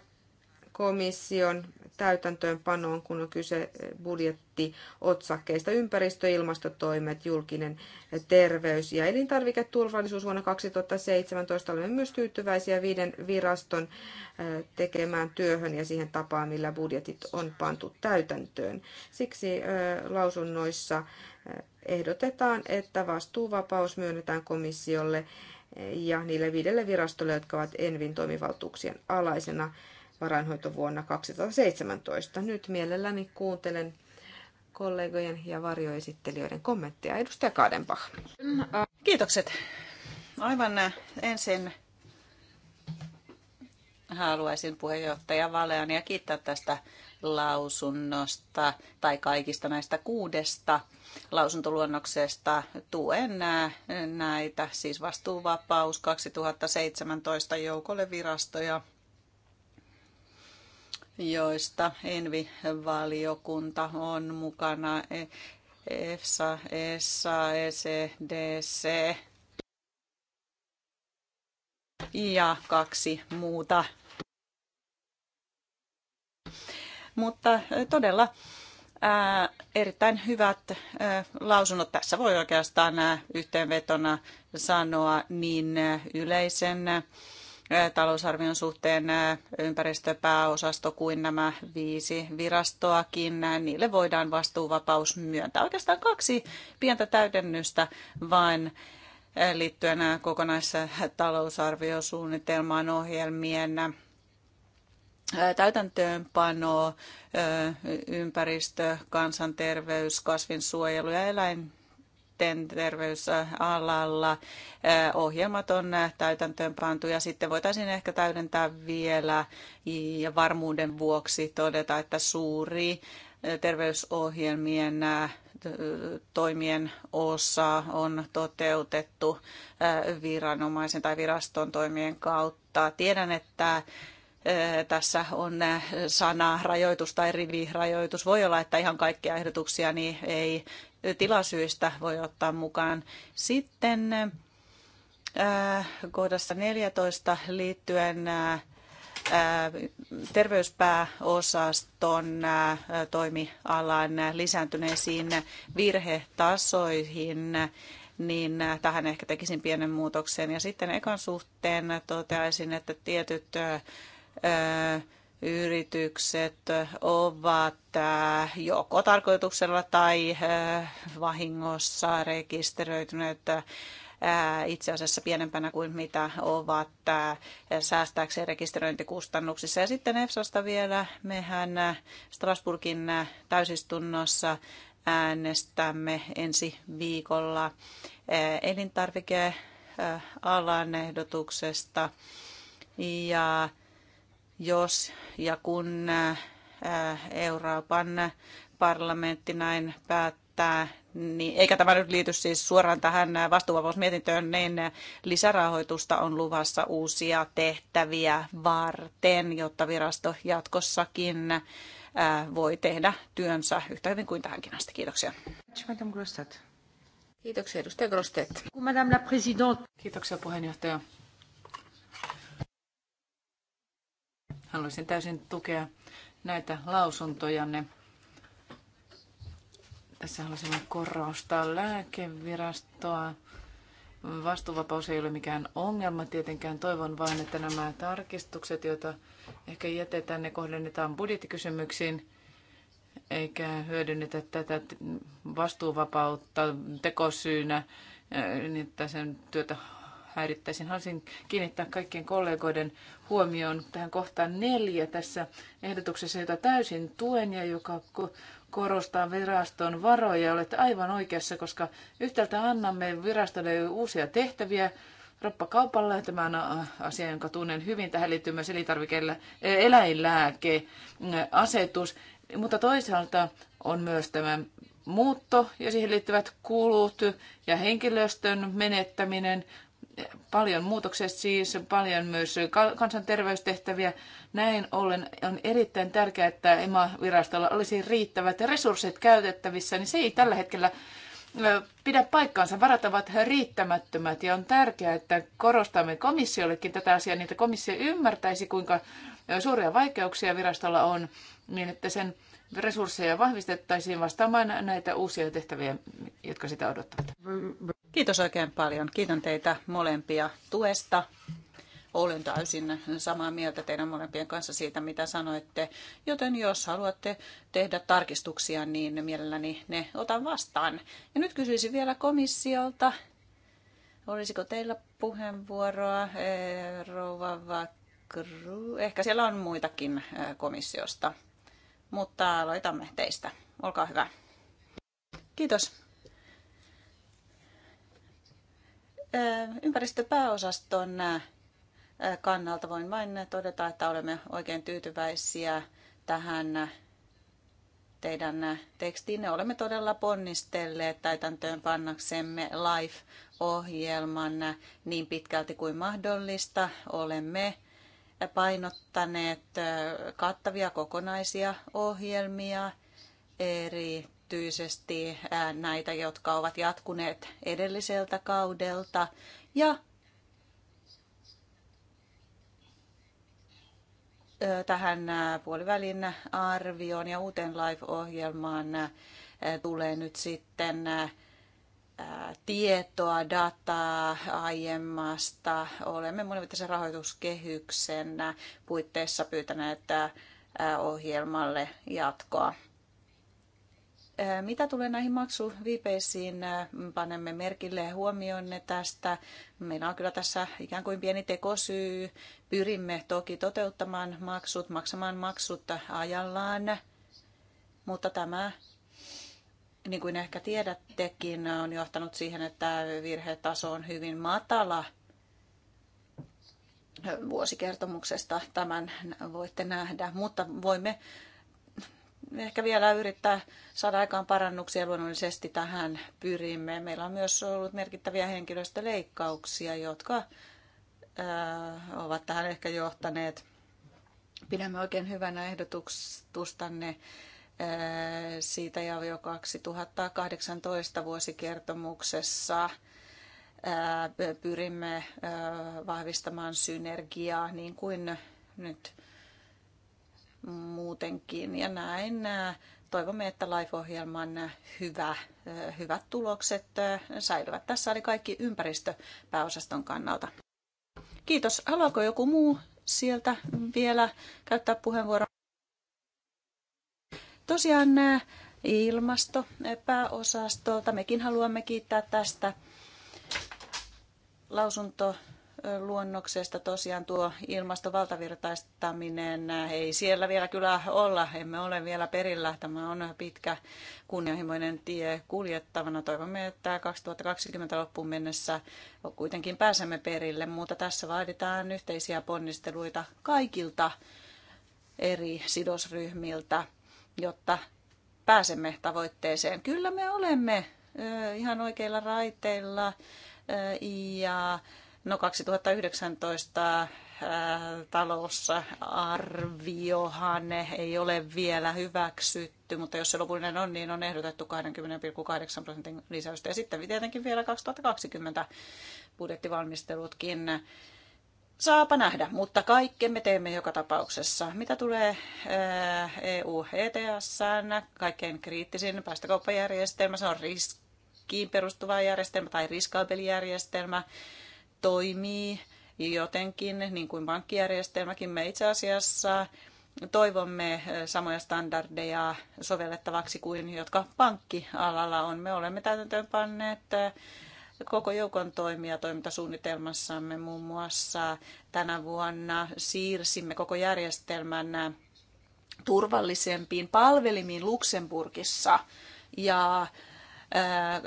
komission täytäntöönpanoon, kun on kyse budjettiotsakkeista ympäristö- ja ilmastotoimet, julkinen terveys ja elintarviketurvallisuus vuonna 2017. Olemme myös tyytyväisiä viiden viraston äh, tekemään työhön ja siihen tapaan, millä budjetit on pantu täytäntöön. Siksi äh, lausunnoissa äh, ehdotetaan, että vastuuvapaus myönnetään komissiolle ja niille viidelle virastolle, jotka ovat Envin toimivaltuuksien alaisena varainhoitovuonna 2017. Nyt mielelläni kuuntelen kollegojen ja varjoesittelijöiden kommentteja. Edustaja Kadenbach. Kiitokset. Aivan äh, ensin haluaisin puheenjohtaja ja kiittää tästä lausunnosta tai kaikista näistä kuudesta lausuntoluonnoksesta. Tuen äh, näitä, siis vastuuvapaus 2017 joukolle virastoja – joista Envi-valiokunta on mukana. E- EFSA, ESA, ECDC ja kaksi muuta. Mutta todella ää, erittäin hyvät ää, lausunnot. Tässä voi oikeastaan ää, yhteenvetona sanoa niin ää, yleisen ää, talousarvion suhteen ympäristöpääosasto kuin nämä viisi virastoakin. Niille voidaan vastuuvapaus myöntää. Oikeastaan kaksi pientä täydennystä vain liittyen talousarviosuunnitelmaan ohjelmien täytäntöönpano, ympäristö, kansanterveys, kasvinsuojelu ja eläin, sitten terveysalalla eh, ohjelmat on täytäntöön pantu ja sitten voitaisiin ehkä täydentää vielä ja varmuuden vuoksi todeta, että suuri eh, terveysohjelmien eh, toimien osa on toteutettu viranomaisen tai viraston toimien kautta. Tiedän, että tässä on sana rajoitus tai rivirajoitus. Voi olla, että ihan kaikkia ehdotuksia niin ei tilasyistä voi ottaa mukaan. Sitten äh, kohdassa 14 liittyen äh, äh, terveyspääosaston toimialan lisääntyneisiin virhetasoihin, niin tähän ehkä tekisin pienen muutoksen. Ja sitten ekan suhteen toteaisin, että tietyt yritykset ovat äh, joko tarkoituksella tai äh, vahingossa rekisteröityneet äh, itse asiassa pienempänä kuin mitä ovat säästääkseen rekisteröintikustannuksissa. Ja sitten EFSAsta vielä, mehän Strasburgin täysistunnossa äänestämme ensi viikolla elintarvikealan ehdotuksesta. Ja jos ja kun äh, Euroopan parlamentti näin päättää, niin, eikä tämä nyt liity siis suoraan tähän vastuuvapausmietintöön, niin lisärahoitusta on luvassa uusia tehtäviä varten, jotta virasto jatkossakin äh, voi tehdä työnsä yhtä hyvin kuin tähänkin asti. Kiitoksia. Kiitoksia edustaja Grostet. Kiitoksia puheenjohtaja. Haluaisin täysin tukea näitä lausuntojanne. Tässä haluaisin korostaa lääkevirastoa. Vastuuvapaus ei ole mikään ongelma tietenkään. Toivon vain, että nämä tarkistukset, joita ehkä jätetään, ne kohdennetaan budjettikysymyksiin eikä hyödynnetä tätä vastuuvapautta tekosyynä, niin että sen työtä häirittäisin. Haluaisin kiinnittää kaikkien kollegoiden huomioon tähän kohtaan neljä tässä ehdotuksessa, jota täysin tuen ja joka korostaa viraston varoja. Olette aivan oikeassa, koska yhtäältä annamme virastolle uusia tehtäviä, roppakaupalla. Tämä on asia, jonka tunnen hyvin. Tähän liittyy myös eh, eläinlääkeasetus. Mm, Mutta toisaalta on myös tämä muutto ja siihen liittyvät kulut ja henkilöstön menettäminen paljon muutoksia siis, paljon myös kansanterveystehtäviä. Näin ollen on erittäin tärkeää, että EMA-virastolla olisi riittävät resurssit käytettävissä, niin se ei tällä hetkellä pidä paikkaansa. Varat ovat riittämättömät ja on tärkeää, että korostamme komissiollekin tätä asiaa, niin että komissio ymmärtäisi, kuinka suuria vaikeuksia virastolla on, niin että sen resursseja vahvistettaisiin vastaamaan näitä uusia tehtäviä, jotka sitä odottavat. Kiitos oikein paljon. Kiitän teitä molempia tuesta. Olen täysin samaa mieltä teidän molempien kanssa siitä, mitä sanoitte. Joten jos haluatte tehdä tarkistuksia, niin mielelläni ne otan vastaan. Ja nyt kysyisin vielä komissiolta, olisiko teillä puheenvuoroa, eh, Rouva Vakru? Ehkä siellä on muitakin eh, komissiosta mutta aloitamme teistä. Olkaa hyvä. Kiitos. Ympäristöpääosaston kannalta voin vain todeta, että olemme oikein tyytyväisiä tähän teidän tekstiinne. Olemme todella ponnistelleet täytäntöön pannaksemme live-ohjelman niin pitkälti kuin mahdollista. Olemme painottaneet kattavia kokonaisia ohjelmia, erityisesti näitä, jotka ovat jatkuneet edelliseltä kaudelta. Ja tähän puolivälin arvioon ja uuteen live-ohjelmaan tulee nyt sitten tietoa, dataa aiemmasta. Olemme monivuotisen rahoituskehyksen puitteissa pyytäneet ohjelmalle jatkoa. Mitä tulee näihin maksuviipeisiin, panemme merkille huomionne tästä. Meillä on kyllä tässä ikään kuin pieni tekosyy. Pyrimme toki toteuttamaan maksut, maksamaan maksut ajallaan, mutta tämä niin kuin ehkä tiedättekin, on johtanut siihen, että virhetaso on hyvin matala vuosikertomuksesta. Tämän voitte nähdä, mutta voimme ehkä vielä yrittää saada aikaan parannuksia. Luonnollisesti tähän pyrimme. Meillä on myös ollut merkittäviä henkilöstöleikkauksia, jotka äh, ovat tähän ehkä johtaneet. Pidämme oikein hyvänä ehdotustanne siitä ja jo 2018 vuosikertomuksessa pyrimme vahvistamaan synergiaa niin kuin nyt muutenkin. Ja näin toivomme, että LIFE-ohjelman hyvä, hyvät tulokset säilyvät. Tässä oli kaikki ympäristöpääosaston kannalta. Kiitos. Haluaako joku muu sieltä vielä käyttää puheenvuoron? Tosiaan eh, ilmasto ilmastopääosastolta mekin haluamme kiittää tästä lausunto luonnoksesta tosiaan tuo ilmastovaltavirtaistaminen, eh, ei siellä vielä kyllä olla, emme ole vielä perillä. Tämä on pitkä kunnianhimoinen tie kuljettavana. Toivomme, että 2020 loppuun mennessä kuitenkin pääsemme perille, mutta tässä vaaditaan yhteisiä ponnisteluita kaikilta eri sidosryhmiltä jotta pääsemme tavoitteeseen. Kyllä me olemme ihan oikeilla raiteilla ja no 2019 arviohan ei ole vielä hyväksytty, mutta jos se lopullinen on, niin on ehdotettu 20,8 prosentin lisäystä. Ja sitten tietenkin vielä 2020 budjettivalmistelutkin Saapa nähdä, mutta kaikkemme teemme joka tapauksessa. Mitä tulee EU eh, e ETS, kaikkein kriittisin päästökauppajärjestelmä, se on riskiin perustuva järjestelmä tai riskaabelijärjestelmä, toimii jotenkin, niin kuin pankkijärjestelmäkin. Me itse asiassa toivomme eh, samoja standardeja sovellettavaksi kuin jotka pankkialalla on. Me olemme täytäntöönpanneet eh, koko joukon toimia toimintasuunnitelmassamme muun muassa tänä vuonna siirsimme koko järjestelmän turvallisempiin palvelimiin Luxemburgissa ja äh,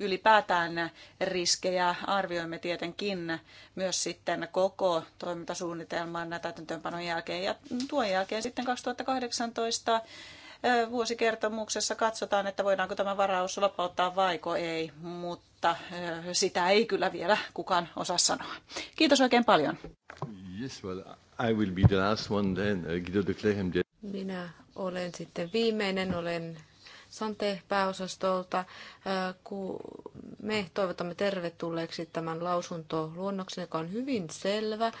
ylipäätään riskejä arvioimme tietenkin myös sitten koko toimintasuunnitelman täytäntöönpanon jälkeen ja tuon jälkeen sitten 2018 vuosikertomuksessa katsotaan, että voidaanko tämä varaus vapauttaa vaiko ei, mutta sitä ei kyllä vielä kukaan osaa sanoa. Kiitos oikein paljon. Yes, well, I will be the last one then. Uh, Minä olen sitten viimeinen, olen Sante-pääosastolta. Me toivotamme tervetulleeksi tämän lausuntoluonnoksen, joka on hyvin selvä.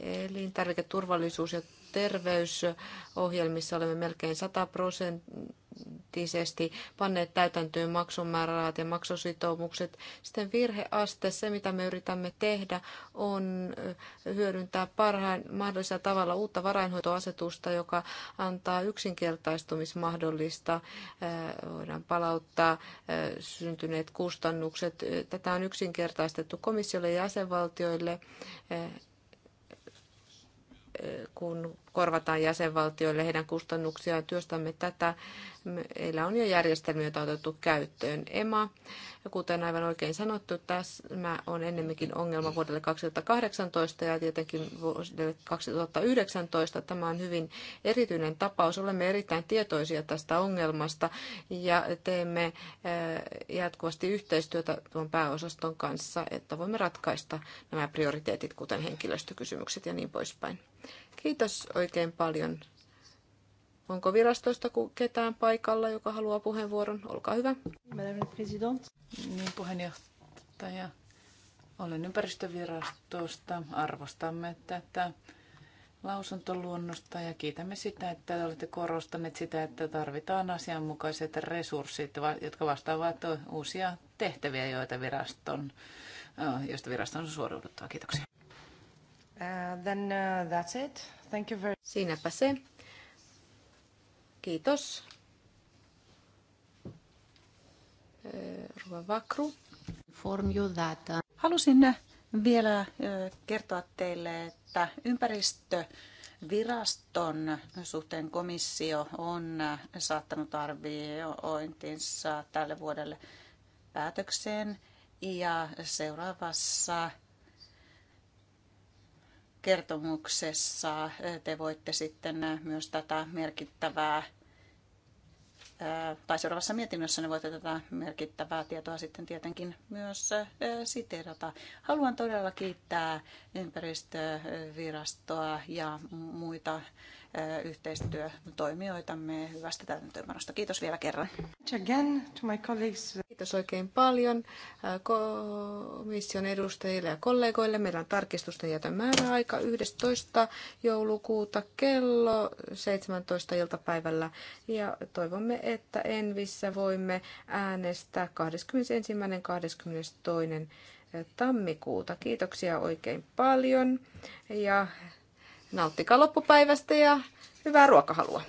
Elintarviketurvallisuus ja terveysohjelmissa olemme melkein 100 prosenttisesti panneet täytäntöön maksumäärärahat ja maksusitoumukset. Sitten virheaste, se mitä me yritämme tehdä, on hyödyntää parhain mahdollisella tavalla uutta varainhoitoasetusta, joka antaa yksinkertaistumismahdollista, voidaan palauttaa syntyneet kustannukset. Tätä on yksinkertaistettu komissiolle ja jäsenvaltioille kun korvataan jäsenvaltioille heidän kustannuksiaan. Työstämme tätä. Meillä on jo järjestelmiä, joita on otettu käyttöön. EMA, kuten aivan oikein sanottu, tämä on ennemminkin ongelma vuodelle 2018 ja tietenkin vuodelle 2019. Tämä on hyvin erityinen tapaus. Olemme erittäin tietoisia tästä ongelmasta ja teemme eh, jatkuvasti yhteistyötä tuon pääosaston kanssa, että voimme ratkaista nämä prioriteetit, kuten henkilöstökysymykset ja niin poispäin. Kiitos oikein paljon. Onko virastoista ketään paikalla, joka haluaa puheenvuoron? Olkaa hyvä. Madame la Présidente. Niin, puheenjohtaja. Olen ympäristövirastosta. Arvostamme tätä lausuntoluonnosta ja kiitämme sitä, että olette korostaneet sitä, että tarvitaan asianmukaiset resurssit, jotka vastaavat uusia tehtäviä, joita viraston, joista viraston on suoriuduttava. Kiitoksia. Uh, then, uh, that's it. Thank you very... Siinäpä se. Kiitos. Ruva Vakru. Inform you that. Uh, Halusin uh, vielä kertoa teille, että ympäristöviraston suhteen komissio on saattanut arviointinsa tälle vuodelle päätökseen ja seuraavassa kertomuksessa te voitte sitten myös tätä merkittävää tai seuraavassa mietinnössä ne voitte tätä merkittävää tietoa sitten tietenkin myös siteerata. Haluan todella kiittää ympäristövirastoa ja muita Eh, yhteistyötoimijoitamme hyvästä täytäntöönpanosta. Kiitos vielä kerran. again to my Kiitos oikein paljon eh, komission edustajille ja kollegoille. Meillä on tarkistusten jätön määräaika 11. joulukuuta kello 17 iltapäivällä ja toivomme, että Envissä voimme äänestää 21. 22. Eh, tammikuuta. Kiitoksia oikein paljon ja Nauttikaa loppupäivästä ja hyvää ruokahalua.